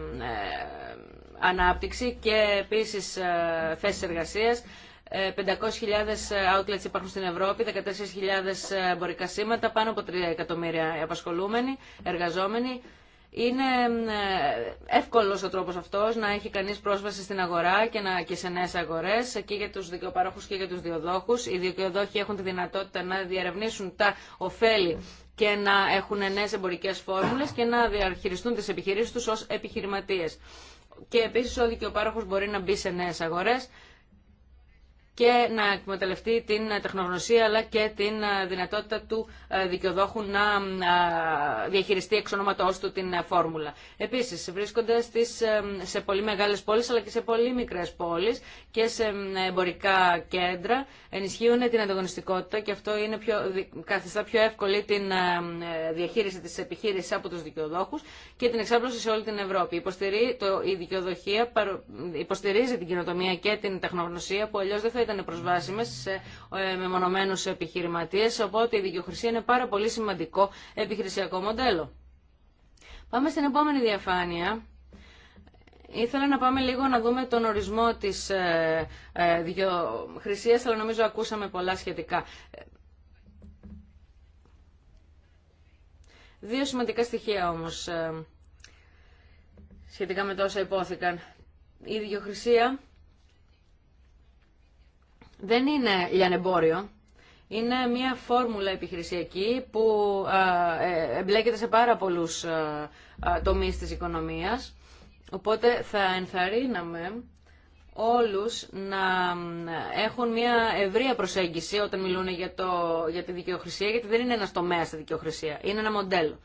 ανάπτυξη και επίσης ε, θέσεις 500.000 outlets υπάρχουν στην Ευρώπη, 14.000 εμπορικά σήματα, πάνω από 3 εκατομμύρια απασχολούμενοι, εργαζόμενοι. Είναι ε, εύκολο ο τρόπο αυτό να έχει κανεί πρόσβαση στην αγορά και, να, και σε νέε αγορέ και για του δικαιοπαρόχου και για του διοδόχου. Οι δικαιοδόχοι έχουν τη δυνατότητα να διαρευνήσουν τα ωφέλη και να έχουν νέε εμπορικέ φόρμουλε και να διαχειριστούν τι επιχειρήσει του ω επιχειρηματίε. Και επίση ο δικαιοπάροχο μπορεί να μπει σε νέε αγορέ και να εκμεταλλευτεί την τεχνογνωσία αλλά και την ε, δυνατότητα του ε, δικαιοδόχου να ε, διαχειριστεί εξ ονόματός του την φόρμουλα. Επίσης, βρίσκονται στις, σε πολύ μεγάλες πόλεις αλλά και σε πολύ μικρές πόλεις και σε εμπορικά κέντρα ενισχύουν την ανταγωνιστικότητα και αυτό είναι πιο, καθιστά πιο εύκολη την διαχείριση της επιχείρησης από τους δικαιοδόχους και την εξάπλωση σε όλη την Ευρώπη. Υποστηρεί, το, η δικαιοδοχία υποστηρίζει την κοινοτομία και την τεχνογνωσία που αλλιώς δεν θα ήταν ήταν προσβάσιμε σε ε, μεμονωμένου επιχειρηματίε, οπότε η δικαιοχρησία είναι πάρα πολύ σημαντικό επιχειρησιακό μοντέλο. Πάμε στην επόμενη διαφάνεια. Ήθελα να πάμε λίγο να δούμε τον ορισμό της ε, ε αλλά νομίζω ακούσαμε πολλά σχετικά. Δύο σημαντικά στοιχεία όμως ε, σχετικά με τόσα υπόθηκαν. Η δικαιοχρησία δεν είναι λιανεμπόριο. Είναι μια φόρμουλα επιχειρησιακή που ε, ε, εμπλέκεται σε πάρα πολλούς ε, τομείς της οικονομίας. Οπότε θα ενθαρρύναμε όλους να έχουν μια ευρεία προσέγγιση όταν μιλούν για, το, για τη δικαιοχρησία, γιατί δεν είναι ένας τομέας στη δικαιοχρησία, είναι ένα μοντέλο.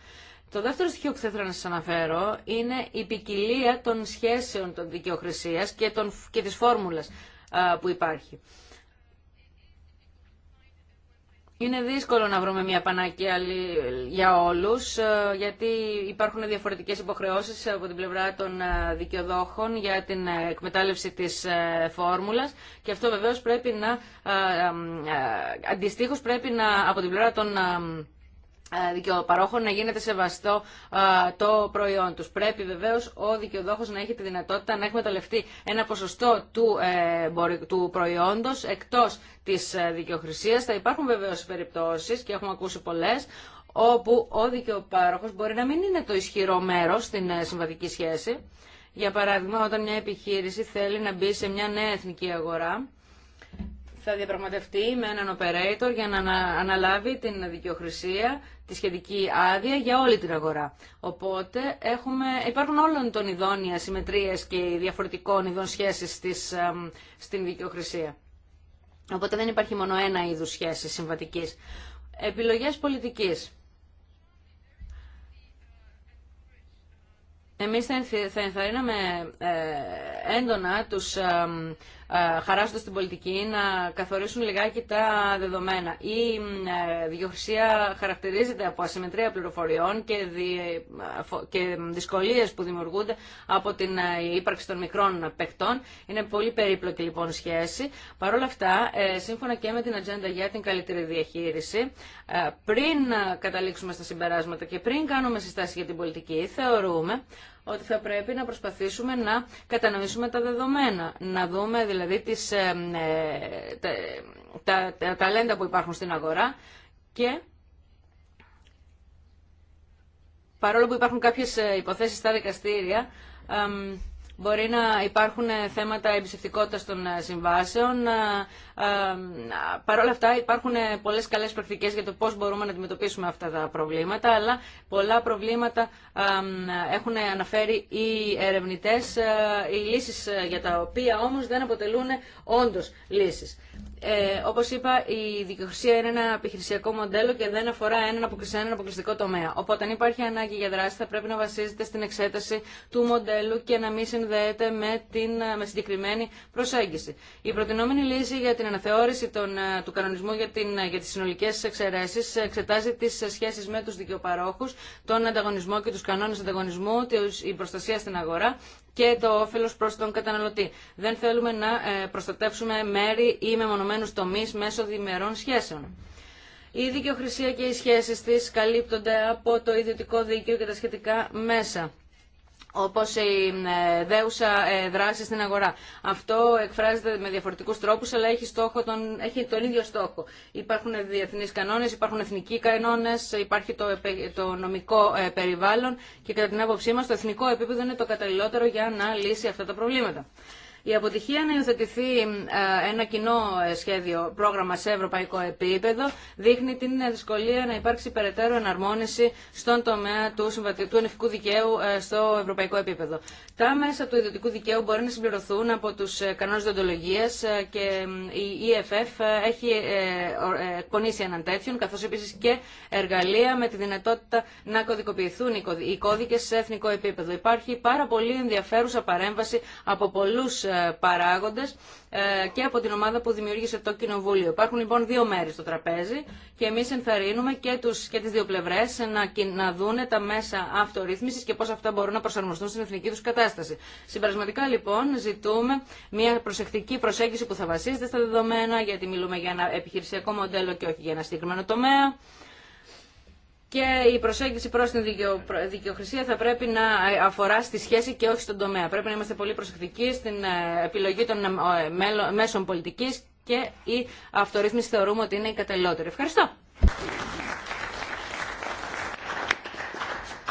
Το δεύτερο στοιχείο που θα ήθελα να σας αναφέρω είναι η ποικιλία των σχέσεων των δικαιοχρησίας και, των, και της φόρμουλας που υπάρχει. Είναι δύσκολο να βρούμε μια πανάκια για όλους, ε, γιατί υπάρχουν διαφορετικές υποχρεώσει από την πλευρά των ε, δικαιοδόχων για την ε, εκμετάλλευση της φόρμουλας και αυτό βεβαίω πρέπει να, αντιστοίχως πρέπει να, από την πλευρά των ε, δικαιοπαρόχων να γίνεται σεβαστό ε, το προϊόν τους. Πρέπει βεβαίως ο δικαιοδόχος να έχει τη δυνατότητα να εκμεταλλευτεί ένα ποσοστό του, ε, του προϊόντος εκτός της δικαιοχρησίας. Θα υπάρχουν βεβαίως περιπτώσεις και έχουμε ακούσει πολλές όπου ο δικαιοπάροχος μπορεί να μην είναι το ισχυρό μέρος στην συμβατική σχέση. Για παράδειγμα, όταν μια επιχείρηση θέλει να μπει σε μια νέα εθνική αγορά, θα διαπραγματευτεί με έναν operator για να αναλάβει την δικαιοχρησία, τη σχετική άδεια για όλη την αγορά. Οπότε έχουμε, υπάρχουν όλων των ειδών οι ασυμμετρίες και οι διαφορετικών ειδών σχέσεις στην δικαιοχρησία. Οπότε δεν υπάρχει μόνο ένα είδους σχέση συμβατικής. Επιλογές πολιτικής. Εμείς θα ενθαρρύναμε ε, έντονα τους ε, Χαράζοντα την πολιτική να καθορίσουν λιγάκι τα δεδομένα. Η ε, διοχρησία χαρακτηρίζεται από ασυμμετρία πληροφοριών και ε, δυσκολίες που δημιουργούνται από την ύπαρξη των μικρών παιχτών. Είναι πολύ περίπλοκη λοιπόν σχέση. Παρ' όλα αυτά, σύμφωνα και με την ατζέντα για την καλύτερη διαχείριση, πριν καταλήξουμε στα συμπεράσματα και πριν κάνουμε συστάσεις για την πολιτική, θεωρούμε ότι θα πρέπει να προσπαθήσουμε να κατανοήσουμε τα δεδομένα, να δούμε δηλαδή τις, ε, ε, τα, τα, τα ταλέντα που υπάρχουν στην αγορά και παρόλο που υπάρχουν κάποιες ε, υποθέσεις στα δικαστήρια, Μπορεί να υπάρχουν ε, θέματα εμπιστευτικότητα των ε, συμβάσεων. Ε, παρ' όλα αυτά υπάρχουν πολλές καλές πρακτικές για το πώς μπορούμε να αντιμετωπίσουμε αυτά τα προβλήματα, αλλά πολλά προβλήματα έχουν αναφέρει οι ερευνητές, οι λύσεις για τα οποία όμως δεν αποτελούν όντως λύσεις ε, όπω είπα, η δικαιοσύνη είναι ένα επιχειρησιακό μοντέλο και δεν αφορά έναν ένα αποκλειστικό τομέα. Οπότε, αν υπάρχει ανάγκη για δράση, θα πρέπει να βασίζεται στην εξέταση του μοντέλου και να μην συνδέεται με, την, με συγκεκριμένη προσέγγιση. Η προτινόμενη λύση για την αναθεώρηση των, ε, του κανονισμού για, την, ε, για τι συνολικέ εξαιρέσει εξετάζει τι σχέσει με του δικαιοπαρόχου, τον ανταγωνισμό και του κανόνε ανταγωνισμού, η προστασία στην αγορά και το όφελο προ τον καταναλωτή. Δεν θέλουμε να ε, προστατεύσουμε μέρη ή μεμονωμένους τομείς μέσω διμερών σχέσεων. Η μεμονωμενου τομεί μεσω διμερων σχεσεων η δικαιοχρησια και οι σχέσεις τη καλύπτονται από το ιδιωτικό δίκαιο και τα σχετικά μέσα όπως η ε, δέουσα ε, δράση στην αγορά. Αυτό εκφράζεται με διαφορετικούς τρόπους, αλλά έχει, στόχο τον, έχει τον ίδιο στόχο. Υπάρχουν διεθνείς κανόνες, υπάρχουν εθνικοί κανόνες, υπάρχει το, το νομικό ε, περιβάλλον και κατά την άποψή μας το εθνικό επίπεδο είναι το καταλληλότερο για να λύσει αυτά τα προβλήματα. Η αποτυχία να υιοθετηθεί ε, ένα κοινό ε, σχέδιο πρόγραμμα σε ευρωπαϊκό επίπεδο δείχνει την δυσκολία να υπάρξει περαιτέρω εναρμόνιση στον τομέα του συμβατικού δικαίου ε, στο ευρωπαϊκό επίπεδο. Τα μέσα του ιδιωτικού δικαίου μπορεί να συμπληρωθούν από του κανόνε διοντολογία και η EFF έχει εκπονήσει έναν τέτοιον, καθώ επίση και εργαλεία με τη δυνατότητα να κωδικοποιηθούν οι κώδικε σε εθνικό επίπεδο. Υπάρχει πάρα πολύ ενδιαφέρουσα παρέμβαση από πολλού ε, παράγοντες ε, και από την ομάδα που δημιούργησε το Κοινοβούλιο. Υπάρχουν λοιπόν δύο μέρη στο τραπέζι και εμείς ενθαρρύνουμε και, τους, και τις δύο πλευρές να, να δούνε τα μέσα αυτορύθμισης και πώς αυτά μπορούν να προσαρμοστούν στην εθνική τους κατάσταση. Συμπερασματικά λοιπόν ζητούμε μια προσεκτική προσέγγιση που θα βασίζεται στα δεδομένα γιατί μιλούμε για ένα επιχειρησιακό μοντέλο και όχι για ένα συγκεκριμένο τομέα και η προσέγγιση προ την δικαιοχρησία θα πρέπει να ε, αφορά στη σχέση και όχι στον τομέα. Πρέπει να είμαστε πολύ προσεκτικοί στην ε, επιλογή των ε, μέσων πολιτικής και η αυτορύθμιση θεωρούμε ότι είναι η Ευχαριστώ.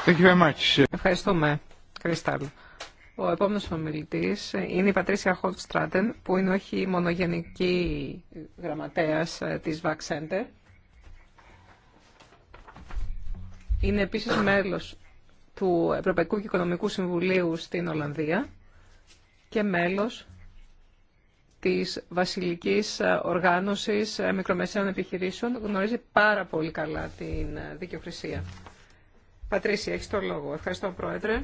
Thank you very much. Ευχαριστούμε, Κρυστάλλου. Ο επόμενος ομιλητής είναι η Πατρίσια Χολτ που είναι όχι μονογενική γραμματέας της Center, Είναι επίσης μέλος του Ευρωπαϊκού και Οικονομικού Συμβουλίου στην Ολλανδία και μέλος της βασιλικής οργάνωσης μικρομεσαίων επιχειρήσεων γνωρίζει πάρα πολύ καλά την δικαιοχρησία. Πατρίσια, έχεις το λόγο. Ευχαριστώ, Πρόεδρε.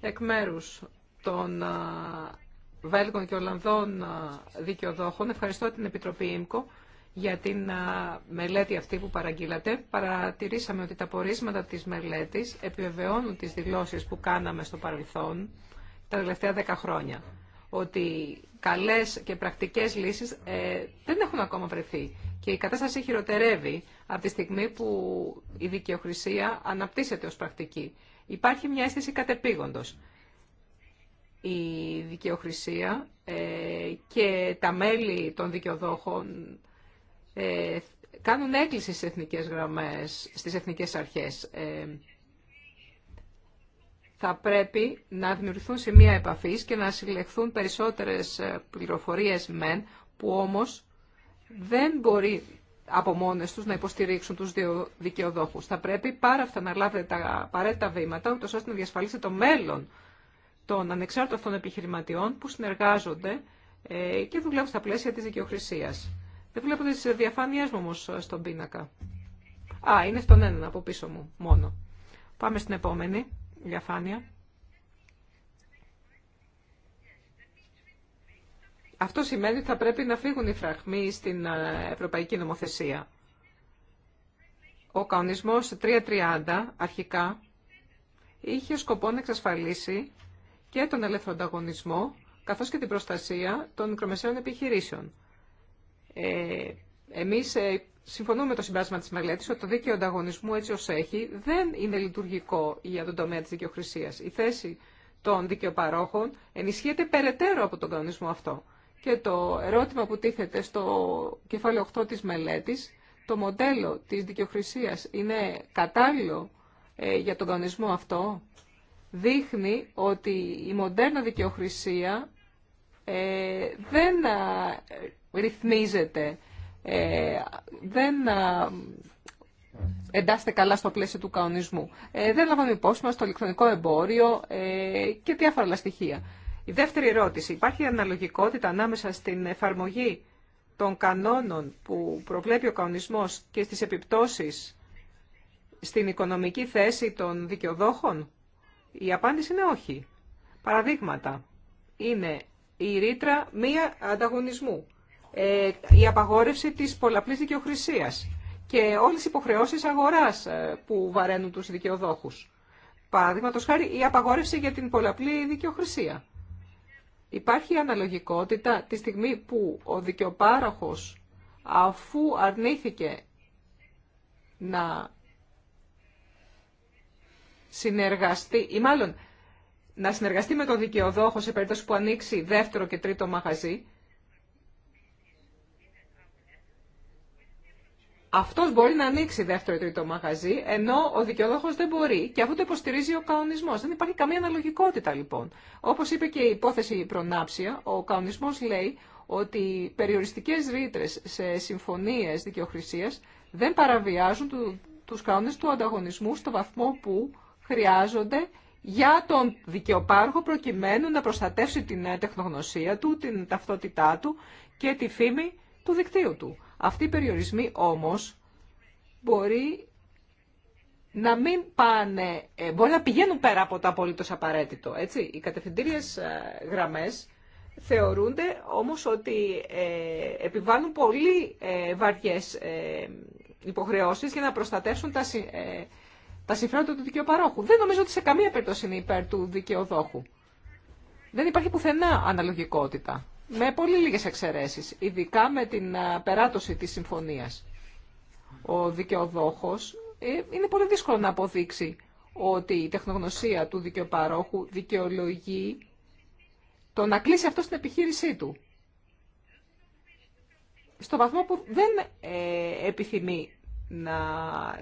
Εκ μέρους των Βέλγων και Ολλανδών δικαιοδόχων, ευχαριστώ την Επιτροπή ΙΜΚΟ για την μελέτη αυτή που παραγγείλατε. Παρατηρήσαμε ότι τα πορίσματα της μελέτης επιβεβαιώνουν τις δηλώσεις που κάναμε στο παρελθόν τα τελευταία δέκα χρόνια. Ότι καλές και πρακτικές λύσεις ε, δεν έχουν ακόμα βρεθεί. Και η κατάσταση χειροτερεύει από τη στιγμή που η δικαιοχρησία αναπτύσσεται ως πρακτική. Υπάρχει μια αίσθηση κατεπήγοντος. Η δικαιοχρησία ε, και τα μέλη των δικαιοδόχων ε, κάνουν έκκληση στις εθνικές γραμμές, στις εθνικές αρχές. Ε, θα πρέπει να δημιουργηθούν σημεία επαφής και να συλλεχθούν περισσότερες ε, πληροφορίες μεν, που όμως δεν μπορεί από μόνες τους να υποστηρίξουν τους δύο δικαιοδόχους. Θα πρέπει πάρα αυτά να λάβετε τα απαραίτητα βήματα, ούτως ώστε να διασφαλίσετε το μέλλον των ανεξάρτητων επιχειρηματιών που συνεργάζονται ε, και δουλεύουν στα πλαίσια της δικαιοχρησίας. Δεν βλέπω τις διαφάνειές μου όμω στον πίνακα. Α, είναι στον έναν από πίσω μου μόνο. Πάμε στην επόμενη διαφάνεια. Αυτό σημαίνει ότι θα πρέπει να φύγουν οι φραγμοί στην ε, Ευρωπαϊκή Νομοθεσία. Ο κανονισμός 330 αρχικά είχε σκοπό να εξασφαλίσει και τον ελεύθερο ανταγωνισμό καθώς και την προστασία των μικρομεσαίων επιχειρήσεων. Ε, εμείς ε, συμφωνούμε με το συμπράσμα της μελέτης ότι το δίκαιο ανταγωνισμού έτσι ως έχει δεν είναι λειτουργικό για τον τομέα της δικαιοχρησίας. Η θέση των δικαιοπαρόχων ενισχύεται περαιτέρω από τον κανονισμό αυτό. Και το ερώτημα που τίθεται στο κεφάλαιο 8 της μελέτης, το μοντέλο της δικαιοχρησίας είναι κατάλληλο ε, για τον κανονισμό αυτό, δείχνει ότι η μοντέρνα δικαιοχρησία ε, δεν ρυθμίζεται, ε, δεν εντάσσεται καλά στο πλαίσιο του καονισμού. Ε, δεν λάβαμε υπόψη στο ηλεκτρονικό εμπόριο ε, και διάφορα άλλα στοιχεία. Η δεύτερη ερώτηση. Υπάρχει αναλογικότητα ανάμεσα στην εφαρμογή των κανόνων που προβλέπει ο καονισμός και στις επιπτώσεις στην οικονομική θέση των δικαιοδόχων. Η απάντηση είναι όχι. Παραδείγματα. Είναι η ρήτρα μία ανταγωνισμού ε, η απαγόρευση της πολλαπλής δικαιοχρησίας και όλες οι υποχρεώσεις αγοράς ε, που βαραίνουν τους δικαιοδόχους. Παραδείγματο χάρη η απαγόρευση για την πολλαπλή δικαιοχρησία. Υπάρχει αναλογικότητα τη στιγμή που ο δικαιοπάροχος αφού αρνήθηκε να συνεργαστεί ή μάλλον να συνεργαστεί με τον δικαιοδόχο σε περίπτωση που ανοίξει δεύτερο και τρίτο μαγαζί αυτός μπορεί να ανοίξει δεύτερο ή τρίτο μαγαζί, ενώ ο δικαιολόγος δεν μπορεί και αυτό το υποστηρίζει ο κανονισμός. Δεν υπάρχει καμία αναλογικότητα λοιπόν. Όπως είπε και η υπόθεση προνάψια, ο κανονισμός λέει ότι περιοριστικές ρήτρε σε συμφωνίες δικαιοχρησίας δεν παραβιάζουν του, τους κανόνες του ανταγωνισμού στο βαθμό που χρειάζονται για τον δικαιοπάρχο προκειμένου να προστατεύσει την τεχνογνωσία του, την ταυτότητά του και τη φήμη του δικτύου του. Αυτοί οι περιορισμοί όμως μπορεί να μην πάνε, ε, μπορεί να πηγαίνουν πέρα από το απολύτως απαραίτητο. Έτσι. Οι κατευθυντήριες ε, γραμμές θεωρούνται όμως ότι ε, επιβάλλουν πολύ βαριές υποχρεώσεις για να προστατεύσουν τα, τα συμφέροντα του δικαιοπαρόχου. Δεν νομίζω ότι σε καμία περίπτωση είναι υπέρ του δικαιοδόχου. Δεν υπάρχει πουθενά αναλογικότητα με πολύ λίγες εξαιρέσεις, ειδικά με την περάτωση της συμφωνίας. Ο δικαιοδόχος ε, είναι πολύ δύσκολο να αποδείξει ότι η τεχνογνωσία του δικαιοπαρόχου δικαιολογεί το να κλείσει αυτό στην επιχείρησή του. Στο βαθμό που δεν ε, επιθυμεί να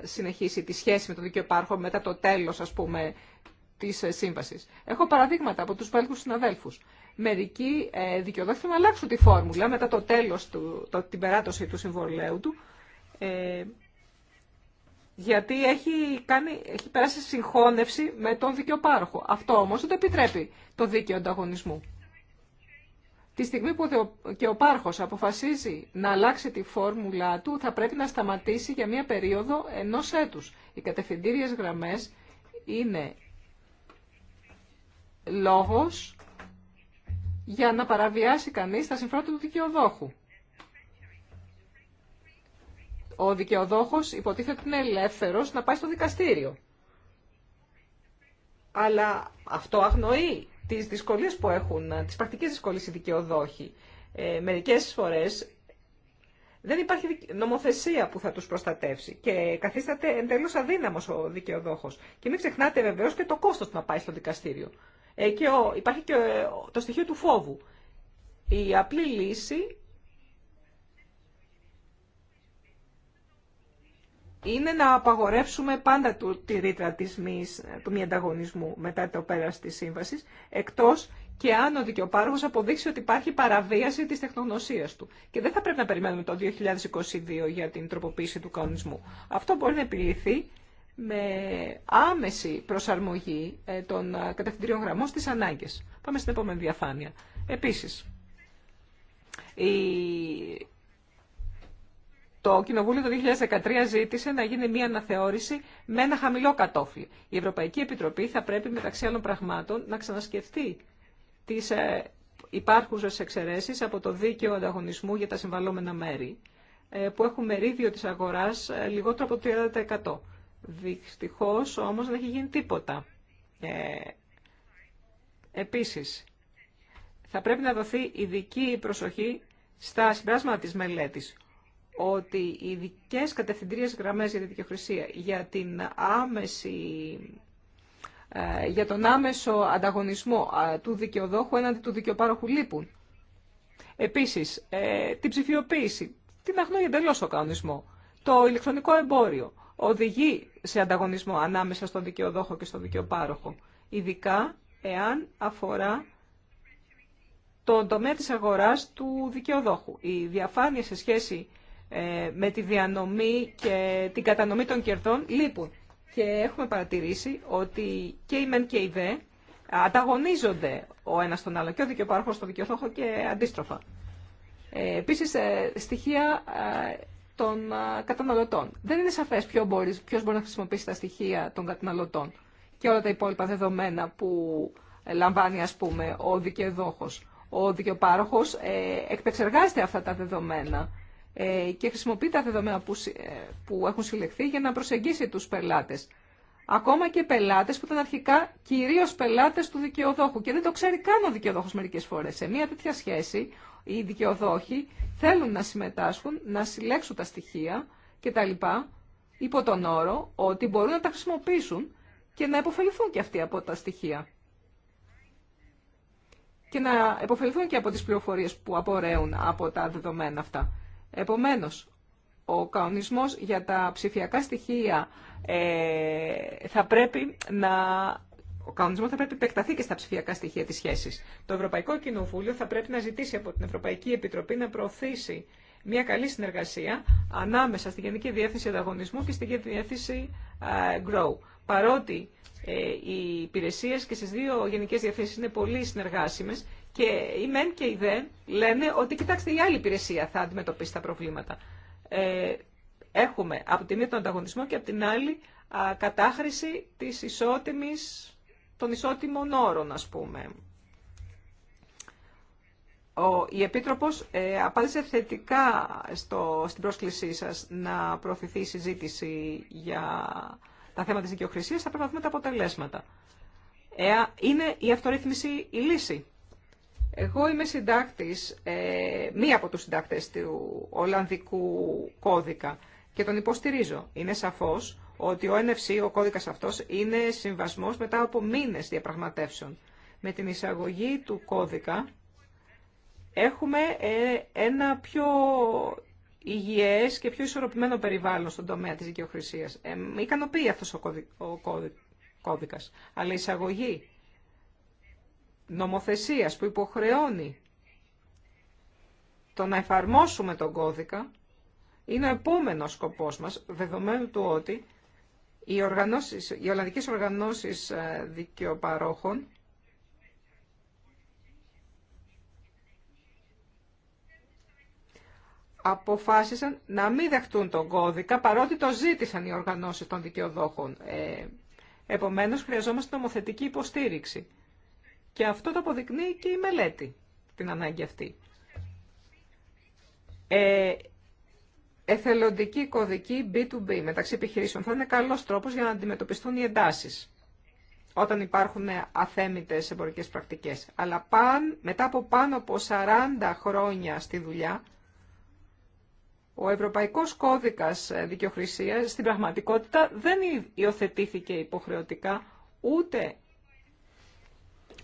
συνεχίσει τη σχέση με τον δικαιοπάρχο μετά το τέλος, ας πούμε, της ε, σύμβασης. Έχω παραδείγματα από τους Βέλγους συναδέλφους μερικοί ε, δικαιοδόχοι να αλλάξουν τη φόρμουλα μετά το τέλος του, την περάτωση του συμβολέου του, ε, γιατί έχει, κάνει, έχει περάσει συγχώνευση με τον δικαιοπάρχο. Αυτό όμως δεν το επιτρέπει το δίκαιο ανταγωνισμού. Τη στιγμή που και ο Πάρχος αποφασίζει να αλλάξει τη φόρμουλα του, θα πρέπει να σταματήσει για μία περίοδο ενός έτους. Οι κατευθυντήριες γραμμές είναι λόγος για να παραβιάσει κανείς τα συμφέροντα του δικαιοδόχου. Ο δικαιοδόχος υποτίθεται ότι είναι ελεύθερος να πάει στο δικαστήριο. Αλλά αυτό αγνοεί τις δυσκολίες που έχουν, τις πρακτικές δυσκολίες οι δικαιοδόχοι. Ε, μερικές φορές δεν υπάρχει νομοθεσία που θα τους προστατεύσει και καθίσταται εντελώς αδύναμος ο δικαιοδόχος. Και μην ξεχνάτε βεβαίως και το κόστος να πάει στο δικαστήριο. Ε, και ο, υπάρχει και το στοιχείο του φόβου. Η απλή λύση είναι να απαγορεύσουμε πάντα τη ρήτρα της μης, του μη ανταγωνισμού μετά το πέρας της σύμβασης, εκτός και αν ο δικαιοπάροχος αποδείξει ότι υπάρχει παραβίαση της τεχνογνωσίας του. Και δεν θα πρέπει να περιμένουμε το 2022 για την τροποποίηση του κανονισμού. Αυτό μπορεί να επιληθεί με άμεση προσαρμογή ε, των ε, κατευθυντήριων γραμμών στις ανάγκες. Πάμε στην επόμενη διαφάνεια. Επίσης, η... το Κοινοβούλιο το 2013 ζήτησε να γίνει μια αναθεώρηση με ένα χαμηλό κατόφλι. Η Ευρωπαϊκή Επιτροπή θα πρέπει μεταξύ άλλων πραγμάτων να ξανασκεφτεί τις ε, υπάρχουσες εξαιρέσεις από το δίκαιο ανταγωνισμού για τα συμβαλόμενα μέρη που έχουν μερίδιο της αγοράς λιγότερο από το 30%. Δυστυχώ όμως δεν έχει γίνει τίποτα. Ε, επίσης, θα πρέπει να δοθεί ειδική προσοχή στα συμπράσματα της μελέτης, ότι οι ειδικέ κατευθυντήριες γραμμές για τη δικαιοχρησία, για, την άμεση, ε, για τον άμεσο ανταγωνισμό ε, του δικαιοδόχου έναντι του δικαιοπάροχου λείπουν. Επίσης, ε, την ψηφιοποίηση, την αγνοεί εντελώ ο κανονισμό, το ηλεκτρονικό εμπόριο, οδηγεί σε ανταγωνισμό ανάμεσα στον δικαιοδόχο και στον δικαιοπάροχο, ειδικά εάν αφορά τον τομέα της αγοράς του δικαιοδόχου. Η διαφάνεια σε σχέση ε, με τη διανομή και την κατανομή των κερδών λείπουν. Και έχουμε παρατηρήσει ότι και οι μεν και οι δε ανταγωνίζονται ο ένας τον άλλο και ο δικαιοπάροχος στον δικαιοδόχο και αντίστροφα. Ε, επίσης, ε, στοιχεία των καταναλωτών. Δεν είναι σαφέ ποιο μπορεί, ποιος μπορεί να χρησιμοποιήσει τα στοιχεία των καταναλωτών και όλα τα υπόλοιπα δεδομένα που ε, λαμβάνει ας πούμε ο δικαιοδόχο, Ο δικαιοπάροχο ε, εκπεξεργάζεται αυτά τα δεδομένα ε, και χρησιμοποιεί τα δεδομένα ε, που, έχουν συλλεχθεί για να προσεγγίσει του πελάτε. Ακόμα και πελάτε που ήταν αρχικά κυρίω πελάτε του δικαιοδόχου και δεν το ξέρει καν ο δικαιοδόχο μερικές φορές. Σε μια τέτοια σχέση οι δικαιοδόχοι θέλουν να συμμετάσχουν, να συλλέξουν τα στοιχεία λοιπά, υπό τον όρο ότι μπορούν να τα χρησιμοποιήσουν και να υποφεληθούν και αυτοί από τα στοιχεία. Και να υποφεληθούν και από τις πληροφορίες που απορρέουν από τα δεδομένα αυτά. Επομένως, ο κανονισμός για τα ψηφιακά στοιχεία ε, θα πρέπει να ο κανονισμό θα πρέπει να επεκταθεί και στα ψηφιακά στοιχεία τη σχέση. Το Ευρωπαϊκό Κοινοβούλιο θα πρέπει να ζητήσει από την Ευρωπαϊκή Επιτροπή να προωθήσει μια καλή συνεργασία ανάμεσα στη Γενική Διεύθυνση Ανταγωνισμού και στη Γενική Διεύθυνση ε, Grow. Παρότι ε, οι υπηρεσίε και στι δύο γενικέ διευθύνσει είναι πολύ συνεργάσιμε και η ΜΕΝ και η δε λένε ότι κοιτάξτε η άλλη υπηρεσία θα αντιμετωπίσει τα προβλήματα. Ε, έχουμε από τη μία τον ανταγωνισμό και από την άλλη κατάχρηση τη ισότιμης των ισότιμων όρων, να πούμε. Ο, η Επίτροπος ε, απάντησε θετικά στο, στην πρόσκλησή σας να προωθηθεί η συζήτηση για τα θέματα της δικαιοχρησίας. Θα πρέπει να δούμε τα αποτελέσματα. Ε, είναι η αυτορύθμιση η λύση. Εγώ είμαι συντάκτης, ε, μία από τους συντάκτες του Ολλανδικού κώδικα και τον υποστηρίζω. Είναι σαφώς ότι ο NFC, ο κώδικας αυτός, είναι συμβασμός μετά από μήνες διαπραγματεύσεων. Με την εισαγωγή του κώδικα έχουμε ε, ένα πιο υγιές και πιο ισορροπημένο περιβάλλον στον τομέα της δικαιοχρησίας. Ε, ικανοποιεί αυτός ο, κώδικας. Αλλά η εισαγωγή νομοθεσίας που υποχρεώνει το να εφαρμόσουμε τον κώδικα είναι ο επόμενος σκοπός μας, δεδομένου του ότι οι, οργανώσεις, οι Ολλανδικές Οργανώσεις ε, Δικαιοπαρόχων αποφάσισαν να μην δεχτούν τον κώδικα, παρότι το ζήτησαν οι οργανώσεις των δικαιοδόχων. Ε, επομένως, χρειαζόμαστε νομοθετική υποστήριξη. Και αυτό το αποδεικνύει και η μελέτη, την ανάγκη αυτή. Ε, εθελοντική κωδική B2B μεταξύ επιχειρήσεων. Θα είναι καλό τρόπο για να αντιμετωπιστούν οι εντάσει όταν υπάρχουν αθέμητε εμπορικέ πρακτικέ. Αλλά παν, μετά από πάνω από 40 χρόνια στη δουλειά, ο Ευρωπαϊκός Κώδικας Δικαιοχρησίας στην πραγματικότητα δεν υιοθετήθηκε υποχρεωτικά ούτε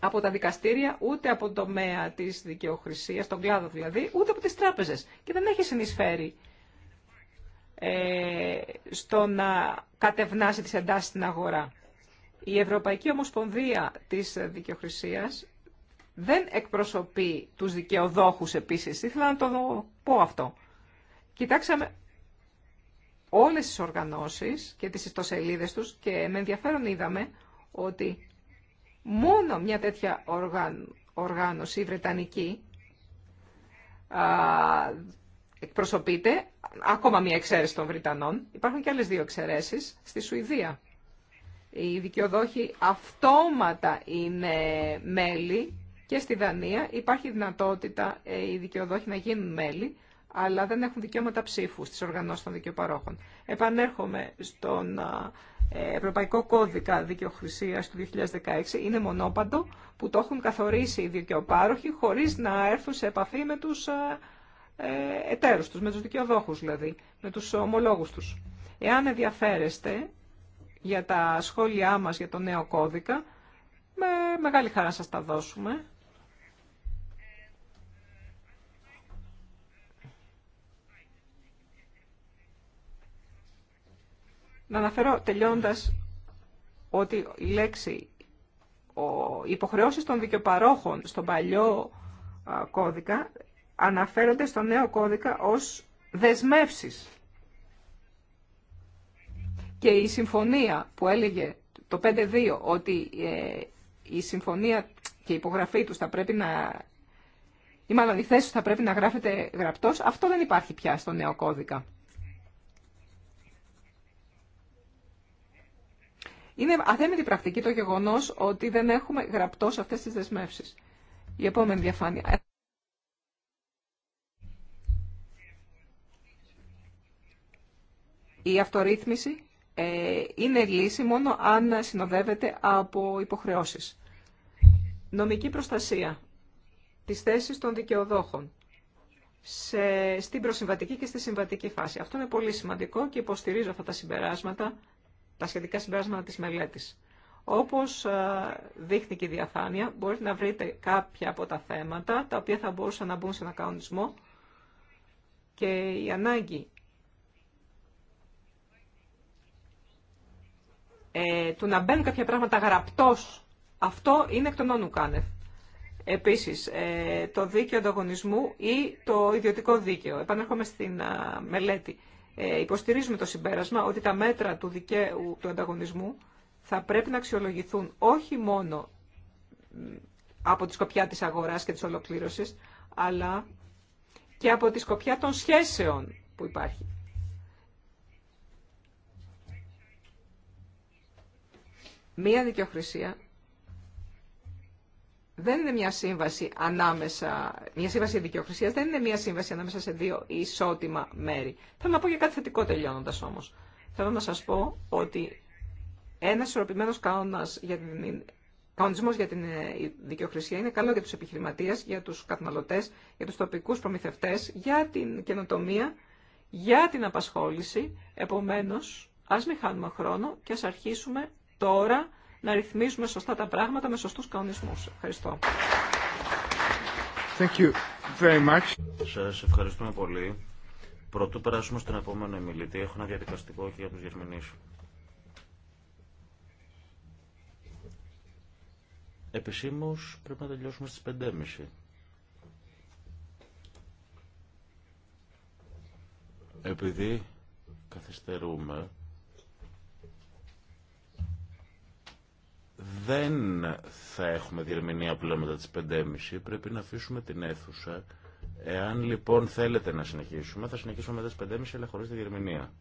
από τα δικαστήρια, ούτε από το τομέα της δικαιοχρησίας, τον κλάδο δηλαδή, ούτε από τις τράπεζες. Και δεν έχει συνεισφέρει ε, στο να κατευνάσει τις εντάσεις στην αγορά. Η Ευρωπαϊκή Ομοσπονδία της Δικαιοχρησίας δεν εκπροσωπεί τους δικαιοδόχους επίσης. Ήθελα να το πω αυτό. Κοιτάξαμε όλες τις οργανώσεις και τις ιστοσελίδες τους και με ενδιαφέρον είδαμε ότι μόνο μια τέτοια οργάνωση, η Βρετανική, εκπροσωπείται, ακόμα μία εξαίρεση των Βρυτανών. Υπάρχουν και άλλες δύο εξαιρέσεις στη Σουηδία. Οι δικαιοδόχοι αυτόματα είναι μέλη και στη Δανία υπάρχει δυνατότητα ε, οι δικαιοδόχοι να γίνουν μέλη, αλλά δεν έχουν δικαιώματα ψήφου στις οργανώσεις των δικαιοπαρόχων. Επανέρχομαι στον ε, Ευρωπαϊκό Κώδικα Δικαιοχρησίας του 2016. Είναι μονόπαντο που το έχουν καθορίσει οι δικαιοπάροχοι χωρίς να έρθουν σε επαφή με τους ε, εταίρους τους, με τους δικαιοδόχους δηλαδή, με τους ομολόγους τους. Εάν ενδιαφέρεστε για τα σχόλιά μας για το νέο κώδικα, με μεγάλη χαρά σας τα δώσουμε. Να αναφέρω τελειώντας ότι η λέξη ο, υποχρεώσεις των δικαιοπαρόχων στον παλιό κώδικα αναφέρονται στο νέο κώδικα ως δεσμεύσεις. Και η συμφωνία που έλεγε το 5-2 ότι ε, η συμφωνία και η υπογραφή τους θα πρέπει να... ή μάλλον η μαλλον θα πρέπει να γράφεται γραπτός, αυτό δεν υπάρχει πια στο νέο κώδικα. Είναι αθέμητη πρακτική το γεγονός ότι δεν έχουμε γραπτός αυτές τις δεσμεύσεις. Η επόμενη διαφάνεια. Η αυτορύθμιση ε, είναι λύση μόνο αν συνοδεύεται από υποχρεώσεις. Νομική προστασία της θέσης των δικαιοδόχων σε, στην προσυμβατική και στη συμβατική φάση. Αυτό είναι πολύ σημαντικό και υποστηρίζω αυτά τα συμπεράσματα, τα σχετικά συμπεράσματα της μελέτης. Όπως ε, δείχνει και η διαφάνεια, μπορείτε να βρείτε κάποια από τα θέματα τα οποία θα μπορούσαν να μπουν σε ένα κανονισμό και η ανάγκη ε, του να μπαίνουν κάποια πράγματα γραπτός, αυτό είναι εκ των όνου κάνευ. Επίσης, ε, το δίκαιο ανταγωνισμού ή το ιδιωτικό δίκαιο. Επανέρχομαι στην μελέτη. Ε, υποστηρίζουμε το συμπέρασμα ότι τα μέτρα του δικαίου του ανταγωνισμού θα πρέπει να αξιολογηθούν όχι μόνο από τη σκοπιά της αγοράς και της ολοκλήρωσης, αλλά και από τη σκοπιά των σχέσεων που υπάρχει. Μία δικαιοχρησία δεν είναι μια σύμβαση ανάμεσα, μια σύμβαση δικαιοχρησίας δεν είναι μια συμβαση αναμεσα μια συμβαση δικαιοχρησια ανάμεσα σε δύο ισότιμα μέρη. Θέλω να πω και κάτι θετικό τελειώνοντα όμω. Θέλω να σα πω ότι ένα ισορροπημένο κανονισμό για την ε, δικαιοχρησία είναι καλό για του επιχειρηματίε, για του καταναλωτέ, για του τοπικού προμηθευτέ, για την καινοτομία, για την απασχόληση. Επομένω, α μην χάνουμε χρόνο και α αρχίσουμε τώρα να ρυθμίσουμε σωστά τα πράγματα με σωστούς κανονισμούς. Ευχαριστώ. Thank you very much. Σας ευχαριστούμε πολύ. Πρωτού περάσουμε στον επόμενο εμιλητή, έχω ένα διαδικαστικό και για τους Γερμηνείς. Επισήμως πρέπει να τελειώσουμε στις 5.30. Επειδή καθυστερούμε, δεν θα έχουμε διερμηνία πλέον μετά τις 5.30. Πρέπει να αφήσουμε την αίθουσα. Εάν λοιπόν θέλετε να συνεχίσουμε, θα συνεχίσουμε μετά τις 5.30 αλλά χωρίς διερμηνία.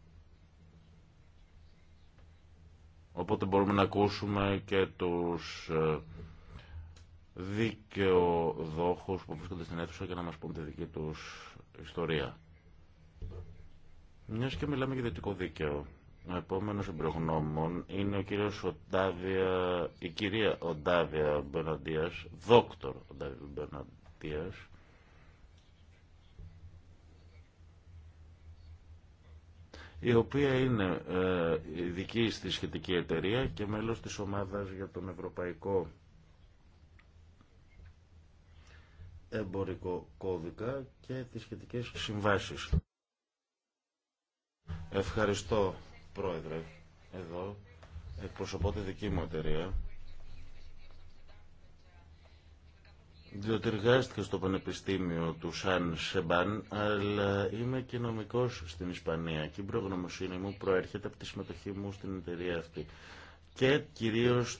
Οπότε μπορούμε να ακούσουμε και τους ε, δικαιοδόχους που βρίσκονται στην αίθουσα για να μας πούν τη δική τους ιστορία. Μιας και μιλάμε για δυτικό δίκαιο. Ο επόμενο εμπειρογνώμων είναι ο κύριος Οντάβια, η κυρία Οντάβια Μπερναντία, δόκτωρ Οντάβια Μπερναντία. η οποία είναι ε, ειδική στη σχετική εταιρεία και μέλος της ομάδας για τον Ευρωπαϊκό Εμπορικό Κώδικα και τις σχετικές συμβάσεις. Ευχαριστώ Πρόεδρε. Εδώ εκπροσωπώ τη δική μου εταιρεία. Διότι εργάστηκα στο Πανεπιστήμιο του Σαν Σεμπάν, αλλά είμαι και νομικός στην Ισπανία και η προγνωμοσύνη μου προέρχεται από τη συμμετοχή μου στην εταιρεία αυτή και κυρίως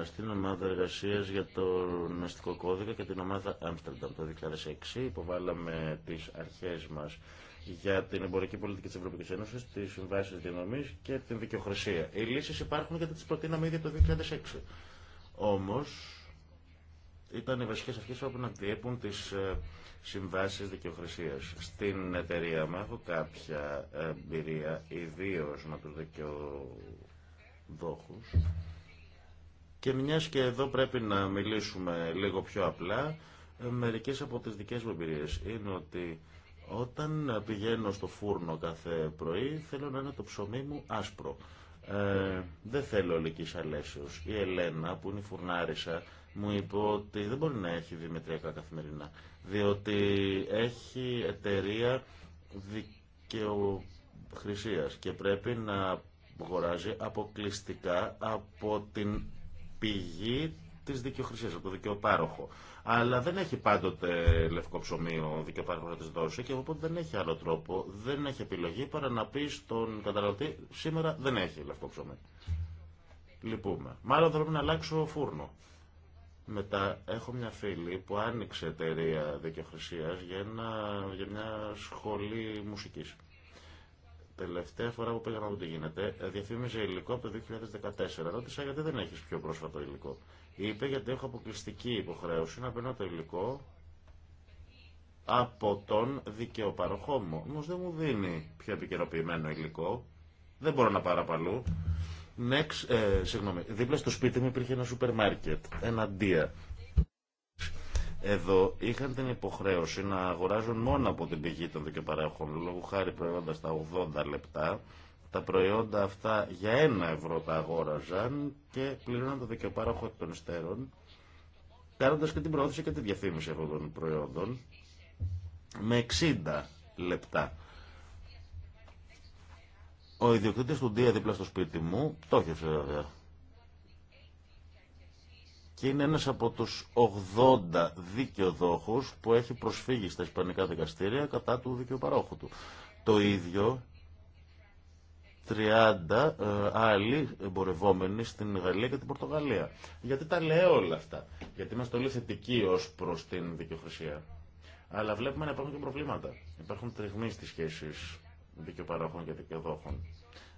ε, στην ομάδα εργασίας για τον αστικό κώδικα και την ομάδα Άμστερνταμ το 2006. Υποβάλαμε τις αρχές μας για την εμπορική πολιτική τη Ευρωπαϊκή Ένωση, τι συμβάσει διανομή και την δικαιοχρησία. Οι λύσει υπάρχουν γιατί τι προτείναμε ήδη το 2006. Όμω, ήταν οι βασικές αρχέ που να διέπουν τις ε, συμβάσει δικαιοχρησία. Στην εταιρεία μου έχω κάποια εμπειρία, ιδίω με του δικαιοδόχου. Και μια και εδώ πρέπει να μιλήσουμε λίγο πιο απλά, ε, μερικέ από τι δικέ μου εμπειρίε είναι ότι όταν πηγαίνω στο φούρνο κάθε πρωί θέλω να είναι το ψωμί μου άσπρο. Ε, δεν θέλω ολική αλέσεω. Η Ελένα που είναι η φουρνάρισα μου είπε ότι δεν μπορεί να έχει δημητριακά καθημερινά διότι έχει εταιρεία δικαιοχρησία και πρέπει να αγοράζει αποκλειστικά από την πηγή τη δικαιοχρησία, από το δικαιοπάροχο. Αλλά δεν έχει πάντοτε λευκό ψωμί ο δικαιοπάροχο να τη δώσει και οπότε δεν έχει άλλο τρόπο, δεν έχει επιλογή παρά να πει στον καταναλωτή σήμερα δεν έχει λευκό ψωμί. Λυπούμε. Μάλλον θα πρέπει να αλλάξω φούρνο. Μετά έχω μια φίλη που άνοιξε εταιρεία δικαιοχρησία για, για μια σχολή μουσική. τελευταία φορά που πήγαμε από τι γίνεται, διαφήμιζε υλικό από το 2014. Ρώτησα γιατί δεν έχει πιο πρόσφατο υλικό. Είπε γιατί έχω αποκλειστική υποχρέωση να περνάω το υλικό από τον δικαιοπαροχό μου. Όμω δεν μου δίνει πιο επικαιροποιημένο υλικό. Δεν μπορώ να πάρω παλού. Next, ε, συγγνώμη, δίπλα στο σπίτι μου υπήρχε ένα σούπερ μάρκετ, ένα ντία. Εδώ είχαν την υποχρέωση να αγοράζουν μόνο από την πηγή των δικαιοπαραχών, λόγω χάρη προϊόντα στα 80 λεπτά, τα προϊόντα αυτά για ένα ευρώ τα αγόραζαν και πληρώναν το δικαιοπάροχο εκ των υστέρων, κάνοντα και την προώθηση και τη διαφήμιση αυτών των προϊόντων με 60 λεπτά. Ο ιδιοκτήτη του Ντία δίπλα στο σπίτι μου πτώχευσε βέβαια. Και είναι ένας από τους 80 δικαιοδόχους που έχει προσφύγει στα ισπανικά δικαστήρια κατά του δικαιοπαρόχου του. Το ίδιο 30 ε, άλλοι εμπορευόμενοι στην Γαλλία και την Πορτογαλία. Γιατί τα λέω όλα αυτά. Γιατί είμαστε όλοι θετικοί ω προ την δικαιοχρησία. Αλλά βλέπουμε να υπάρχουν και προβλήματα. Υπάρχουν τριγμοί στι σχέσει δικαιοπαρόχων και δικαιοδόχων.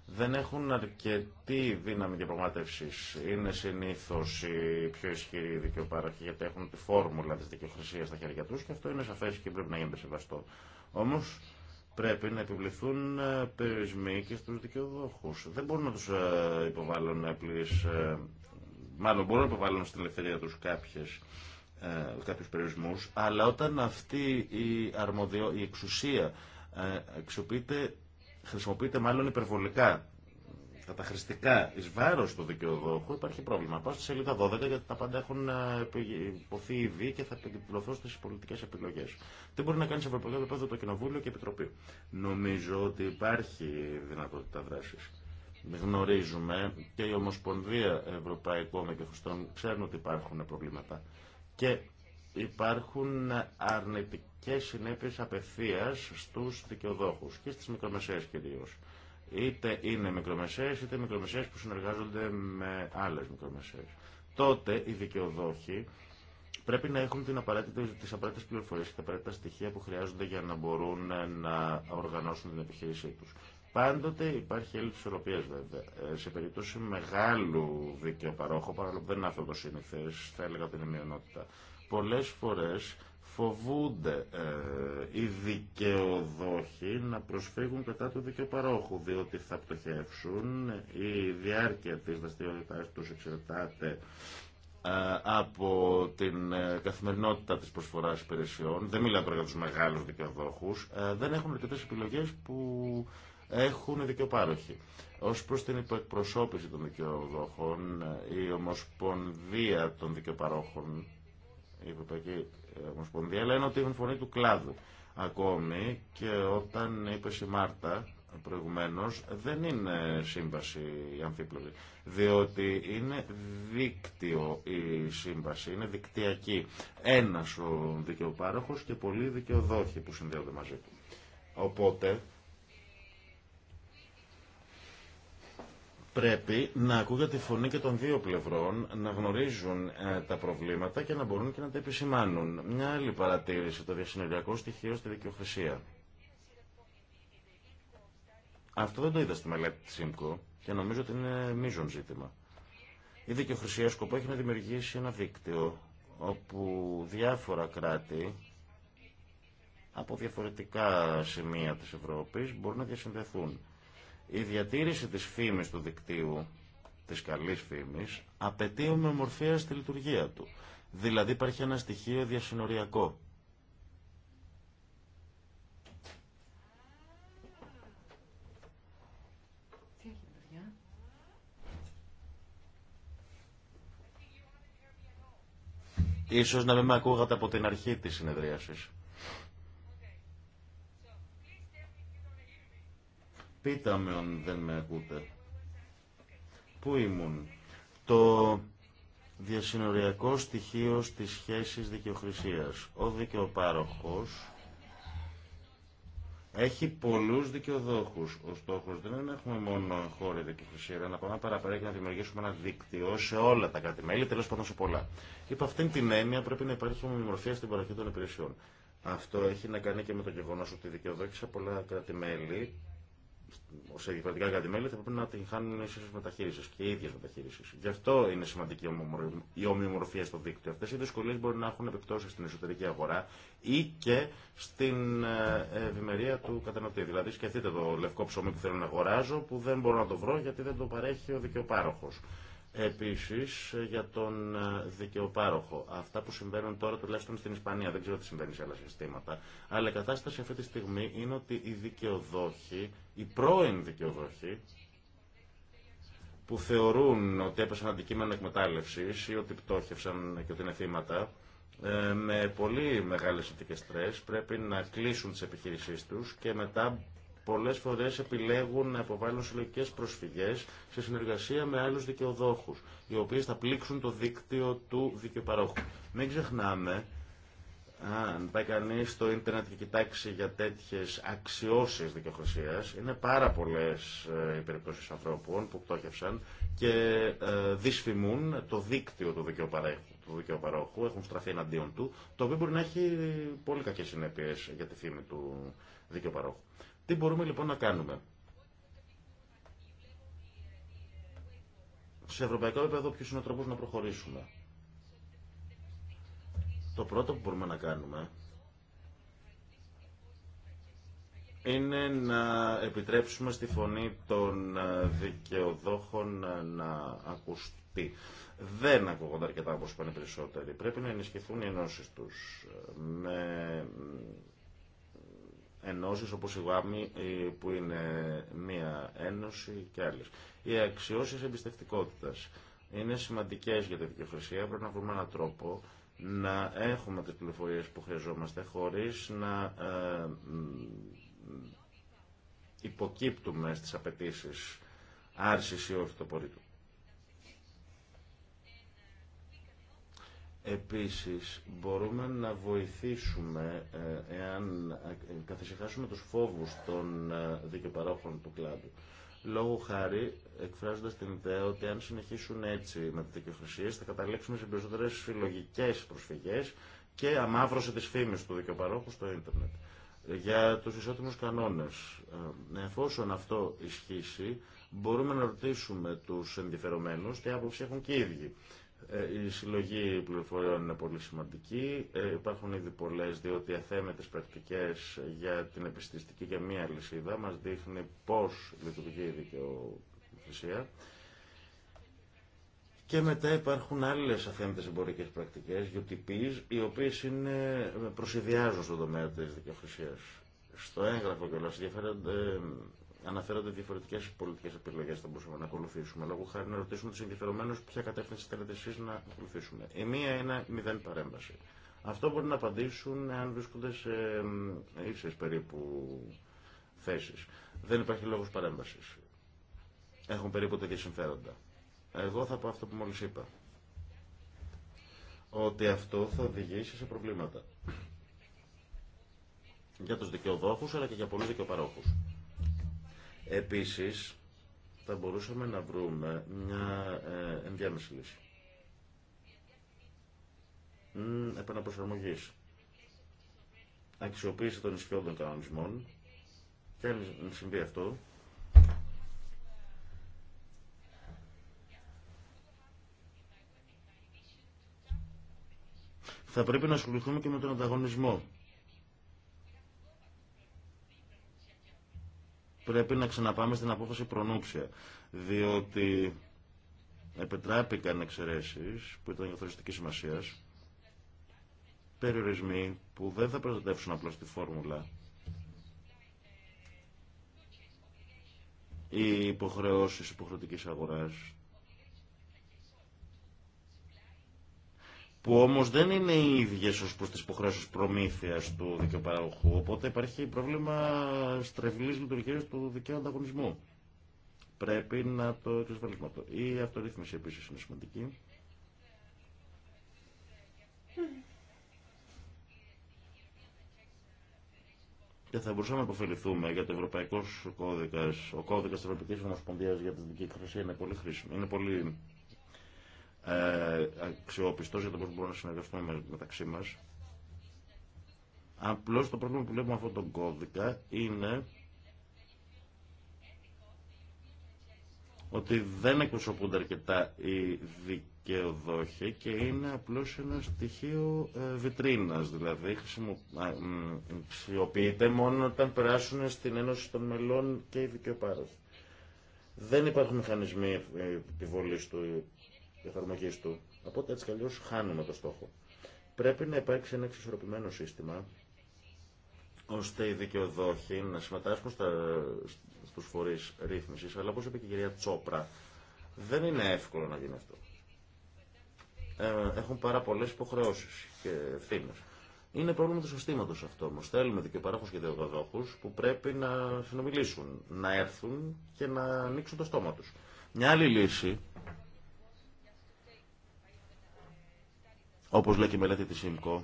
Δεν έχουν αρκετή δύναμη διαπραγμάτευση. Είναι συνήθω οι πιο ισχυροί δικαιοπάροχοι γιατί έχουν τη φόρμουλα τη δικαιοχρησία στα χέρια του και αυτό είναι σαφέ και πρέπει να γίνεται σεβαστό. Όμω πρέπει να επιβληθούν ε, περιορισμοί και στους δικαιοδόχους. Δεν μπορούν να τους ε, υποβάλλουν απλείς, ε, μάλλον μπορούν να υποβάλλουν στην ελευθερία τους κάποιες κάποιους περιορισμούς, αλλά όταν αυτή η, αρμοδιο, η εξουσία χρησιμοποιείται μάλλον υπερβολικά τα καταχρηστικά ει βάρο του δικαιοδόχου υπάρχει πρόβλημα. Πάω στη σελίδα 12 γιατί τα πάντα έχουν ε, υποθεί ήδη και θα επικεντρωθώ στι πολιτικέ επιλογέ. Τι μπορεί να κάνει σε ευρωπαϊκό επίπεδο το Κοινοβούλιο και η Επιτροπή. Νομίζω ότι υπάρχει δυνατότητα δράση. Γνωρίζουμε και η Ομοσπονδία Ευρωπαϊκών Εγκεφουστών ξέρουν ότι υπάρχουν προβλήματα. Και υπάρχουν αρνητικέ συνέπειε απευθεία στου δικαιοδόχου και στι μικρομεσαίε κυρίω είτε είναι μικρομεσαίες είτε μικρομεσαίες που συνεργάζονται με άλλες μικρομεσαίες. Τότε οι δικαιοδόχοι πρέπει να έχουν την απαραίτητη, τις απαραίτητες πληροφορίες και τα απαραίτητα στοιχεία που χρειάζονται για να μπορούν να οργανώσουν την επιχείρησή τους. Πάντοτε υπάρχει έλλειψη ισορροπία βέβαια. Ε, σε περίπτωση μεγάλου δικαιοπαρόχου, παρόλο που δεν είναι αυτό το σύνηθε, θα έλεγα ότι είναι μειονότητα. Πολλέ φορέ φοβούνται ε, οι δικαιοδόχοι να προσφύγουν κατά του δικαιοπαρόχου, διότι θα πτωχεύσουν, η διάρκεια της δραστηριότητα τους εξαρτάται ε, από την ε, καθημερινότητα της προσφοράς υπηρεσιών, δεν μιλάμε τώρα για τους μεγάλους δικαιοδόχους, ε, δεν έχουν αρκετέ επιλογές που έχουν δικαιοπάροχοι. Ως προς την υποεκπροσώπηση των δικαιοδόχων, η Ομοσπονδία των Δικαιοπαρόχων, η Ευρωπαϊκή Ομοσπονδία, αλλά είναι ότι είναι φωνή του κλάδου. Ακόμη και όταν είπε η Μάρτα προηγουμένω, δεν είναι σύμβαση η αμφίπλογη. Διότι είναι δίκτυο η σύμβαση, είναι δικτυακή. Ένα ο δικαιοπάροχο και πολλοί δικαιοδόχοι που συνδέονται μαζί του. Οπότε πρέπει να ακούγεται τη φωνή και των δύο πλευρών, να γνωρίζουν ε, τα προβλήματα και να μπορούν και να τα επισημάνουν. Μια άλλη παρατήρηση, το διασυνοριακό στοιχείο στη δικαιοχρησία. Αυτό δεν το είδα στη μελέτη τη ΣΥΜΚΟ και νομίζω ότι είναι μείζον ζήτημα. Η δικαιοχρησία σκοπό έχει να δημιουργήσει ένα δίκτυο όπου διάφορα κράτη από διαφορετικά σημεία της Ευρώπης μπορούν να διασυνδεθούν η διατήρηση της φήμης του δικτύου, της καλής φήμης, απαιτεί ομοιομορφία στη λειτουργία του. Δηλαδή υπάρχει ένα στοιχείο διασυνοριακό. Ίσως να μην με ακούγατε από την αρχή της συνεδρίασης. Πείτε με αν δεν με ακούτε. Πού ήμουν. Το διασυνοριακό στοιχείο στις σχέσεις δικαιοχρησίας. Ο δικαιοπάροχος έχει πολλούς δικαιοδόχους. Ο στόχος δεν είναι να έχουμε μόνο χώρο δικαιοχρησία, αλλά να πάμε παραπέρα και να δημιουργήσουμε ένα δίκτυο σε όλα τα κράτη-μέλη, τέλος πάντων σε πολλά. Υπό αυτήν την έννοια πρέπει να υπάρχει ομοιομορφία στην παροχή των υπηρεσιών. Αυτό έχει να κάνει και με το γεγονό ότι οι σε πολλά κράτη-μέλη σε διαφορετικά κατημέλη θα πρέπει να την χάνουν ίσε μεταχείριση και ίδιε μεταχείριση. Γι' αυτό είναι σημαντική η ομοιομορφία στο δίκτυο. Αυτέ οι δυσκολίε μπορεί να έχουν επιπτώσει στην εσωτερική αγορά ή και στην ε, ευημερία του καταναλωτή. Δηλαδή, σκεφτείτε το λευκό ψωμί που θέλω να αγοράζω που δεν μπορώ να το βρω γιατί δεν το παρέχει ο δικαιοπάροχο. Επίσης ε, για τον ε, δικαιοπάροχο. Αυτά που συμβαίνουν τώρα τουλάχιστον στην Ισπανία, δεν ξέρω τι συμβαίνει σε άλλα συστήματα. Αλλά η κατάσταση αυτή τη στιγμή είναι ότι οι δικαιοδόχοι, οι πρώην δικαιοδόχοι, που θεωρούν ότι έπεσαν αντικείμενο εκμετάλλευση ή ότι πτώχευσαν και ότι είναι θύματα, ε, με πολύ μεγάλες συνθήκες στρες πρέπει να κλείσουν τις επιχειρήσεις τους και μετά πολλές φορές επιλέγουν να υποβάλουν συλλογικές προσφυγές σε συνεργασία με άλλους δικαιοδόχους, οι οποίοι θα πλήξουν το δίκτυο του δικαιοπαρόχου. Μην ξεχνάμε, αν πάει κανείς στο ίντερνετ και κοιτάξει για τέτοιες αξιώσεις δικαιοχρησίας, είναι πάρα πολλές ε, οι περιπτώσεις ανθρώπων που πτώχευσαν και ε, δυσφημούν το δίκτυο του δικαιοπαρόχου του δικαιοπαρόχου, έχουν στραφεί εναντίον του, το οποίο μπορεί να έχει πολύ κακές συνέπειες για τη φήμη του δικαιοπαρόχου. Τι μπορούμε λοιπόν να κάνουμε. Σε ευρωπαϊκό επίπεδο ποιος είναι ο τρόπος να προχωρήσουμε. Το πρώτο που μπορούμε να κάνουμε είναι να επιτρέψουμε στη φωνή των δικαιοδόχων να ακουστεί. Δεν ακούγονται αρκετά όπως πάνε περισσότεροι. Πρέπει να ενισχυθούν οι ενώσεις τους με ενώσεις όπως η Γάμη, που είναι μία ένωση και άλλες. Οι αξιώσεις εμπιστευτικότητας είναι σημαντικές για τη δικαιοχρησία. Πρέπει να βρούμε έναν τρόπο να έχουμε τις πληροφορίε που χρειαζόμαστε χωρίς να ε, υποκύπτουμε στις απαιτήσει άρσης ή όχι το πολίτη. Επίσης, μπορούμε να βοηθήσουμε ε, εάν ε, καθησυχάσουμε τους φόβους των ε, δικαιοπαρόχων του κλάδου. Λόγω χάρη, εκφράζοντας την ιδέα ότι αν συνεχίσουν έτσι με τις δικαιοχρησίες, θα καταλήξουμε σε περισσότερες συλλογικέ προσφυγές και αμάβρωση της φήμης του δικαιοπαρόχου στο ίντερνετ. Για τους ισότιμους κανόνες, εφόσον αυτό ισχύσει, μπορούμε να ρωτήσουμε τους ενδιαφερομένους τι άποψη έχουν και οι ίδιοι. Ε, η συλλογή πληροφοριών είναι πολύ σημαντική. Ε, υπάρχουν ήδη πολλέ, διότι αθέμετε πρακτικέ για την επιστημιστική και μία λυσίδα μα δείχνει πώ λειτουργεί η δικαιοθεσία. Και μετά υπάρχουν άλλε αθέμετε εμπορικέ πρακτικέ, UTPs, οι οποίε προσυδειάζουν στον τομέα τη δικαιοθεσία. Στο έγγραφο κιόλα ενδιαφέρονται αναφέρονται διαφορετικέ πολιτικέ επιλογέ που θα μπορούσαμε να ακολουθήσουμε. Λόγω χάρη να ρωτήσουμε του ενδιαφερομένου ποια κατεύθυνση θέλετε εσεί να ακολουθήσουμε. Η μία είναι μηδέν παρέμβαση. Αυτό μπορεί να απαντήσουν αν βρίσκονται σε ίσε περίπου θέσει. Δεν υπάρχει λόγο παρέμβαση. Έχουν περίπου τέτοια συμφέροντα. Εγώ θα πω αυτό που μόλι είπα. Ότι αυτό θα οδηγήσει σε προβλήματα. Για του δικαιοδόχου αλλά και για πολλού δικαιοπαρόχου. Επίσης, θα μπορούσαμε να βρούμε μια ε, ενδιάμεση λύση. Επαναπροσαρμογής. Αξιοποίηση των των κανονισμών. Και αν συμβεί αυτό, θα πρέπει να ασχοληθούμε και με τον ανταγωνισμό πρέπει να ξαναπάμε στην απόφαση προνούψια, διότι επιτράπηκαν εξαιρέσει που ήταν καθοριστική σημασία, περιορισμοί που δεν θα προστατεύσουν απλώ τη φόρμουλα. Οι υποχρεώσει υποχρεωτική αγορά. που όμως δεν είναι οι ίδιες ως προς τις υποχρέωσεις προμήθεια του δικαιοπαραγωγού, οπότε υπάρχει πρόβλημα στρεβλής λειτουργίας του δικαίου ανταγωνισμού. Πρέπει να το εξασφαλίσουμε αυτό. Η αυτορύθμιση επίσης είναι σημαντική. Και θα μπορούσαμε να αποφεληθούμε για το Ευρωπαϊκό Κώδικα, ο κώδικα τη Ευρωπαϊκή Ομοσπονδία για την Δικαιοκρισία είναι πολύ χρήσιμο. Είναι πολύ ε, αξιόπιστο για το πώ μπορούμε να συνεργαστούμε μεταξύ μα. Απλώς το πρόβλημα που βλέπουμε αυτόν τον κώδικα είναι ότι δεν εκπροσωπούνται αρκετά οι δικαιοδόχοι και είναι απλώς ένα στοιχείο ε, βιτρίνας, δηλαδή χρησιμοποιείται μόνο όταν περάσουν στην Ένωση των Μελών και οι δικαιοπάροχοι. Δεν υπάρχουν μηχανισμοί ε, επιβολής του εφαρμογή του. Οπότε έτσι κι αλλιώ χάνουμε το στόχο. Πρέπει να υπάρξει ένα εξισορροπημένο σύστημα ώστε οι δικαιοδόχοι να συμμετάσχουν στου στους φορείς αλλά όπως είπε και η κυρία Τσόπρα, δεν είναι εύκολο να γίνει αυτό. Ε, έχουν πάρα πολλές υποχρεώσεις και ευθύνε. Είναι πρόβλημα του συστήματο αυτό όμω. Θέλουμε δικαιοπαράχου και δικαιοδόχου που πρέπει να συνομιλήσουν, να έρθουν και να ανοίξουν το στόμα του. Μια άλλη λύση Όπως λέει και η μελέτη της ΣΥΜΚΟ,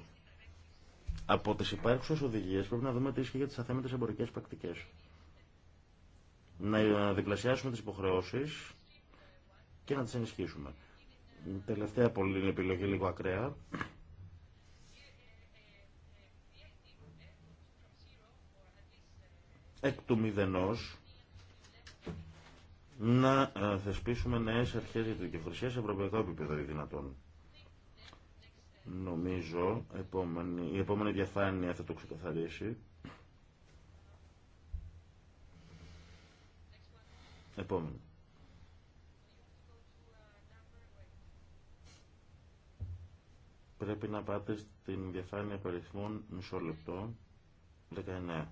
από τις υπάρχουσες οδηγίες πρέπει να δούμε τι ισχύει για τις αθέμετες εμπορικές πρακτικές. Να διπλασιάσουμε τις υποχρεώσεις και να τις ενισχύσουμε. Τελευταία πολύ επιλογή λίγο ακραία. Εκ του μηδενός, να ε, θεσπίσουμε νέες αρχές για την σε ευρωπαϊκό επίπεδο, δυνατόν. Νομίζω επόμενη, η επόμενη διαφάνεια θα το ξεκαθαρίσει. Επόμενη. Πρέπει να πάτε στην διαφάνεια περιθμών μισό λεπτό, 19.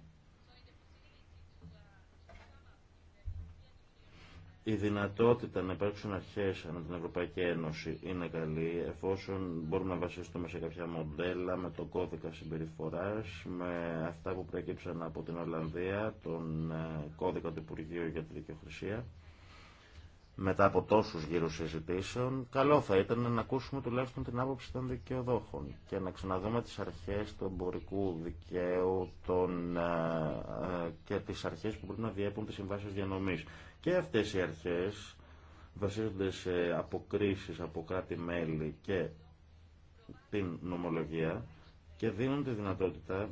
Η δυνατότητα να υπάρξουν αρχές ανά την Ευρωπαϊκή Ένωση είναι καλή εφόσον μπορούμε να βασιστούμε σε κάποια μοντέλα με το κώδικα συμπεριφοράς, με αυτά που προέκυψαν από την Ολλανδία, τον ε, κώδικα του Υπουργείου για τη Δικαιοχρησία. Μετά από τόσους γύρους συζητήσεων, καλό θα ήταν να ακούσουμε τουλάχιστον την άποψη των δικαιοδόχων και να ξαναδούμε τις αρχές του εμπορικού δικαίου των, ε, ε, και τις αρχές που μπορούν να διέπουν τις συμβάσεις διανομή. Και αυτές οι αρχές βασίζονται σε αποκρίσεις κάτι κράτη-μέλη και την νομολογία και δίνουν τη δυνατότητα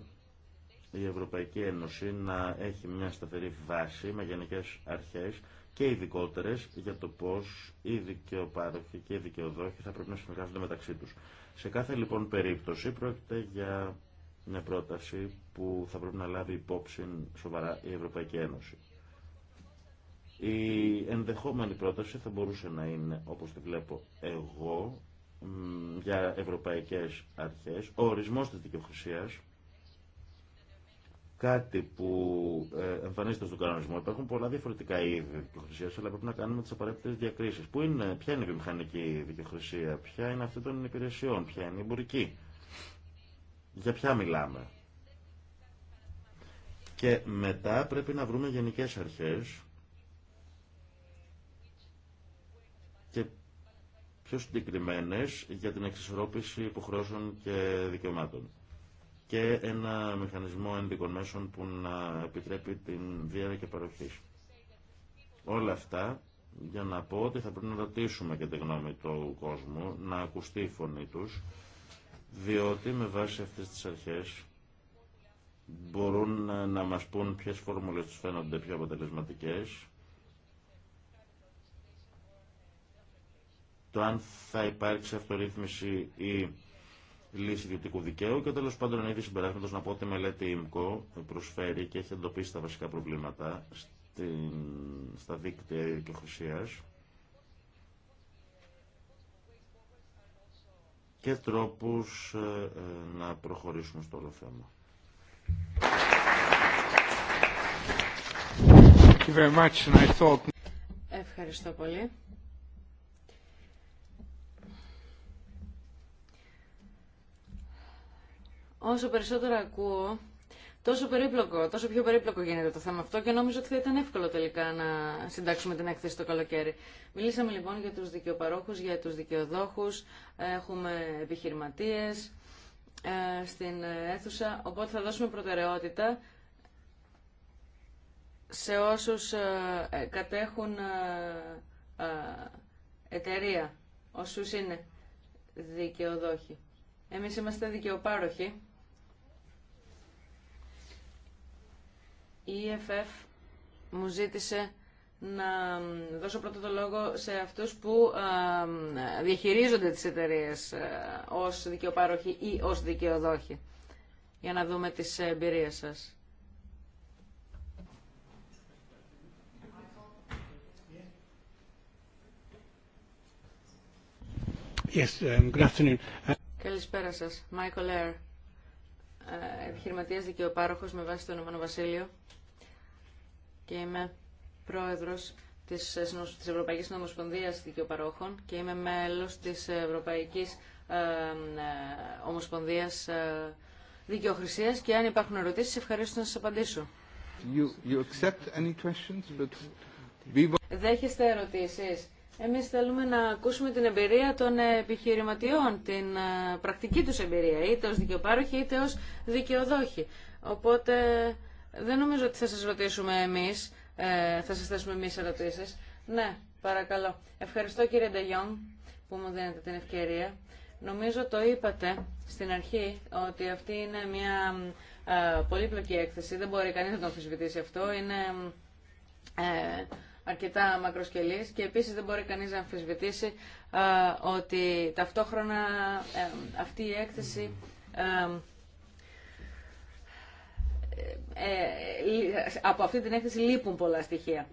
η Ευρωπαϊκή Ένωση να έχει μια σταθερή βάση με γενικές αρχές και ειδικότερε για το πώς οι δικαιοπάροχοι και οι δικαιοδόχοι θα πρέπει να συνεργάζονται μεταξύ τους. Σε κάθε λοιπόν περίπτωση πρόκειται για μια πρόταση που θα πρέπει να λάβει υπόψη σοβαρά η Ευρωπαϊκή Ένωση. Η ενδεχόμενη πρόταση θα μπορούσε να είναι, όπως τη βλέπω εγώ, για ευρωπαϊκές αρχές, ο ορισμός της δικαιοχρησίας, κάτι που ε, εμφανίζεται στον κανονισμό. Υπάρχουν πολλά διαφορετικά είδη δικαιοχρησία, αλλά πρέπει να κάνουμε τι απαραίτητε διακρίσει. Ποια είναι η βιομηχανική δικαιοχρησία, ποια είναι αυτή των υπηρεσιών, ποια είναι η εμπορική. Για ποια μιλάμε. Και μετά πρέπει να βρούμε γενικέ αρχέ. πιο συγκεκριμένε για την εξισορρόπηση υποχρεώσεων και δικαιωμάτων. Και ένα μηχανισμό ένδικων μέσων που να επιτρέπει την διάρκεια και παροχή. Όλα αυτά για να πω ότι θα πρέπει να ρωτήσουμε και τη γνώμη του κόσμου, να ακουστεί η φωνή τους, διότι με βάση αυτές τις αρχές μπορούν να μας πούν ποιες φόρμουλες τους φαίνονται πιο αποτελεσματικέ. το αν θα υπάρξει αυτορύθμιση ή λύση ιδιωτικού δικαίου και τέλο πάντων ήδη συμπεράσματο να πω ότι η μελέτη ΙΜΚΟ προσφέρει και έχει εντοπίσει τα βασικά προβλήματα στην, στα δίκτυα ειδικοχρησία. και τρόπους ε, ε, να προχωρήσουμε στο όλο θέμα. Ευχαριστώ πολύ. Όσο περισσότερο ακούω, τόσο περίπλοκο, τόσο πιο περίπλοκο γίνεται το θέμα αυτό και νομίζω ότι θα ήταν εύκολο τελικά να συντάξουμε την έκθεση το καλοκαίρι. Μιλήσαμε λοιπόν για τους δικαιοπαρόχους, για τους δικαιοδόχους, έχουμε επιχειρηματίες ε, στην αίθουσα, οπότε θα δώσουμε προτεραιότητα σε όσους ε, ε, κατέχουν εταιρεία, όσους είναι δικαιοδόχοι. Εμείς είμαστε δικαιοπάροχοι η ΕΦΕΦ e μου ζήτησε να δώσω πρώτο το λόγο σε αυτούς που διαχειρίζονται τις εταιρείες ως δικαιοπάροχοι ή ως δικαιοδόχοι για να δούμε τις εμπειρίες σας. Yes, um, good afternoon. Καλησπέρα σας. Michael Air ε, επιχειρηματίας δικαιοπάροχος με βάση τον Ηνωμένο Βασίλειο και είμαι πρόεδρος της, ε, της Ευρωπαϊκής Νομοσπονδίας Δικαιοπαρόχων και είμαι μέλος της Ευρωπαϊκής ε, ε Ομοσπονδίας Δικαιοχρησίας και αν υπάρχουν ερωτήσεις ευχαρίστω να σας απαντήσω. You, you any but... Δέχεστε ερωτήσεις. Εμείς θέλουμε να ακούσουμε την εμπειρία των επιχειρηματιών, την ε, πρακτική τους εμπειρία, είτε ως δικαιοπάροχοι είτε ως δικαιοδόχοι. Οπότε δεν νομίζω ότι θα σας ρωτήσουμε εμείς, ε, θα σας θέσουμε εμείς ερωτήσεις. Ναι, παρακαλώ. Ευχαριστώ κύριε Νταγιόν που μου δίνετε την ευκαιρία. Νομίζω το είπατε στην αρχή ότι αυτή είναι μια ε, πολύπλοκη έκθεση. Δεν μπορεί κανείς να το αμφισβητήσει αυτό. Είναι αρκετά μακροσκελής και επίσης δεν μπορεί κανείς να αμφισβητήσει ε, ότι ταυτόχρονα ε, αυτή η έκθεση ε, από αυτή την έκθεση λείπουν πολλά στοιχεία.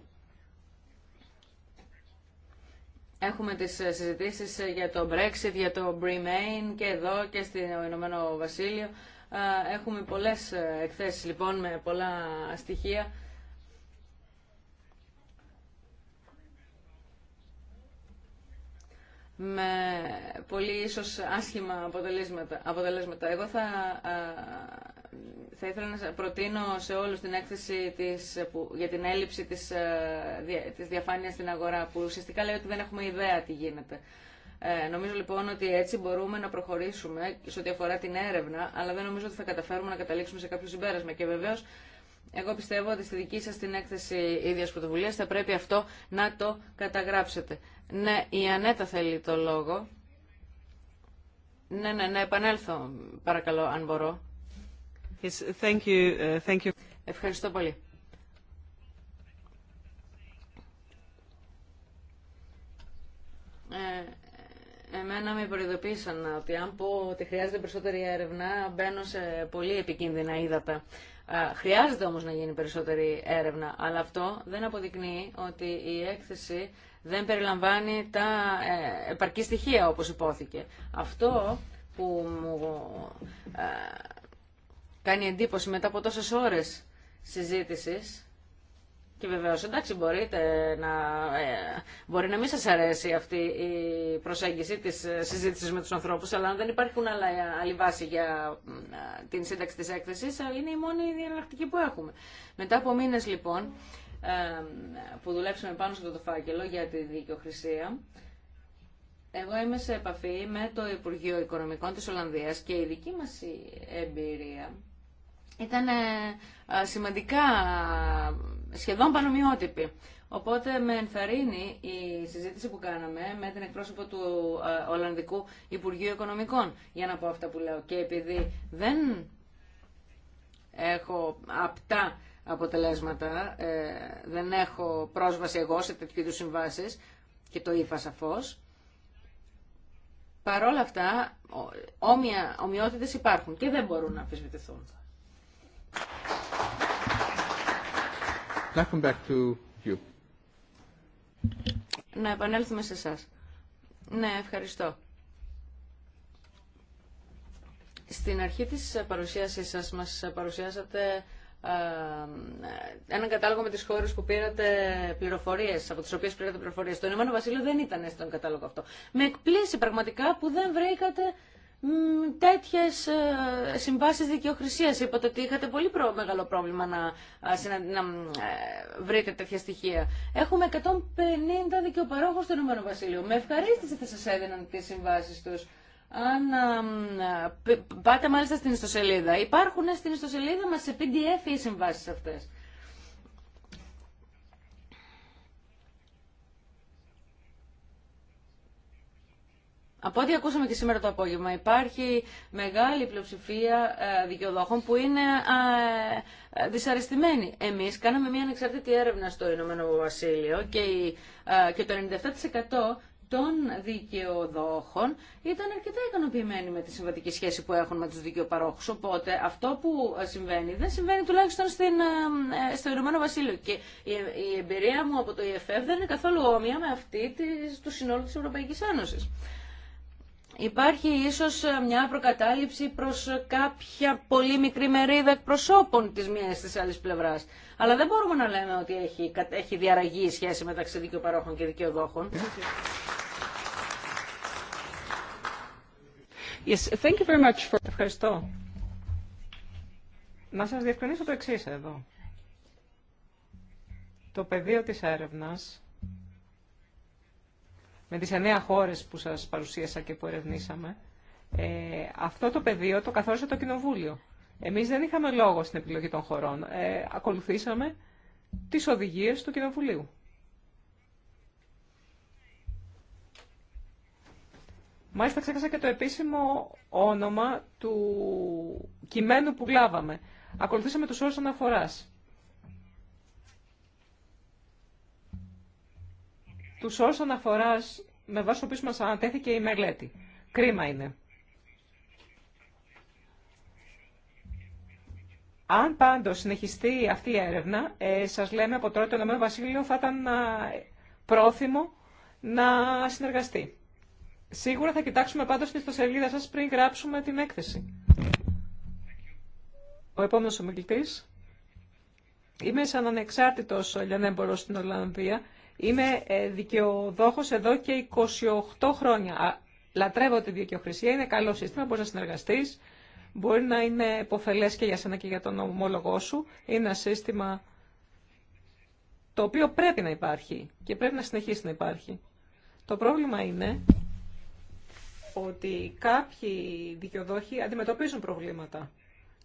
Έχουμε τις συζητήσεις για το Brexit, για το Remain και εδώ και στο Ηνωμένο Βασίλειο. Έχουμε πολλές εκθέσεις λοιπόν με πολλά στοιχεία με πολύ ίσως άσχημα αποτελέσματα. αποτελέσματα. Εγώ θα, θα ήθελα να προτείνω σε όλους την έκθεση της, για την έλλειψη της, της διαφάνειας στην αγορά, που ουσιαστικά λέει ότι δεν έχουμε ιδέα τι γίνεται. Ε, νομίζω λοιπόν ότι έτσι μπορούμε να προχωρήσουμε σε ό,τι αφορά την έρευνα, αλλά δεν νομίζω ότι θα καταφέρουμε να καταλήξουμε σε κάποιο συμπέρασμα. Και βεβαίως εγώ πιστεύω ότι στη δική σας την έκθεση ίδιας πρωτοβουλίας θα πρέπει αυτό να το καταγράψετε. Ναι, η Ανέτα θέλει το λόγο. Ναι, ναι, ναι, επανέλθω παρακαλώ αν μπορώ. Yes, thank you, uh, thank you. Ευχαριστώ πολύ. Ε, εμένα με προειδοποίησαν ότι αν πω ότι χρειάζεται περισσότερη έρευνα μπαίνω σε πολύ επικίνδυνα ύδατα. Ε, χρειάζεται όμως να γίνει περισσότερη έρευνα, αλλά αυτό δεν αποδεικνύει ότι η έκθεση δεν περιλαμβάνει τα ε, επαρκή στοιχεία όπως υπόθηκε. Αυτό που μου ε, κάνει εντύπωση μετά από τόσες ώρες συζήτησης και βεβαίω, εντάξει, μπορείτε να, ε, μπορεί να μην σα αρέσει αυτή η προσέγγιση τη συζήτηση με του ανθρώπου, αλλά αν δεν υπάρχουν άλλα, άλλη βάση για την σύνταξη τη έκθεση, είναι η μόνη διαλλακτική που έχουμε. Μετά από μήνε, λοιπόν, ε, που δουλέψαμε πάνω στο το φάκελο για τη δικαιοχρησία, εγώ είμαι σε επαφή με το Υπουργείο Οικονομικών της Ολλανδίας και η δική μας εμπειρία ήταν ε, σημαντικά σχεδόν πανομοιότυπη. Οπότε με ενθαρρύνει η συζήτηση που κάναμε με την εκπρόσωπο του ε, Ολλανδικού Υπουργείου Οικονομικών, για να πω αυτά που λέω. Και επειδή δεν έχω απτά αποτελέσματα, ε, δεν έχω πρόσβαση εγώ σε τέτοιου είδου συμβάσεις, και το είπα σαφώς, παρόλα αυτά, ομοιότητες υπάρχουν και δεν μπορούν να αμφισβητηθούν. Να επανέλθουμε σε εσά. Ναι, ευχαριστώ. Στην αρχή της παρουσίασής σας μας παρουσιάσατε έναν κατάλογο με τις χώρες που πήρατε πληροφορίες, από τις οποίες πήρατε πληροφορίες. Το Ηνωμένο Βασίλειο δεν ήταν στον κατάλογο αυτό. Με εκπλήσει πραγματικά που δεν βρήκατε τέτοιε συμβάσει δικαιοχρησία. Είπατε ότι είχατε πολύ μεγάλο πρόβλημα να, να, ε, βρείτε τέτοια στοιχεία. Έχουμε 150 δικαιοπαρόχου στο Ηνωμένο Βασίλειο. Με ευχαρίστηση θα σα έδιναν τι συμβάσει του. Αν πάτε μάλιστα στην ιστοσελίδα, υπάρχουν στην ιστοσελίδα μα σε PDF οι συμβάσει αυτέ. από ό,τι ακούσαμε και σήμερα το απόγευμα, υπάρχει μεγάλη πλειοψηφία ε, δικαιοδόχων που είναι ε, δυσαρεστημένοι. Εμείς κάναμε μια ανεξάρτητη έρευνα στο Ηνωμένο Βασίλειο και ε, το 97% των δικαιοδόχων ήταν αρκετά ικανοποιημένοι με τη συμβατική σχέση που έχουν με τους δικαιοπαρόχους. Οπότε αυτό που συμβαίνει δεν συμβαίνει τουλάχιστον στην, στο Ηνωμένο Βασίλειο. Και η, η εμπειρία μου από το EFF δεν είναι καθόλου όμοια με αυτή της, του συνόλου της Ευρωπαϊκής Ένωσης υπάρχει ίσως μια προκατάληψη προς κάποια πολύ μικρή μερίδα εκπροσώπων της μιας της άλλης πλευράς. Αλλά δεν μπορούμε να λέμε ότι έχει, έχει διαραγεί η σχέση μεταξύ δικαιοπαρόχων και δικαιοδόχων. Yes, thank you very much for... Ευχαριστώ. Να σας διευκρινίσω το εξής εδώ. Το πεδίο της έρευνας με τις εννέα χώρες που σας παρουσίασα και που ερευνήσαμε, ε, αυτό το πεδίο το καθόρισε το Κοινοβούλιο. Εμείς δεν είχαμε λόγο στην επιλογή των χωρών. Ε, ακολουθήσαμε τις οδηγίες του Κοινοβουλίου. Μάλιστα ξέχασα και το επίσημο όνομα του κειμένου που λάβαμε. Ακολουθήσαμε τους όρους αναφοράς. Του όρους αναφοράς με βάση οποίου μα ανατέθηκε η μελέτη. Κρίμα είναι. Αν πάντως συνεχιστεί αυτή η έρευνα, ε, σας λέμε από τώρα το Ηνωμένο Βασίλειο θα ήταν ε, πρόθυμο να συνεργαστεί. Σίγουρα θα κοιτάξουμε πάντως την ιστοσελίδα σας πριν γράψουμε την έκθεση. Ο επόμενος ομιλητής. Είμαι σαν ανεξάρτητος λιανέμπορος στην Ολλανδία Είμαι ε, δικαιοδόχος εδώ και 28 χρόνια. Λατρεύω τη δικαιοχρησία, είναι καλό σύστημα, μπορείς να συνεργαστείς, μπορεί να είναι εποφελές και για σένα και για τον ομόλογό σου. Είναι ένα σύστημα το οποίο πρέπει να υπάρχει και πρέπει να συνεχίσει να υπάρχει. Το πρόβλημα είναι ότι κάποιοι δικαιοδόχοι αντιμετωπίζουν προβλήματα.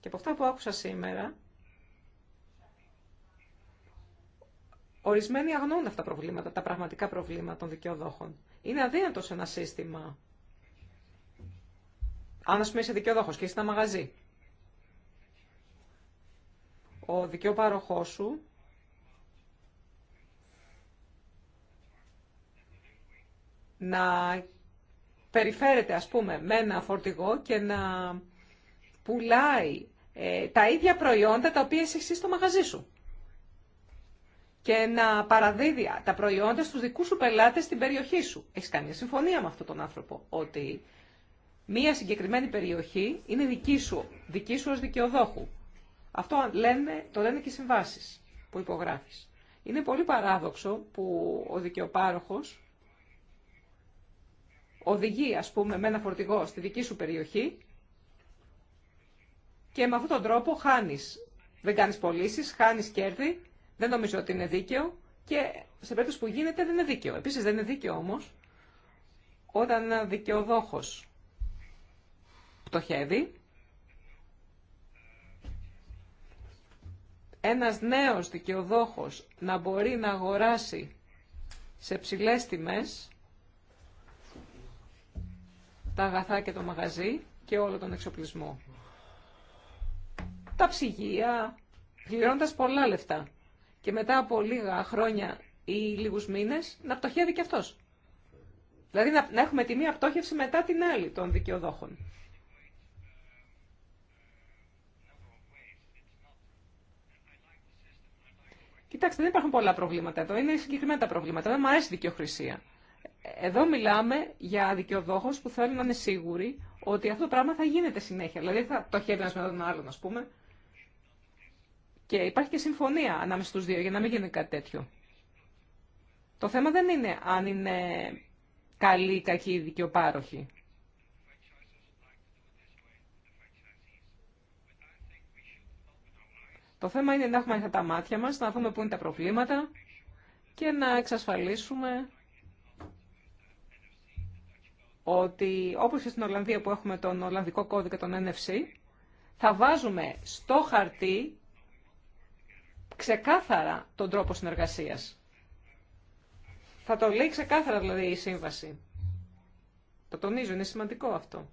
Και από αυτά που άκουσα σήμερα, Ορισμένοι αγνοούν αυτά τα προβλήματα, τα πραγματικά προβλήματα των δικαιοδόχων. Είναι αδύνατο σε ένα σύστημα. Αν, α πούμε, είσαι δικαιοδόχο και είσαι ένα μαγαζί. Ο δικαιοπάροχό σου να περιφέρεται, ας πούμε, με ένα φορτηγό και να πουλάει ε, τα ίδια προϊόντα τα οποία είσαι εσύ στο μαγαζί σου και να παραδίδει τα προϊόντα στους δικούς σου πελάτες στην περιοχή σου. Έχεις κάνει συμφωνία με αυτόν τον άνθρωπο ότι μια συγκεκριμένη περιοχή είναι δική σου, δική σου ως δικαιοδόχου. Αυτό λένε, το λένε και οι συμβάσεις που υπογράφεις. Είναι πολύ παράδοξο που ο δικαιοπάροχος οδηγεί, ας πούμε, με ένα φορτηγό στη δική σου περιοχή και με αυτόν τον τρόπο χάνεις. Δεν κάνεις πωλήσει, χάνεις κέρδη δεν νομίζω ότι είναι δίκαιο και σε περίπτωση που γίνεται δεν είναι δίκαιο. Επίσης δεν είναι δίκαιο όμως όταν ένα δικαιοδόχος πτωχεύει, ένας νέος δικαιοδόχος να μπορεί να αγοράσει σε ψηλές τιμές τα αγαθά και το μαγαζί και όλο τον εξοπλισμό. Τα ψυγεία, πληρώνοντας πολλά λεφτά και μετά από λίγα χρόνια ή λίγου μήνε να πτωχεύει και αυτό. Δηλαδή να, έχουμε τη μία πτώχευση μετά την άλλη των δικαιοδόχων. Κοιτάξτε, δεν υπάρχουν πολλά προβλήματα εδώ. Είναι συγκεκριμένα τα προβλήματα. Δεν μου αρέσει η δικαιοχρησία. Εδώ μιλάμε για δικαιοδόχου που θέλουν να είναι σίγουροι ότι αυτό το πράγμα θα γίνεται συνέχεια. Δηλαδή θα το ένα με τον άλλον, α πούμε. Και υπάρχει και συμφωνία ανάμεσα στους δύο για να μην γίνει κάτι τέτοιο. Το θέμα δεν είναι αν είναι καλή ή κακή η δικαιοπάροχη. Το θέμα είναι να έχουμε ανοιχτά τα μάτια μας, να δούμε πού είναι τα προβλήματα και να εξασφαλίσουμε ότι όπως και στην Ολλανδία που έχουμε τον Ολλανδικό κώδικα, τον NFC, θα βάζουμε στο χαρτί ξεκάθαρα τον τρόπο συνεργασίας. Θα το λέει ξεκάθαρα δηλαδή η σύμβαση. Το τονίζω, είναι σημαντικό αυτό.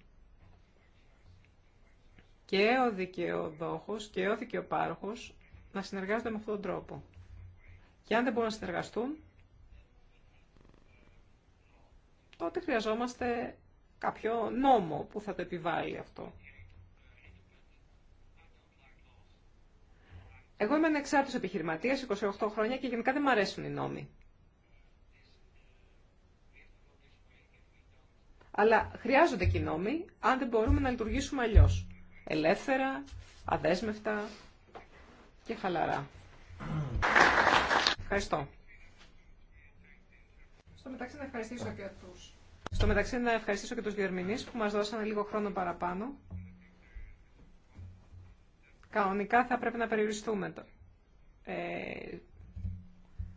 Και ο δικαιοδόχος και ο δικαιοπάροχος να συνεργάζονται με αυτόν τον τρόπο. Και αν δεν μπορούν να συνεργαστούν, τότε χρειαζόμαστε κάποιο νόμο που θα το επιβάλλει αυτό. Εγώ είμαι ανεξάρτητος επιχειρηματίας, 28 χρόνια και γενικά δεν μου αρέσουν οι νόμοι. Αλλά χρειάζονται και οι νόμοι αν δεν μπορούμε να λειτουργήσουμε αλλιώς. Ελεύθερα, αδέσμευτα και χαλαρά. Ευχαριστώ. Στο μεταξύ να ευχαριστήσω και τους. Στο μεταξύ να ευχαριστήσω και τους διερμηνείς που μας δώσανε λίγο χρόνο παραπάνω. Κανονικά θα πρέπει να περιοριστούμε το, ε,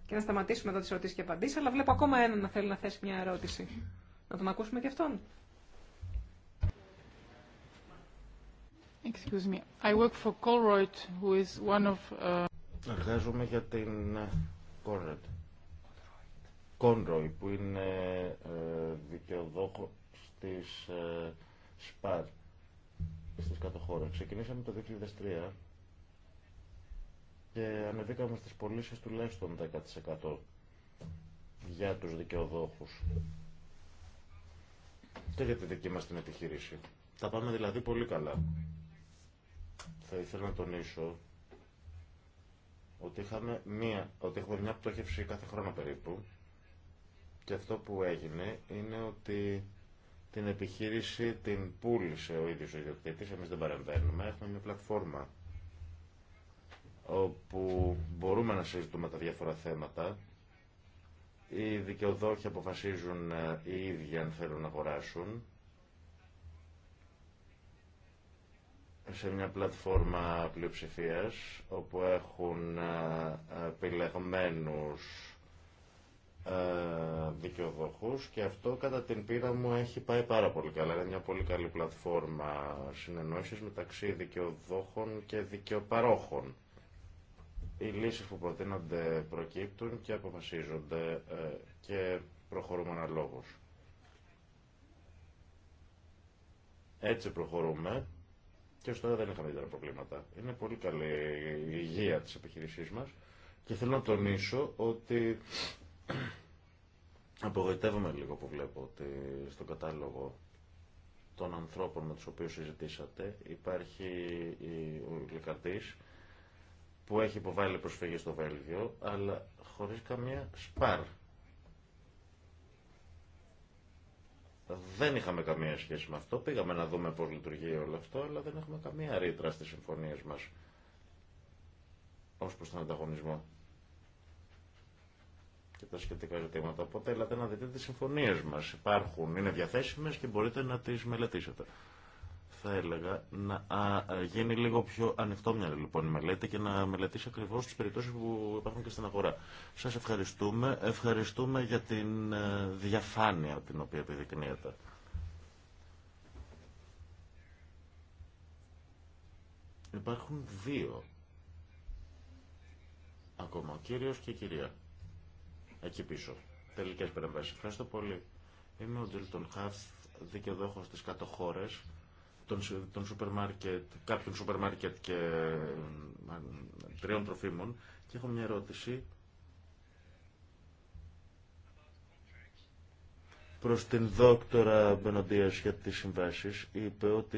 και να σταματήσουμε εδώ τις ερωτήσεις και απαντήσεις, αλλά βλέπω ακόμα έναν να θέλει να θέσει μια ερώτηση. Να τον ακούσουμε και αυτόν. Excuse me. I work for Colroyd, who is one of... Uh, Εργάζομαι για την ε, Colroyd. Conroy, που είναι ε, δικαιοδόχος της ε, στις κάτω Ξεκινήσαμε το 2003 και ανεβήκαμε στις πωλήσει τουλάχιστον 10% για τους δικαιοδόχους και για τη δική μας την επιχείρηση. Τα πάμε δηλαδή πολύ καλά. Θα ήθελα να τονίσω ότι, είχαμε μία, ότι έχουμε μια πτώχευση κάθε χρόνο περίπου και αυτό που έγινε είναι ότι την επιχείρηση την πούλησε ο ίδιος ο ιδιοκτήτης, εμείς δεν παρεμβαίνουμε, έχουμε μια πλατφόρμα όπου μπορούμε να συζητούμε τα διάφορα θέματα. Οι δικαιοδόχοι αποφασίζουν ε, οι ίδιοι αν θέλουν να αγοράσουν. σε μια πλατφόρμα πλειοψηφίας όπου έχουν ε, επιλεγμένους ε, δικαιοδοχούς και αυτό κατά την πείρα μου έχει πάει πάρα πολύ καλά. Είναι μια πολύ καλή πλατφόρμα συνεννόησης μεταξύ δικαιοδόχων και δικαιοπαρόχων. Οι λύσεις που προτείνονται προκύπτουν και αποφασίζονται ε, και προχωρούμε αναλόγως. Έτσι προχωρούμε και ως τώρα δεν είχαμε ιδιαίτερα προβλήματα. Είναι πολύ καλή η υγεία της επιχείρησής μας και θέλω να τονίσω ότι Απογοητεύομαι λίγο που βλέπω ότι στον κατάλογο των ανθρώπων με τους οποίους συζητήσατε υπάρχει ο Γλυκαρτής που έχει υποβάλει προσφυγή στο Βέλγιο αλλά χωρίς καμία σπάρ. Δεν είχαμε καμία σχέση με αυτό. Πήγαμε να δούμε πώς λειτουργεί όλο αυτό, αλλά δεν έχουμε καμία ρήτρα στις συμφωνίες μας ως προς τον ανταγωνισμό και τα σχετικά ζητήματα. Οπότε έλατε να δείτε τι συμφωνίες μας. Υπάρχουν, είναι διαθέσιμες και μπορείτε να τις μελετήσετε. Θα έλεγα να γίνει λίγο πιο ανοιχτό λοιπόν η μελέτη και να μελετήσει ακριβώ τις περιπτώσεις που υπάρχουν και στην αγορά. Σας ευχαριστούμε. Ευχαριστούμε για την ε, διαφάνεια την οποία επιδεικνύεται. Υπάρχουν δύο ακόμα, κύριος και κυρία εκεί πίσω. Τελικέ παρεμβάσει. Ευχαριστώ πολύ. Είμαι ο Τζίλτον Χάρθ, δικαιοδόχο τη κατοχώρε των, σούπερ μάρκετ, κάποιων σούπερ μάρκετ και τριών τροφίμων και έχω μια ερώτηση προς την δόκτωρα Μπενοντίας για τις συμβάσεις. Είπε ότι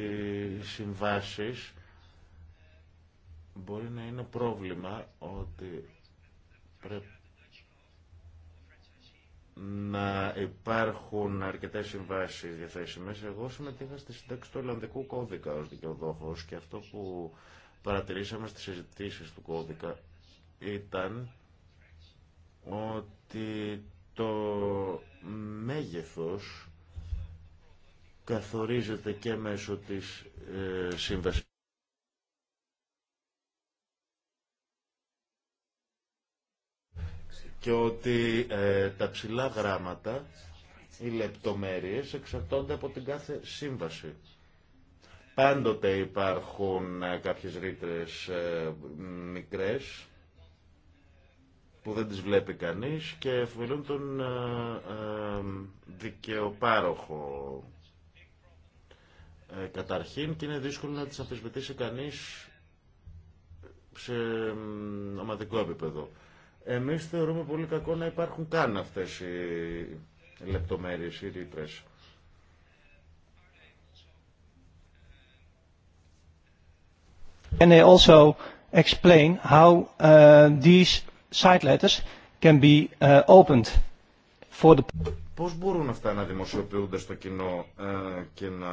οι συμβάσεις μπορεί να είναι πρόβλημα ότι πρέπει να υπάρχουν αρκετές συμβάσεις διαθέσιμες. Εγώ συμμετείχα στη σύνταξη του Ολλανδικού Κώδικα ως δικαιοδόχος και αυτό που παρατηρήσαμε στις συζητήσεις του Κώδικα ήταν ότι το μέγεθος καθορίζεται και μέσω της ε, σύμβασης. και ότι ε, τα ψηλά γράμματα, οι λεπτομέρειες εξαρτώνται από την κάθε σύμβαση. Πάντοτε υπάρχουν ε, κάποιες ρήτρες ε, μικρές που δεν τις βλέπει κανείς και εφημερούν τον ε, δικαιοπάροχο καταρχήν και είναι δύσκολο να τις αφισβητήσει κανείς σε ομαδικό επίπεδο. Εμείς θεωρούμε πολύ κακό να υπάρχουν καν αυτές οι λεπτομέρειες, οι ρήτρες. Can they also explain how uh, these side letters can be uh, opened for the Πώς μπορούν αυτά να δημοσιοποιούνται στο κοινό ε, και να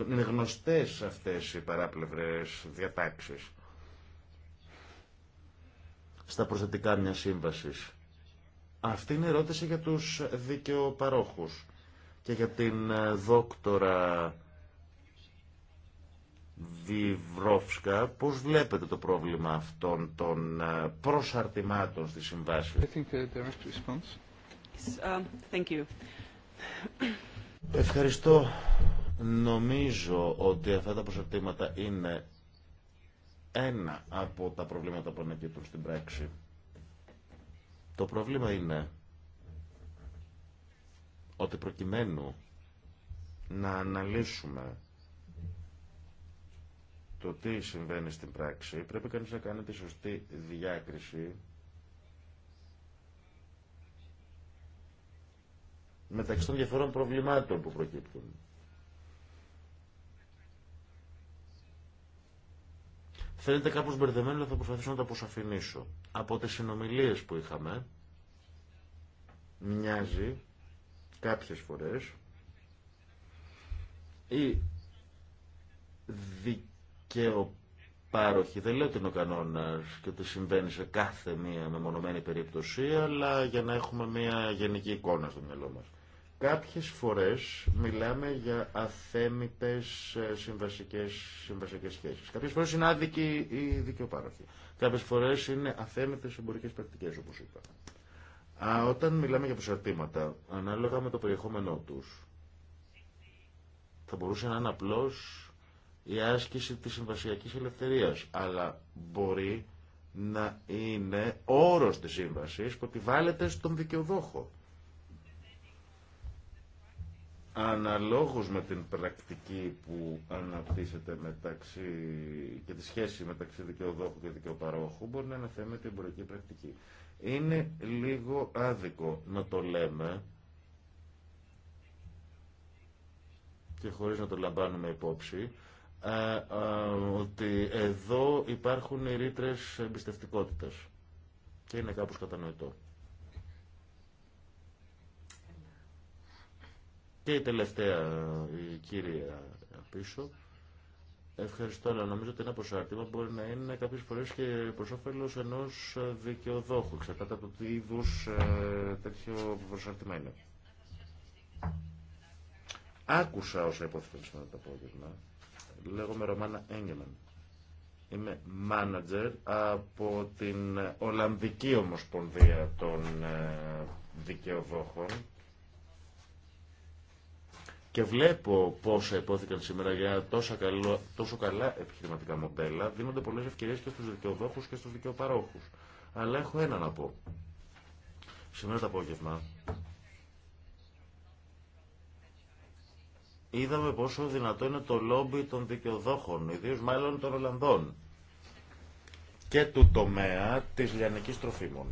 ε, είναι γνωστές αυτές οι παράπλευρες διατάξεις στα προσθετικά μια σύμβαση. Αυτή είναι η ερώτηση για τους δικαιοπαρόχους και για την ε, δόκτορα Βιβρόφσκα. Πώς βλέπετε το πρόβλημα αυτών των ε, προσαρτημάτων στη uh, um, you. Ευχαριστώ. Νομίζω ότι αυτά τα προσαρτήματα είναι ένα από τα προβλήματα που ανακύπτουν στην πράξη. Το πρόβλημα είναι ότι προκειμένου να αναλύσουμε το τι συμβαίνει στην πράξη, πρέπει κανείς να κάνει τη σωστή διάκριση μεταξύ των διαφορών προβλημάτων που προκύπτουν. Φαίνεται κάπως μπερδεμένο, αλλά θα προσπαθήσω να τα αποσαφηνίσω. Από τις συνομιλίες που είχαμε, μοιάζει κάποιες φορές η δικαιοπάροχη, δεν λέω ότι είναι ο κανόνας και ότι συμβαίνει σε κάθε μία μεμονωμένη περίπτωση, αλλά για να έχουμε μία γενική εικόνα στο μυαλό μας. Κάποιες φορές μιλάμε για αθέμητες ε, συμβασικές, συμβασικές σχέσεις. Κάποιες φορές είναι άδικοι οι δικαιοπάροχοι. Κάποιες φορές είναι αθέμητες εμπορικές πρακτικές, όπως είπα. Α, όταν μιλάμε για προσαρτήματα, ανάλογα με το περιεχόμενό τους, θα μπορούσε να είναι απλώς η άσκηση της συμβασιακής ελευθερίας, αλλά μπορεί να είναι όρος της σύμβασης που επιβάλλεται στον δικαιοδόχο αναλόγως με την πρακτική που αναπτύσσεται μεταξύ και τη σχέση μεταξύ δικαιοδόχου και δικαιοπαρόχου μπορεί να την εμπορική πρακτική. Είναι λίγο άδικο να το λέμε και χωρίς να το λαμβάνουμε υπόψη ε, ε, ότι εδώ υπάρχουν οι ρήτρες εμπιστευτικότητας και είναι κάπως κατανοητό. Και η τελευταία, η κυρία πίσω. Ευχαριστώ, αλλά νομίζω ότι ένα προσάρτημα μπορεί να είναι κάποιε φορέ και προ όφελο ενό δικαιοδόχου, εξαρτάται από τι είδου ε, τέτοιο προσάρτημα είναι. Άκουσα όσα υπόθηκαν σήμερα το απόγευμα. Λέγομαι Ρωμάνα Έγκεμαν. Είμαι μάνατζερ από την Ολλανδική Ομοσπονδία των ε, Δικαιοδόχων και βλέπω πόσα υπόθηκαν σήμερα για τόσα καλό, τόσο καλά επιχειρηματικά μοντέλα. Δίνονται πολλές ευκαιρίες και στους δικαιοδόχους και στους δικαιοπαρόχους. Αλλά έχω ένα να πω. Σήμερα το απόγευμα είδαμε πόσο δυνατό είναι το λόμπι των δικαιοδόχων, ιδίως μάλλον των Ολλανδών και του τομέα της λιανικής τροφίμων.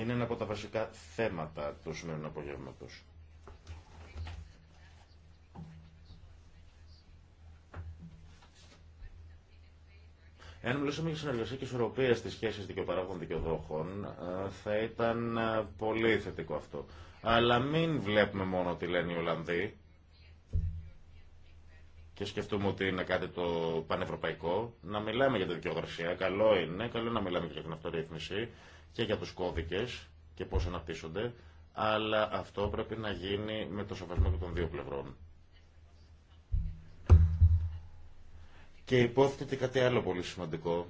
είναι ένα από τα βασικά θέματα του σημερινού απογεύματος. Εάν μιλούσαμε για συνεργασία και ισορροπία στι σχέσει δικαιοπαράγων δικαιοδόχων, ε, θα ήταν ε, πολύ θετικό αυτό. Αλλά μην βλέπουμε μόνο τι λένε οι Ολλανδοί και σκεφτούμε ότι είναι κάτι το πανευρωπαϊκό. Να μιλάμε για τη δικαιοδοσία. Καλό είναι, καλό να μιλάμε για την αυτορύθμιση και για τους κώδικες και πώς αναπτύσσονται, αλλά αυτό πρέπει να γίνει με το σεβασμό των δύο πλευρών. Και υπόθεται κάτι άλλο πολύ σημαντικό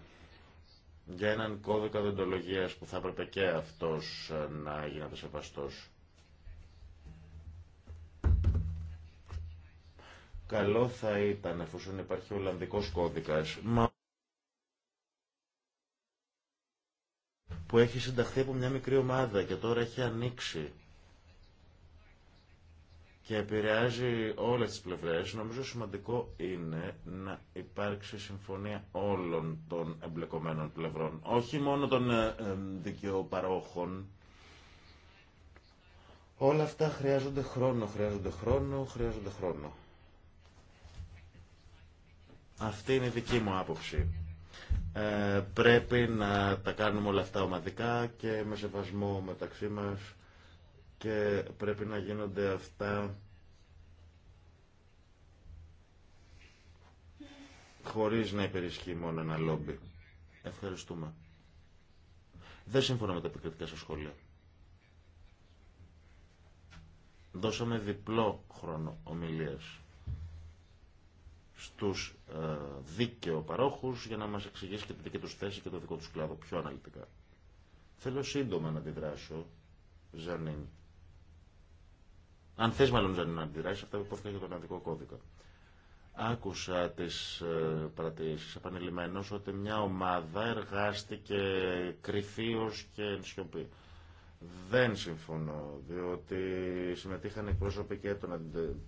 για έναν κώδικα δεντολογίας που θα έπρεπε και αυτός ε, να γίνεται σεβαστός. Καλό θα ήταν εφόσον υπάρχει ο Ολλανδικός κώδικας. που έχει συνταχθεί από μια μικρή ομάδα και τώρα έχει ανοίξει και επηρεάζει όλες τις πλευρές, νομίζω σημαντικό είναι να υπάρξει συμφωνία όλων των εμπλεκομένων πλευρών, όχι μόνο των ε, ε, δικαιοπαρόχων. Όλα αυτά χρειάζονται χρόνο, χρειάζονται χρόνο, χρειάζονται χρόνο. Αυτή είναι η δική μου άποψη. Ε, πρέπει να τα κάνουμε όλα αυτά ομαδικά και με σεβασμό μεταξύ μας και πρέπει να γίνονται αυτά χωρίς να υπερισχύει μόνο ένα λόμπι. Ευχαριστούμε. Δεν σύμφωνα με τα επικριτικά σας σχόλια. Δώσαμε διπλό χρόνο ομιλίας στους ε, δίκαιο παρόχου για να μας εξηγήσει και τη δική τους θέση και το δικό τους κλάδο πιο αναλυτικά. Θέλω σύντομα να αντιδράσω, Ζανίν. Αν θες μάλλον Ζανίν να αντιδράσει, αυτά που υπόθηκαν για τον αδικό κώδικα. Άκουσα τις ε, παρατηρήσεις επανειλημμένως ότι μια ομάδα εργάστηκε κρυφίως και σιωπή. Δεν συμφωνώ, διότι συμμετείχαν εκπρόσωποι και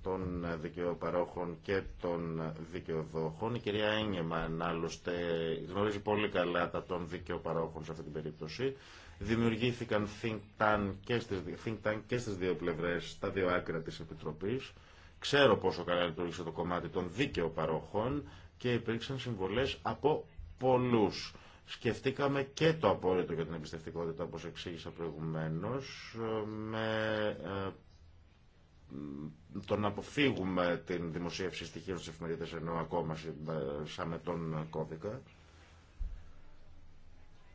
των δικαιοπαρόχων και των δικαιοδόχων. Η κυρία Ένγεμαν, άλλωστε, γνωρίζει πολύ καλά τα των δικαιοπαρόχων σε αυτή την περίπτωση. Δημιουργήθηκαν think tank και στις, think tank και στις δύο πλευρές, στα δύο άκρα της Επιτροπής. Ξέρω πόσο καλά λειτουργήσε το κομμάτι των δικαιοπαρόχων και υπήρξαν συμβολές από πολλούς. Σκεφτήκαμε και το απόρριτο για την εμπιστευτικότητα, όπως εξήγησα προηγουμένως, με ε, το να αποφύγουμε την δημοσίευση στοιχείων στις εφημερίδες, ενώ ακόμα ε, σαν με τον κώδικα.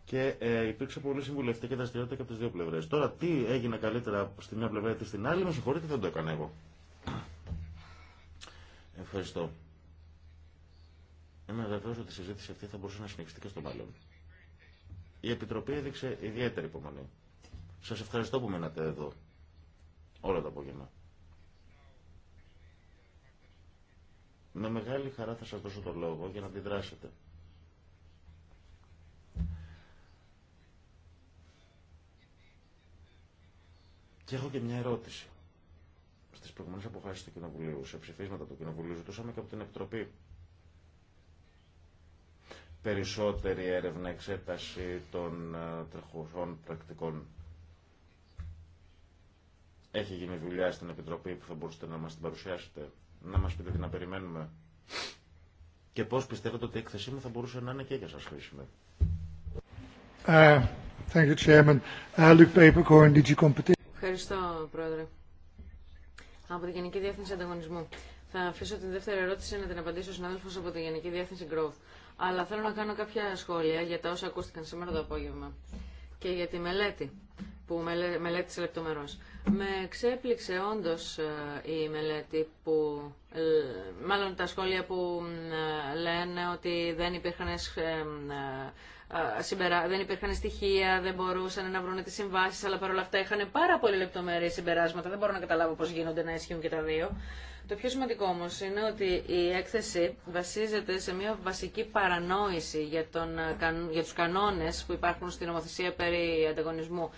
Και ε, υπήρξε πολύ συμβουλευτική δραστηριότητα και από τι δύο πλευρές. Τώρα, τι έγινε καλύτερα στη μια πλευρά ή στην άλλη, με συγχωρείτε, δεν το έκανα εγώ. Ευχαριστώ. Είμαι βεβαίω ότι η συζήτηση αυτή θα μπορούσε να συνεχιστεί και στο μέλλον. Η Επιτροπή έδειξε ιδιαίτερη υπομονή. Σα ευχαριστώ που μείνατε εδώ όλο το απόγευμα. Με μεγάλη χαρά θα σα δώσω το λόγο για να αντιδράσετε. Και έχω και μια ερώτηση. στι προηγούμενε αποφάσει του Κοινοβουλίου, σε ψηφίσματα του Κοινοβουλίου, ζητούσαμε και από την Επιτροπή περισσότερη έρευνα εξέταση των ε, τρεχουσών πρακτικών. Έχει γίνει δουλειά στην Επιτροπή που θα μπορούσατε να μας την παρουσιάσετε, να μας πείτε τι να περιμένουμε και πώς πιστεύετε ότι η έκθεσή μου θα μπορούσε να είναι και για σας χρήσιμη. Ε, Ευχαριστώ, Πρόεδρε. Από τη Γενική Διεύθυνση Ανταγωνισμού. Θα αφήσω την δεύτερη ερώτηση να την απαντήσω ο συνάδελφο από τη Γενική Διεύθυνση Growth αλλά θέλω να κάνω κάποια σχόλια για τα όσα ακούστηκαν σήμερα το απόγευμα και για τη μελέτη που μελέ, μελέτησε λεπτομερώς. Με ξέπληξε όντως ε, η μελέτη που, ε, μάλλον τα σχόλια που ε, λένε ότι δεν υπήρχαν, συμπερα... δεν υπήρχαν στοιχεία, δεν μπορούσαν να βρουν τις συμβάσεις, αλλά παρόλα αυτά είχαν πάρα πολύ λεπτομερή συμπεράσματα, δεν μπορώ να καταλάβω πώς γίνονται να ισχύουν και τα δύο. Το πιο σημαντικό όμω είναι ότι η έκθεση βασίζεται σε μια βασική παρανόηση για, τον, ε, για τους κανόνες που υπάρχουν στην νομοθεσία περί ανταγωνισμού.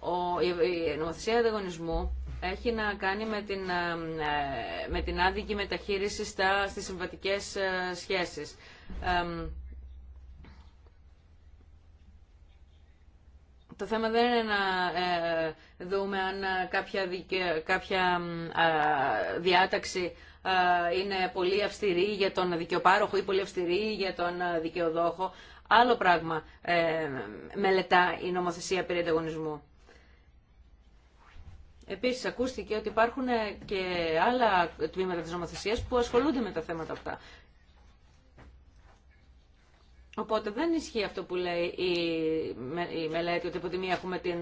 Ο, η νομοθεσία ανταγωνισμού έχει να κάνει με την, ε, με την άδικη μεταχείριση στα, στις συμβατικές ε, σχέσεις. Το θέμα δεν είναι να ε, δούμε αν ε, κάποια, κάποια διάταξη ε, είναι πολύ αυστηρή για τον δικαιοπάροχο ή πολύ αυστηρή για τον δικαιοδόχο. Άλλο πράγμα μελετά η νομοθεσία περί ανταγωνισμού. Επίσης ακούστηκε ότι υπάρχουν και άλλα τμήματα της νομοθεσίας που ασχολούνται με τα θέματα αυτά. Οπότε δεν ισχύει αυτό που λέει η, μελέτη ότι από τη μία έχουμε την,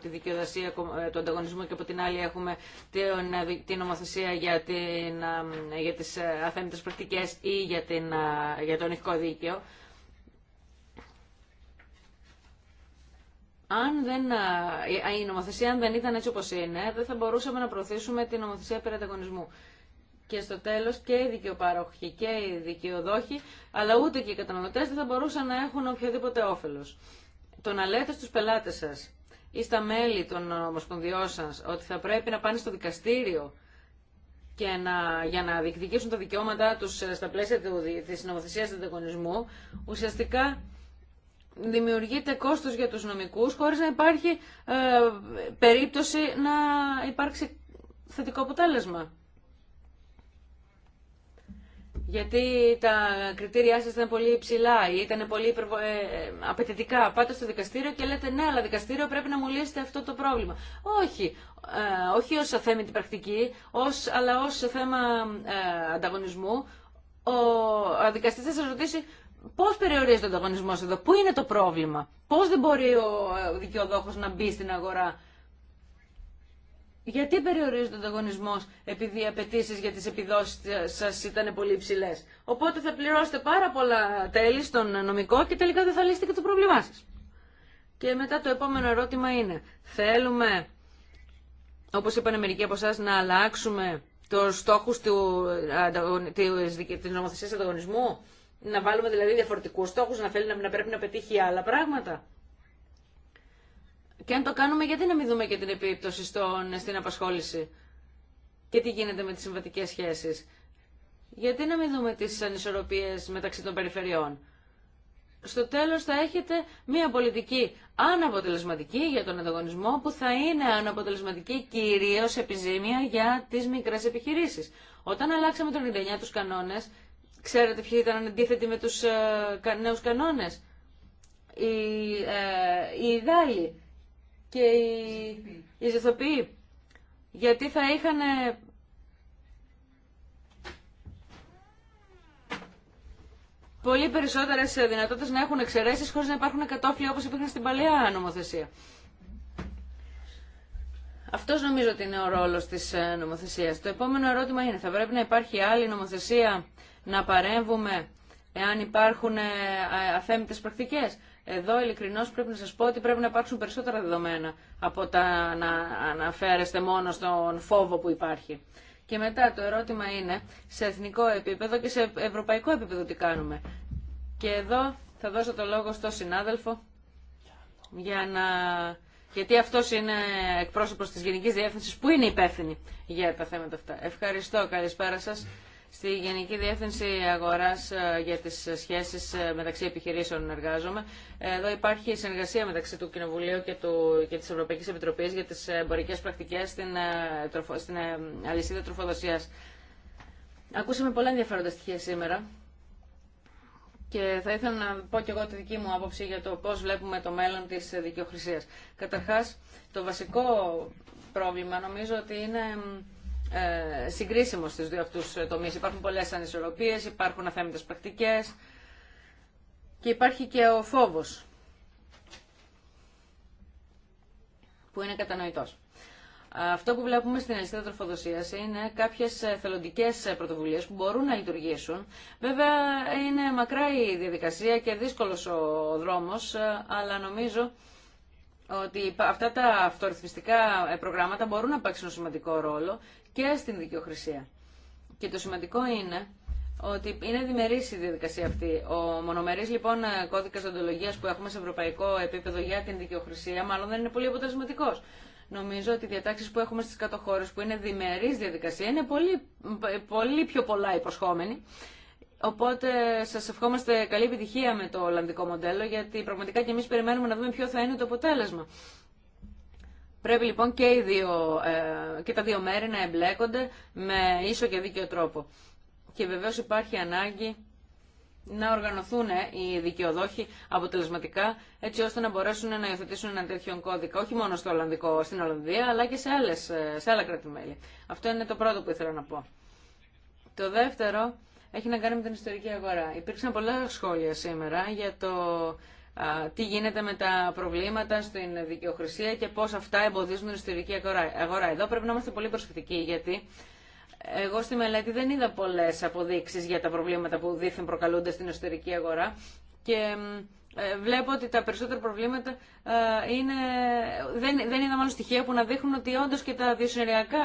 τη δικαιοδοσία ε, του ανταγωνισμού και από την άλλη έχουμε την, ε, την νομοθεσία για, την, ε, για τις αθέμητες πρακτικές ή για, την, για το νυχικό δίκαιο. Αν δεν, η νομοθεσία αν δεν ήταν έτσι όπως είναι, δεν θα μπορούσαμε να προωθήσουμε την νομοθεσία περί ανταγωνισμού και στο τέλο και οι δικαιοπαροχοί και οι δικαιοδόχοι, αλλά ούτε και οι καταναλωτέ δεν θα μπορούσαν να έχουν οποιοδήποτε όφελο. Το να λέτε στου πελάτε σα ή στα μέλη των ομοσπονδιών σα ότι θα πρέπει να πάνε στο δικαστήριο και να, για να διεκδικήσουν τα δικαιώματά τους ε, στα πλαίσια τη νομοθεσία του ανταγωνισμού, ουσιαστικά δημιουργείται κόστος για τους νομικούς χωρίς να υπάρχει ε, περίπτωση να υπάρξει θετικό αποτέλεσμα γιατί τα κριτήριά σα ήταν πολύ υψηλά ή ήταν πολύ ε, ε, απαιτητικά. Πάτε στο δικαστήριο και λέτε ναι, αλλά δικαστήριο πρέπει να μου λύσετε αυτό το πρόβλημα. Όχι, ε, όχι ως την πρακτική, ως, αλλά ως θέμα ανταγωνισμού. Ο, ο δικαστής θα σα ρωτήσει πώς περιορίζεται ο ανταγωνισμός εδώ, πού είναι το πρόβλημα, πώ δεν μπορεί ο δικαιοδόχο να μπει στην αγορά γιατί περιορίζεται ο ανταγωνισμό επειδή οι απαιτήσει για τι επιδόσει σα ήταν πολύ υψηλέ. Οπότε θα πληρώσετε πάρα πολλά τέλη στον νομικό και τελικά δεν θα λύσετε και το πρόβλημά σα. Και μετά το επόμενο ερώτημα είναι, θέλουμε, όπω είπαν μερικοί από εσά, να αλλάξουμε τους στόχους του στόχου τη νομοθεσία ανταγωνισμού. Να βάλουμε δηλαδή διαφορετικού στόχου, να να πρέπει να πετύχει άλλα πράγματα. Και αν το κάνουμε, γιατί να μην δούμε και την επίπτωση στον, στην απασχόληση και τι γίνεται με τις συμβατικές σχέσεις. Γιατί να μην δούμε τις ανισορροπίες μεταξύ των περιφερειών. Στο τέλος θα έχετε μία πολιτική αναποτελεσματική για τον ανταγωνισμό που θα είναι αναποτελεσματική κυρίως επιζήμια για τις μικρές επιχειρήσεις. Όταν αλλάξαμε το 99 τους κανόνες, ξέρετε ποιοι ήταν αντίθετοι με τους ε, νέους κανόνες. Οι, ε, οι και οι, οι Γιατί θα είχαν ε, πολύ περισσότερε δυνατότητε να έχουν εξαιρέσει χωρί να υπάρχουν κατόφλια όπω υπήρχαν στην παλαιά νομοθεσία. Αυτό νομίζω ότι είναι ο ρόλο τη ε, νομοθεσία. Το επόμενο ερώτημα είναι, θα πρέπει να υπάρχει άλλη νομοθεσία να παρέμβουμε εάν υπάρχουν ε, αθέμητες πρακτικές. Εδώ ειλικρινώς πρέπει να σας πω ότι πρέπει να υπάρξουν περισσότερα δεδομένα από τα να αναφέρεστε μόνο στον φόβο που υπάρχει. Και μετά το ερώτημα είναι σε εθνικό επίπεδο και σε ευρωπαϊκό επίπεδο τι κάνουμε. Και εδώ θα δώσω το λόγο στον συνάδελφο για να... γιατί αυτός είναι εκπρόσωπος της Γενικής Διεύθυνσης που είναι υπεύθυνη για τα θέματα αυτά. Ευχαριστώ, καλησπέρα σας. Στη Γενική Διεύθυνση Αγοράς ε, για τις σχέσεις ε, μεταξύ επιχειρήσεων εργάζομαι. Εδώ υπάρχει συνεργασία μεταξύ του Κοινοβουλίου και, του, και της Ευρωπαϊκής Επιτροπής για τις εμπορικές πρακτικές στην, ε, στην αλυσίδα τροφοδοσίας. Ακούσαμε πολλά ενδιαφέροντα στοιχεία σήμερα και θα ήθελα να πω και εγώ τη δική μου άποψη για το πώς βλέπουμε το μέλλον της δικαιοχρησίας. Καταρχάς, το βασικό πρόβλημα νομίζω ότι είναι ε, συγκρίσιμο στις δύο αυτούς τομείς. Υπάρχουν πολλές ανισορροπίες, υπάρχουν αθέμητες πρακτικές και υπάρχει και ο φόβος που είναι κατανοητός. Αυτό που βλέπουμε στην αλυσίδα τροφοδοσία είναι κάποιε θελοντικέ πρωτοβουλίε που μπορούν να λειτουργήσουν. Βέβαια, είναι μακρά η διαδικασία και δύσκολο ο δρόμο, αλλά νομίζω ότι αυτά τα αυτορυθμιστικά προγράμματα μπορούν να παίξουν σημαντικό ρόλο και στην δικαιοχρησία. Και το σημαντικό είναι ότι είναι διμερής η διαδικασία αυτή. Ο μονομερής λοιπόν κώδικας οντολογίας που έχουμε σε ευρωπαϊκό επίπεδο για την δικαιοχρησία μάλλον δεν είναι πολύ αποτελεσματικό. Νομίζω ότι οι διατάξει που έχουμε στις κατοχώρε, που είναι διμερής διαδικασία είναι πολύ, πολύ πιο πολλά υποσχόμενοι. Οπότε σα ευχόμαστε καλή επιτυχία με το Ολλανδικό μοντέλο, γιατί πραγματικά και εμεί περιμένουμε να δούμε ποιο θα είναι το αποτέλεσμα. Πρέπει λοιπόν και, οι δύο, ε, και τα δύο μέρη να εμπλέκονται με ίσο και δίκαιο τρόπο. Και βεβαίως υπάρχει ανάγκη να οργανωθούν ε, οι δικαιοδόχοι αποτελεσματικά έτσι ώστε να μπορέσουν να υιοθετήσουν ένα τέτοιο κώδικα όχι μόνο στο Ολλανδικό, στην Ολλανδία αλλά και σε, άλλες, ε, σε άλλα κράτη-μέλη. Αυτό είναι το πρώτο που ήθελα να πω. Το δεύτερο έχει να κάνει με την ιστορική αγορά. Υπήρξαν πολλά σχόλια σήμερα για το τι γίνεται με τα προβλήματα στην δικαιοχρησία και πώς αυτά εμποδίζουν την ιστορική αγορά. Εδώ πρέπει να είμαστε πολύ προσεκτικοί γιατί εγώ στη μελέτη δεν είδα πολλές αποδείξεις για τα προβλήματα που δήθεν προκαλούνται στην εσωτερική αγορά και ε, βλέπω ότι τα περισσότερα προβλήματα είναι... Δεν, δεν είδα μάλλον στοιχεία που να δείχνουν ότι όντω και τα διασυνοριακά,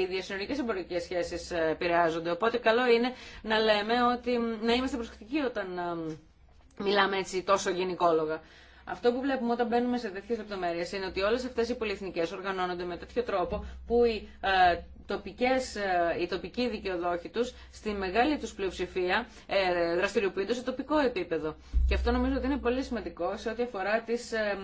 οι διασυνοριακέ εμπορικέ σχέσει ε, επηρεάζονται. Οπότε καλό είναι να λέμε ότι να είμαστε προσεκτικοί όταν μιλάμε έτσι τόσο γενικόλογα. Αυτό που βλέπουμε όταν μπαίνουμε σε τέτοιε λεπτομέρειε είναι ότι όλε αυτέ οι πολυεθνικέ οργανώνονται με τέτοιο τρόπο που οι, ε, τοπικές, ε, οι τοπικοί δικαιοδόχοι του, στη μεγάλη του πλειοψηφία, ε, δραστηριοποιούνται σε τοπικό επίπεδο. Και αυτό νομίζω ότι είναι πολύ σημαντικό σε ό,τι αφορά τι ε,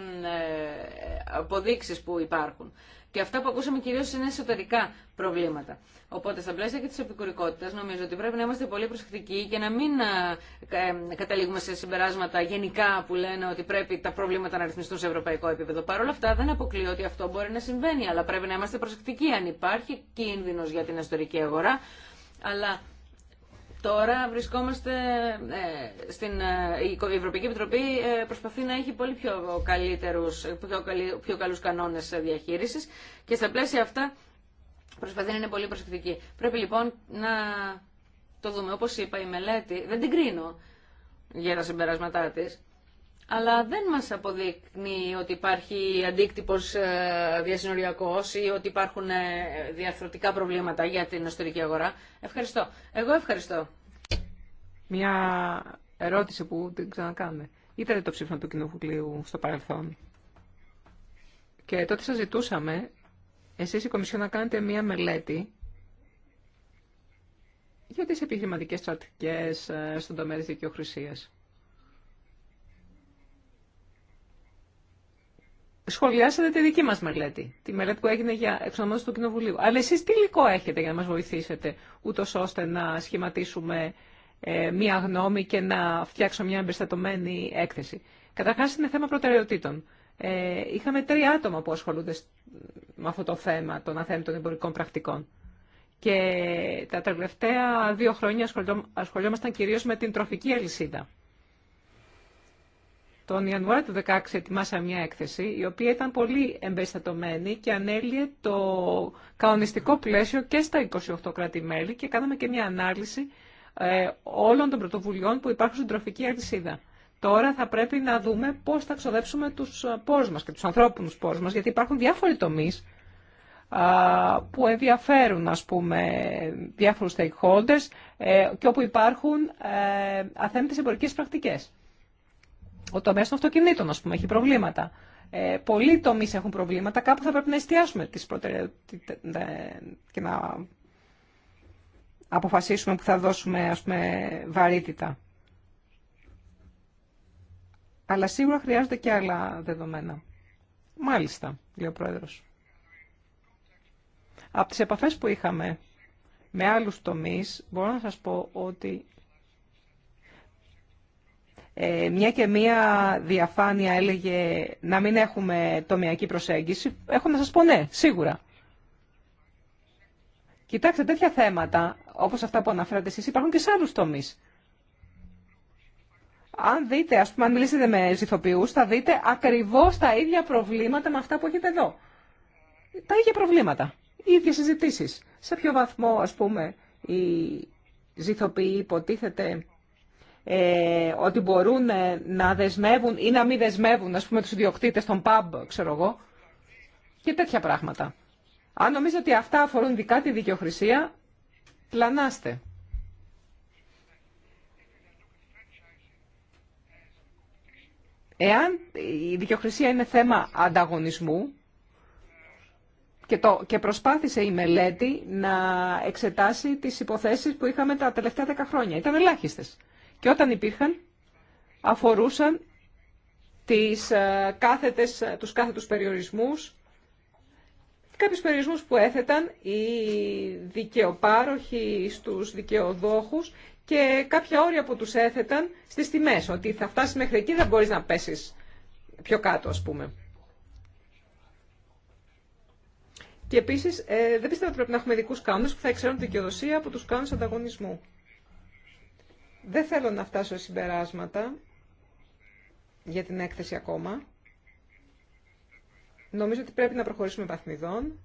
αποδείξει που υπάρχουν. Και αυτά που ακούσαμε κυρίω είναι εσωτερικά προβλήματα. Οπότε στα πλαίσια και τη επικουρικότητα, νομίζω ότι πρέπει να είμαστε πολύ προσεκτικοί και να μην ε, ε, καταλήγουμε σε συμπεράσματα γενικά που λένε ότι πρέπει τα προβλήματα να ρυθμιστούν σε ευρωπαϊκό επίπεδο. Παρ' όλα αυτά δεν αποκλείω ότι αυτό μπορεί να συμβαίνει, αλλά πρέπει να είμαστε προσεκτικοί αν υπάρχει κίνδυνο για την εσωτερική αγορά. Αλλά Τώρα βρισκόμαστε ε, στην ε, η Ευρωπαϊκή Επιτροπή ε, προσπαθεί να έχει πολύ πιο, καλύτερους, πιο, καλύ, πιο καλούς κανόνες διαχείρισης και στα πλαίσια αυτά προσπαθεί να είναι πολύ προσεκτική. Πρέπει λοιπόν να το δούμε. Όπως είπα η μελέτη, δεν την κρίνω για τα συμπεράσματά της αλλά δεν μας αποδείχνει ότι υπάρχει αντίκτυπος ε, διασυνοριακός ή ότι υπάρχουν ε, διαρθρωτικά προβλήματα για την εσωτερική αγορά. Ευχαριστώ. Εγώ ευχαριστώ. Μια ερώτηση που την ξανακάνουμε. Ήταν το ψήφισμα του Κοινοβουλίου στο παρελθόν. Και τότε σας ζητούσαμε, εσείς η Κομισιόν να κάνετε μία μελέτη για τις επιχειρηματικές στρατικές ε, στον τομέα της δικαιοχρησίας. σχολιάσατε τη δική μας μελέτη, τη μελέτη που έγινε για εξονομώσεις του Κοινοβουλίου. Αλλά εσείς τι υλικό έχετε για να μας βοηθήσετε, ούτω ώστε να σχηματίσουμε ε, μία γνώμη και να φτιάξουμε μια εμπεριστατωμένη έκθεση. Καταρχάς είναι θέμα προτεραιοτήτων. Ε, είχαμε τρία άτομα που ασχολούνται με αυτό το θέμα των αθέμητων εμπορικών πρακτικών. Και τα τελευταία δύο χρόνια ασχολιόμασταν κυρίως με την τροφική αλυσίδα. Τον Ιανουάριο του 2016 ετοιμάσαμε μια έκθεση, η οποία ήταν πολύ εμπεριστατωμένη και ανέλυε το κανονιστικό πλαίσιο και στα 28 κράτη-μέλη και κάναμε και μια ανάλυση ε, όλων των πρωτοβουλειών που υπάρχουν στην τροφική αλυσίδα. Τώρα θα πρέπει να δούμε πώ θα ξοδέψουμε του ε, πόρου μα και του ανθρώπινου πόρους μα, γιατί υπάρχουν διάφοροι τομεί που ενδιαφέρουν, ας πούμε, διάφορους stakeholders ε, και όπου υπάρχουν αθέμητες εμπορικές πρακτικές ο τομέα των αυτοκινήτων, α πούμε, έχει προβλήματα. Ε, πολλοί τομεί έχουν προβλήματα, κάπου θα πρέπει να εστιάσουμε τις προτεραιότητες και να αποφασίσουμε που θα δώσουμε, ας πούμε, βαρύτητα. Αλλά σίγουρα χρειάζονται και άλλα δεδομένα. Μάλιστα, λέει ο Πρόεδρος. Από τις επαφές που είχαμε με άλλους τομείς, μπορώ να σας πω ότι ε, μια και μία διαφάνεια έλεγε να μην έχουμε τομιακή προσέγγιση. Έχω να σας πω ναι, σίγουρα. Κοιτάξτε, τέτοια θέματα, όπως αυτά που αναφέρατε εσείς, υπάρχουν και σε άλλους τομείς. Αν δείτε, ας πούμε, αν μιλήσετε με ζηθοποιούς, θα δείτε ακριβώς τα ίδια προβλήματα με αυτά που έχετε εδώ. Τα ίδια προβλήματα, οι ίδιες συζητήσεις. Σε ποιο βαθμό, ας πούμε, η ζηθοποιοί υποτίθεται ε, ότι μπορούν ε, να δεσμεύουν ή να μην δεσμεύουν, ας πούμε, τους ιδιοκτήτες των pub, ξέρω εγώ, και τέτοια πράγματα. Αν νομίζετε ότι αυτά αφορούν δικά τη δικαιοχρησία, πλανάστε. Εάν η δικαιοχρησία είναι θέμα ανταγωνισμού, και, το, και προσπάθησε η μελέτη να εξετάσει τις υποθέσεις που είχαμε τα τελευταία 10 χρόνια. Ήταν ελάχιστες και όταν υπήρχαν αφορούσαν τις ε, κάθετες, ε, τους κάθετους περιορισμούς, κάποιους περιορισμούς που έθεταν οι δικαιοπάροχοι στους δικαιοδόχους και κάποια όρια που τους έθεταν στις τιμές, ότι θα φτάσεις μέχρι εκεί δεν μπορείς να πέσεις πιο κάτω ας πούμε. Και επίσης ε, δεν πιστεύω ότι πρέπει να έχουμε ειδικού κανόνες που θα εξαιρούν τη δικαιοδοσία από τους κανόνες ανταγωνισμού. Δεν θέλω να φτάσω συμπεράσματα για την έκθεση ακόμα. Νομίζω ότι πρέπει να προχωρήσουμε βαθμιδών.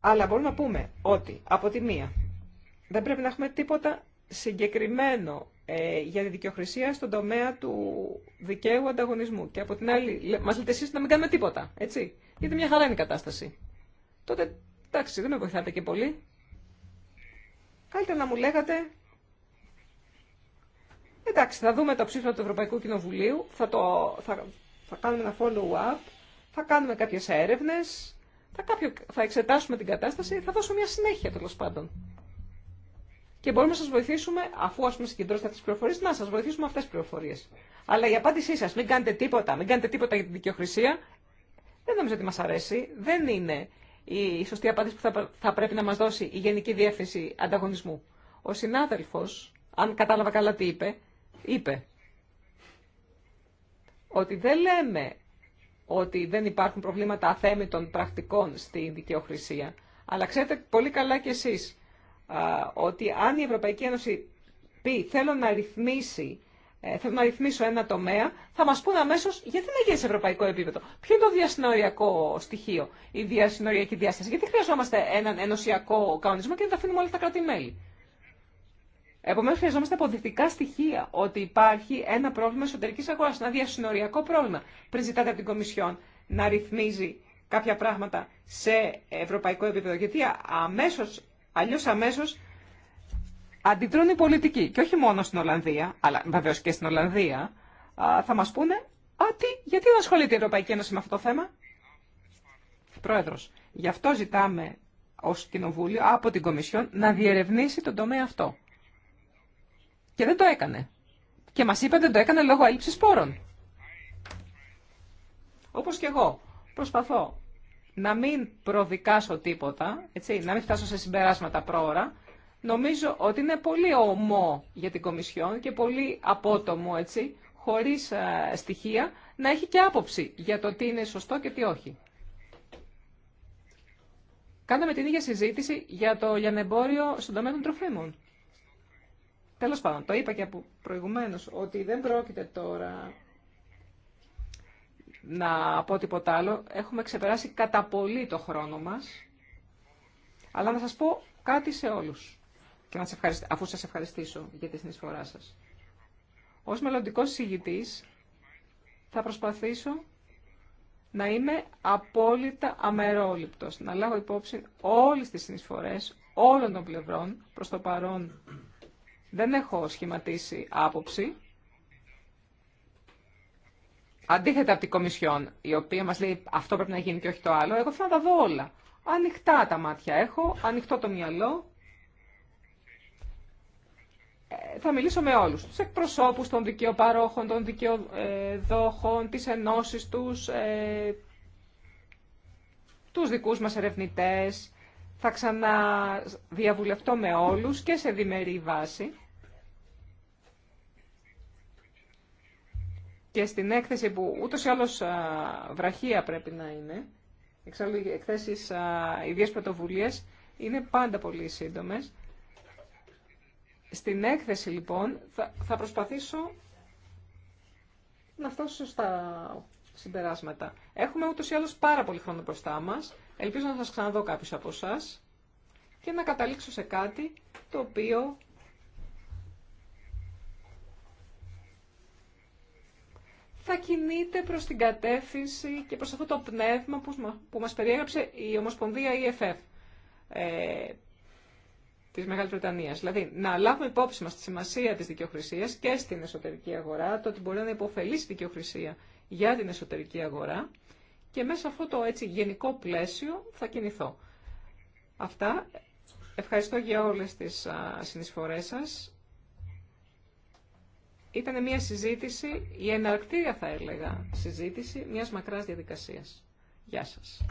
Αλλά μπορούμε να πούμε ότι από τη μία δεν πρέπει να έχουμε τίποτα συγκεκριμένο ε, για τη δικαιοχρησία στον τομέα του δικαίου ανταγωνισμού. Και από την άλλη, μα λέτε εσεί να μην κάνουμε τίποτα. Έτσι. Γιατί μια χαρά είναι η κατάσταση. Τότε, εντάξει, δεν με βοηθάτε και πολύ. Καλύτερα να μου λέγατε, εντάξει, θα δούμε το ψήφισμα του Ευρωπαϊκού Κοινοβουλίου, θα, το, θα, θα κάνουμε ένα follow-up, θα κάνουμε κάποιε έρευνε, θα, κάποιο, θα εξετάσουμε την κατάσταση, θα δώσουμε μια συνέχεια τέλο πάντων. Και μπορούμε να σα βοηθήσουμε, αφού ας πούμε συγκεντρώσετε αυτέ τι πληροφορίε, να σα βοηθήσουμε αυτέ τι πληροφορίε. Αλλά η απάντησή σα, μην κάνετε τίποτα, μην κάνετε τίποτα για την δικαιοχρησία, δεν νομίζω ότι μα αρέσει. Δεν είναι η σωστή απάντηση που θα, πρέπει να μας δώσει η Γενική Διεύθυνση Ανταγωνισμού. Ο συνάδελφος, αν κατάλαβα καλά τι είπε, είπε ότι δεν λέμε ότι δεν υπάρχουν προβλήματα αθέμητων πρακτικών στη δικαιοχρησία, αλλά ξέρετε πολύ καλά κι εσείς ότι αν η Ευρωπαϊκή Ένωση πει θέλω να ρυθμίσει ε, θέλουν να ρυθμίσω ένα τομέα, θα μα πούνε αμέσω γιατί να γίνει σε ευρωπαϊκό επίπεδο. Ποιο είναι το διασυνοριακό στοιχείο, η διασυνοριακή διάσταση. Γιατί χρειαζόμαστε έναν ενωσιακό κανονισμό και να τα αφήνουμε όλα τα κράτη-μέλη. Επομένω, χρειαζόμαστε αποδεικτικά στοιχεία ότι υπάρχει ένα πρόβλημα εσωτερική αγορά, ένα διασυνοριακό πρόβλημα. Πριν ζητάτε από την Κομισιόν να ρυθμίζει κάποια πράγματα σε ευρωπαϊκό επίπεδο. Γιατί αμέσω, αλλιώ αμέσω αντιδρούν οι πολιτικοί. Και όχι μόνο στην Ολλανδία, αλλά βεβαίω και στην Ολλανδία, θα μα πούνε, ότι γιατί δεν ασχολείται η Ευρωπαϊκή Ένωση με αυτό το θέμα. Πρόεδρο, γι' αυτό ζητάμε ω Κοινοβούλιο από την Κομισιόν να διερευνήσει τον τομέα αυτό. Και δεν το έκανε. Και μα είπε δεν το έκανε λόγω έλλειψη πόρων. Όπω και εγώ. Προσπαθώ να μην προδικάσω τίποτα, έτσι, να μην φτάσω σε συμπεράσματα πρόωρα, Νομίζω ότι είναι πολύ ομό για την Κομισιόν και πολύ απότομο, έτσι, χωρίς ε, στοιχεία, να έχει και άποψη για το τι είναι σωστό και τι όχι. Κάναμε την ίδια συζήτηση για το λιανεμπόριο στον τομέα των τροφίμων. Τέλος πάντων, το είπα και από ότι δεν πρόκειται τώρα να πω τίποτα άλλο. Έχουμε ξεπεράσει κατά πολύ το χρόνο μας. Αλλά να σας πω κάτι σε όλους να αφού σας ευχαριστήσω για τη συνεισφορά σας. Ως μελλοντικός συγητής θα προσπαθήσω να είμαι απόλυτα αμερόληπτος, να λάβω υπόψη όλες τις συνεισφορές όλων των πλευρών προς το παρόν. Δεν έχω σχηματίσει άποψη. Αντίθετα από την Κομισιόν, η οποία μας λέει αυτό πρέπει να γίνει και όχι το άλλο, εγώ θέλω να τα δω όλα. Ανοιχτά τα μάτια έχω, ανοιχτό το μυαλό θα μιλήσω με όλους, τους εκπροσώπους των δικαιοπαρόχων, των δικαιοδόχων, τις ενώσεις τους, ε, τους δικούς μας ερευνητές. Θα ξαναδιαβουλευτώ με όλους και σε διμερή βάση. Και στην έκθεση που ούτως ή βραχία πρέπει να είναι, εξάλλου οι εκθέσεις ιδίες πρωτοβουλίες είναι πάντα πολύ σύντομες, στην έκθεση λοιπόν θα, προσπαθήσω να φτάσω στα συμπεράσματα. Έχουμε ούτως ή άλλως πάρα πολύ χρόνο μπροστά μας. Ελπίζω να σας ξαναδώ κάποιους από εσά και να καταλήξω σε κάτι το οποίο θα κινείται προς την κατεύθυνση και προς αυτό το πνεύμα που μας περιέγραψε η Ομοσπονδία EFF τη Μεγάλη Βρετανία. Δηλαδή, να λάβουμε υπόψη μα τη σημασία τη δικαιοχρησία και στην εσωτερική αγορά, το ότι μπορεί να υποφελήσει η δικαιοχρησία για την εσωτερική αγορά και μέσα σε αυτό το έτσι γενικό πλαίσιο θα κινηθώ. Αυτά. Ευχαριστώ για όλες τις α, συνεισφορές σας. Ήταν μια συζήτηση, η εναρκτήρια θα έλεγα, συζήτηση μιας μακράς διαδικασίας. Γεια σας.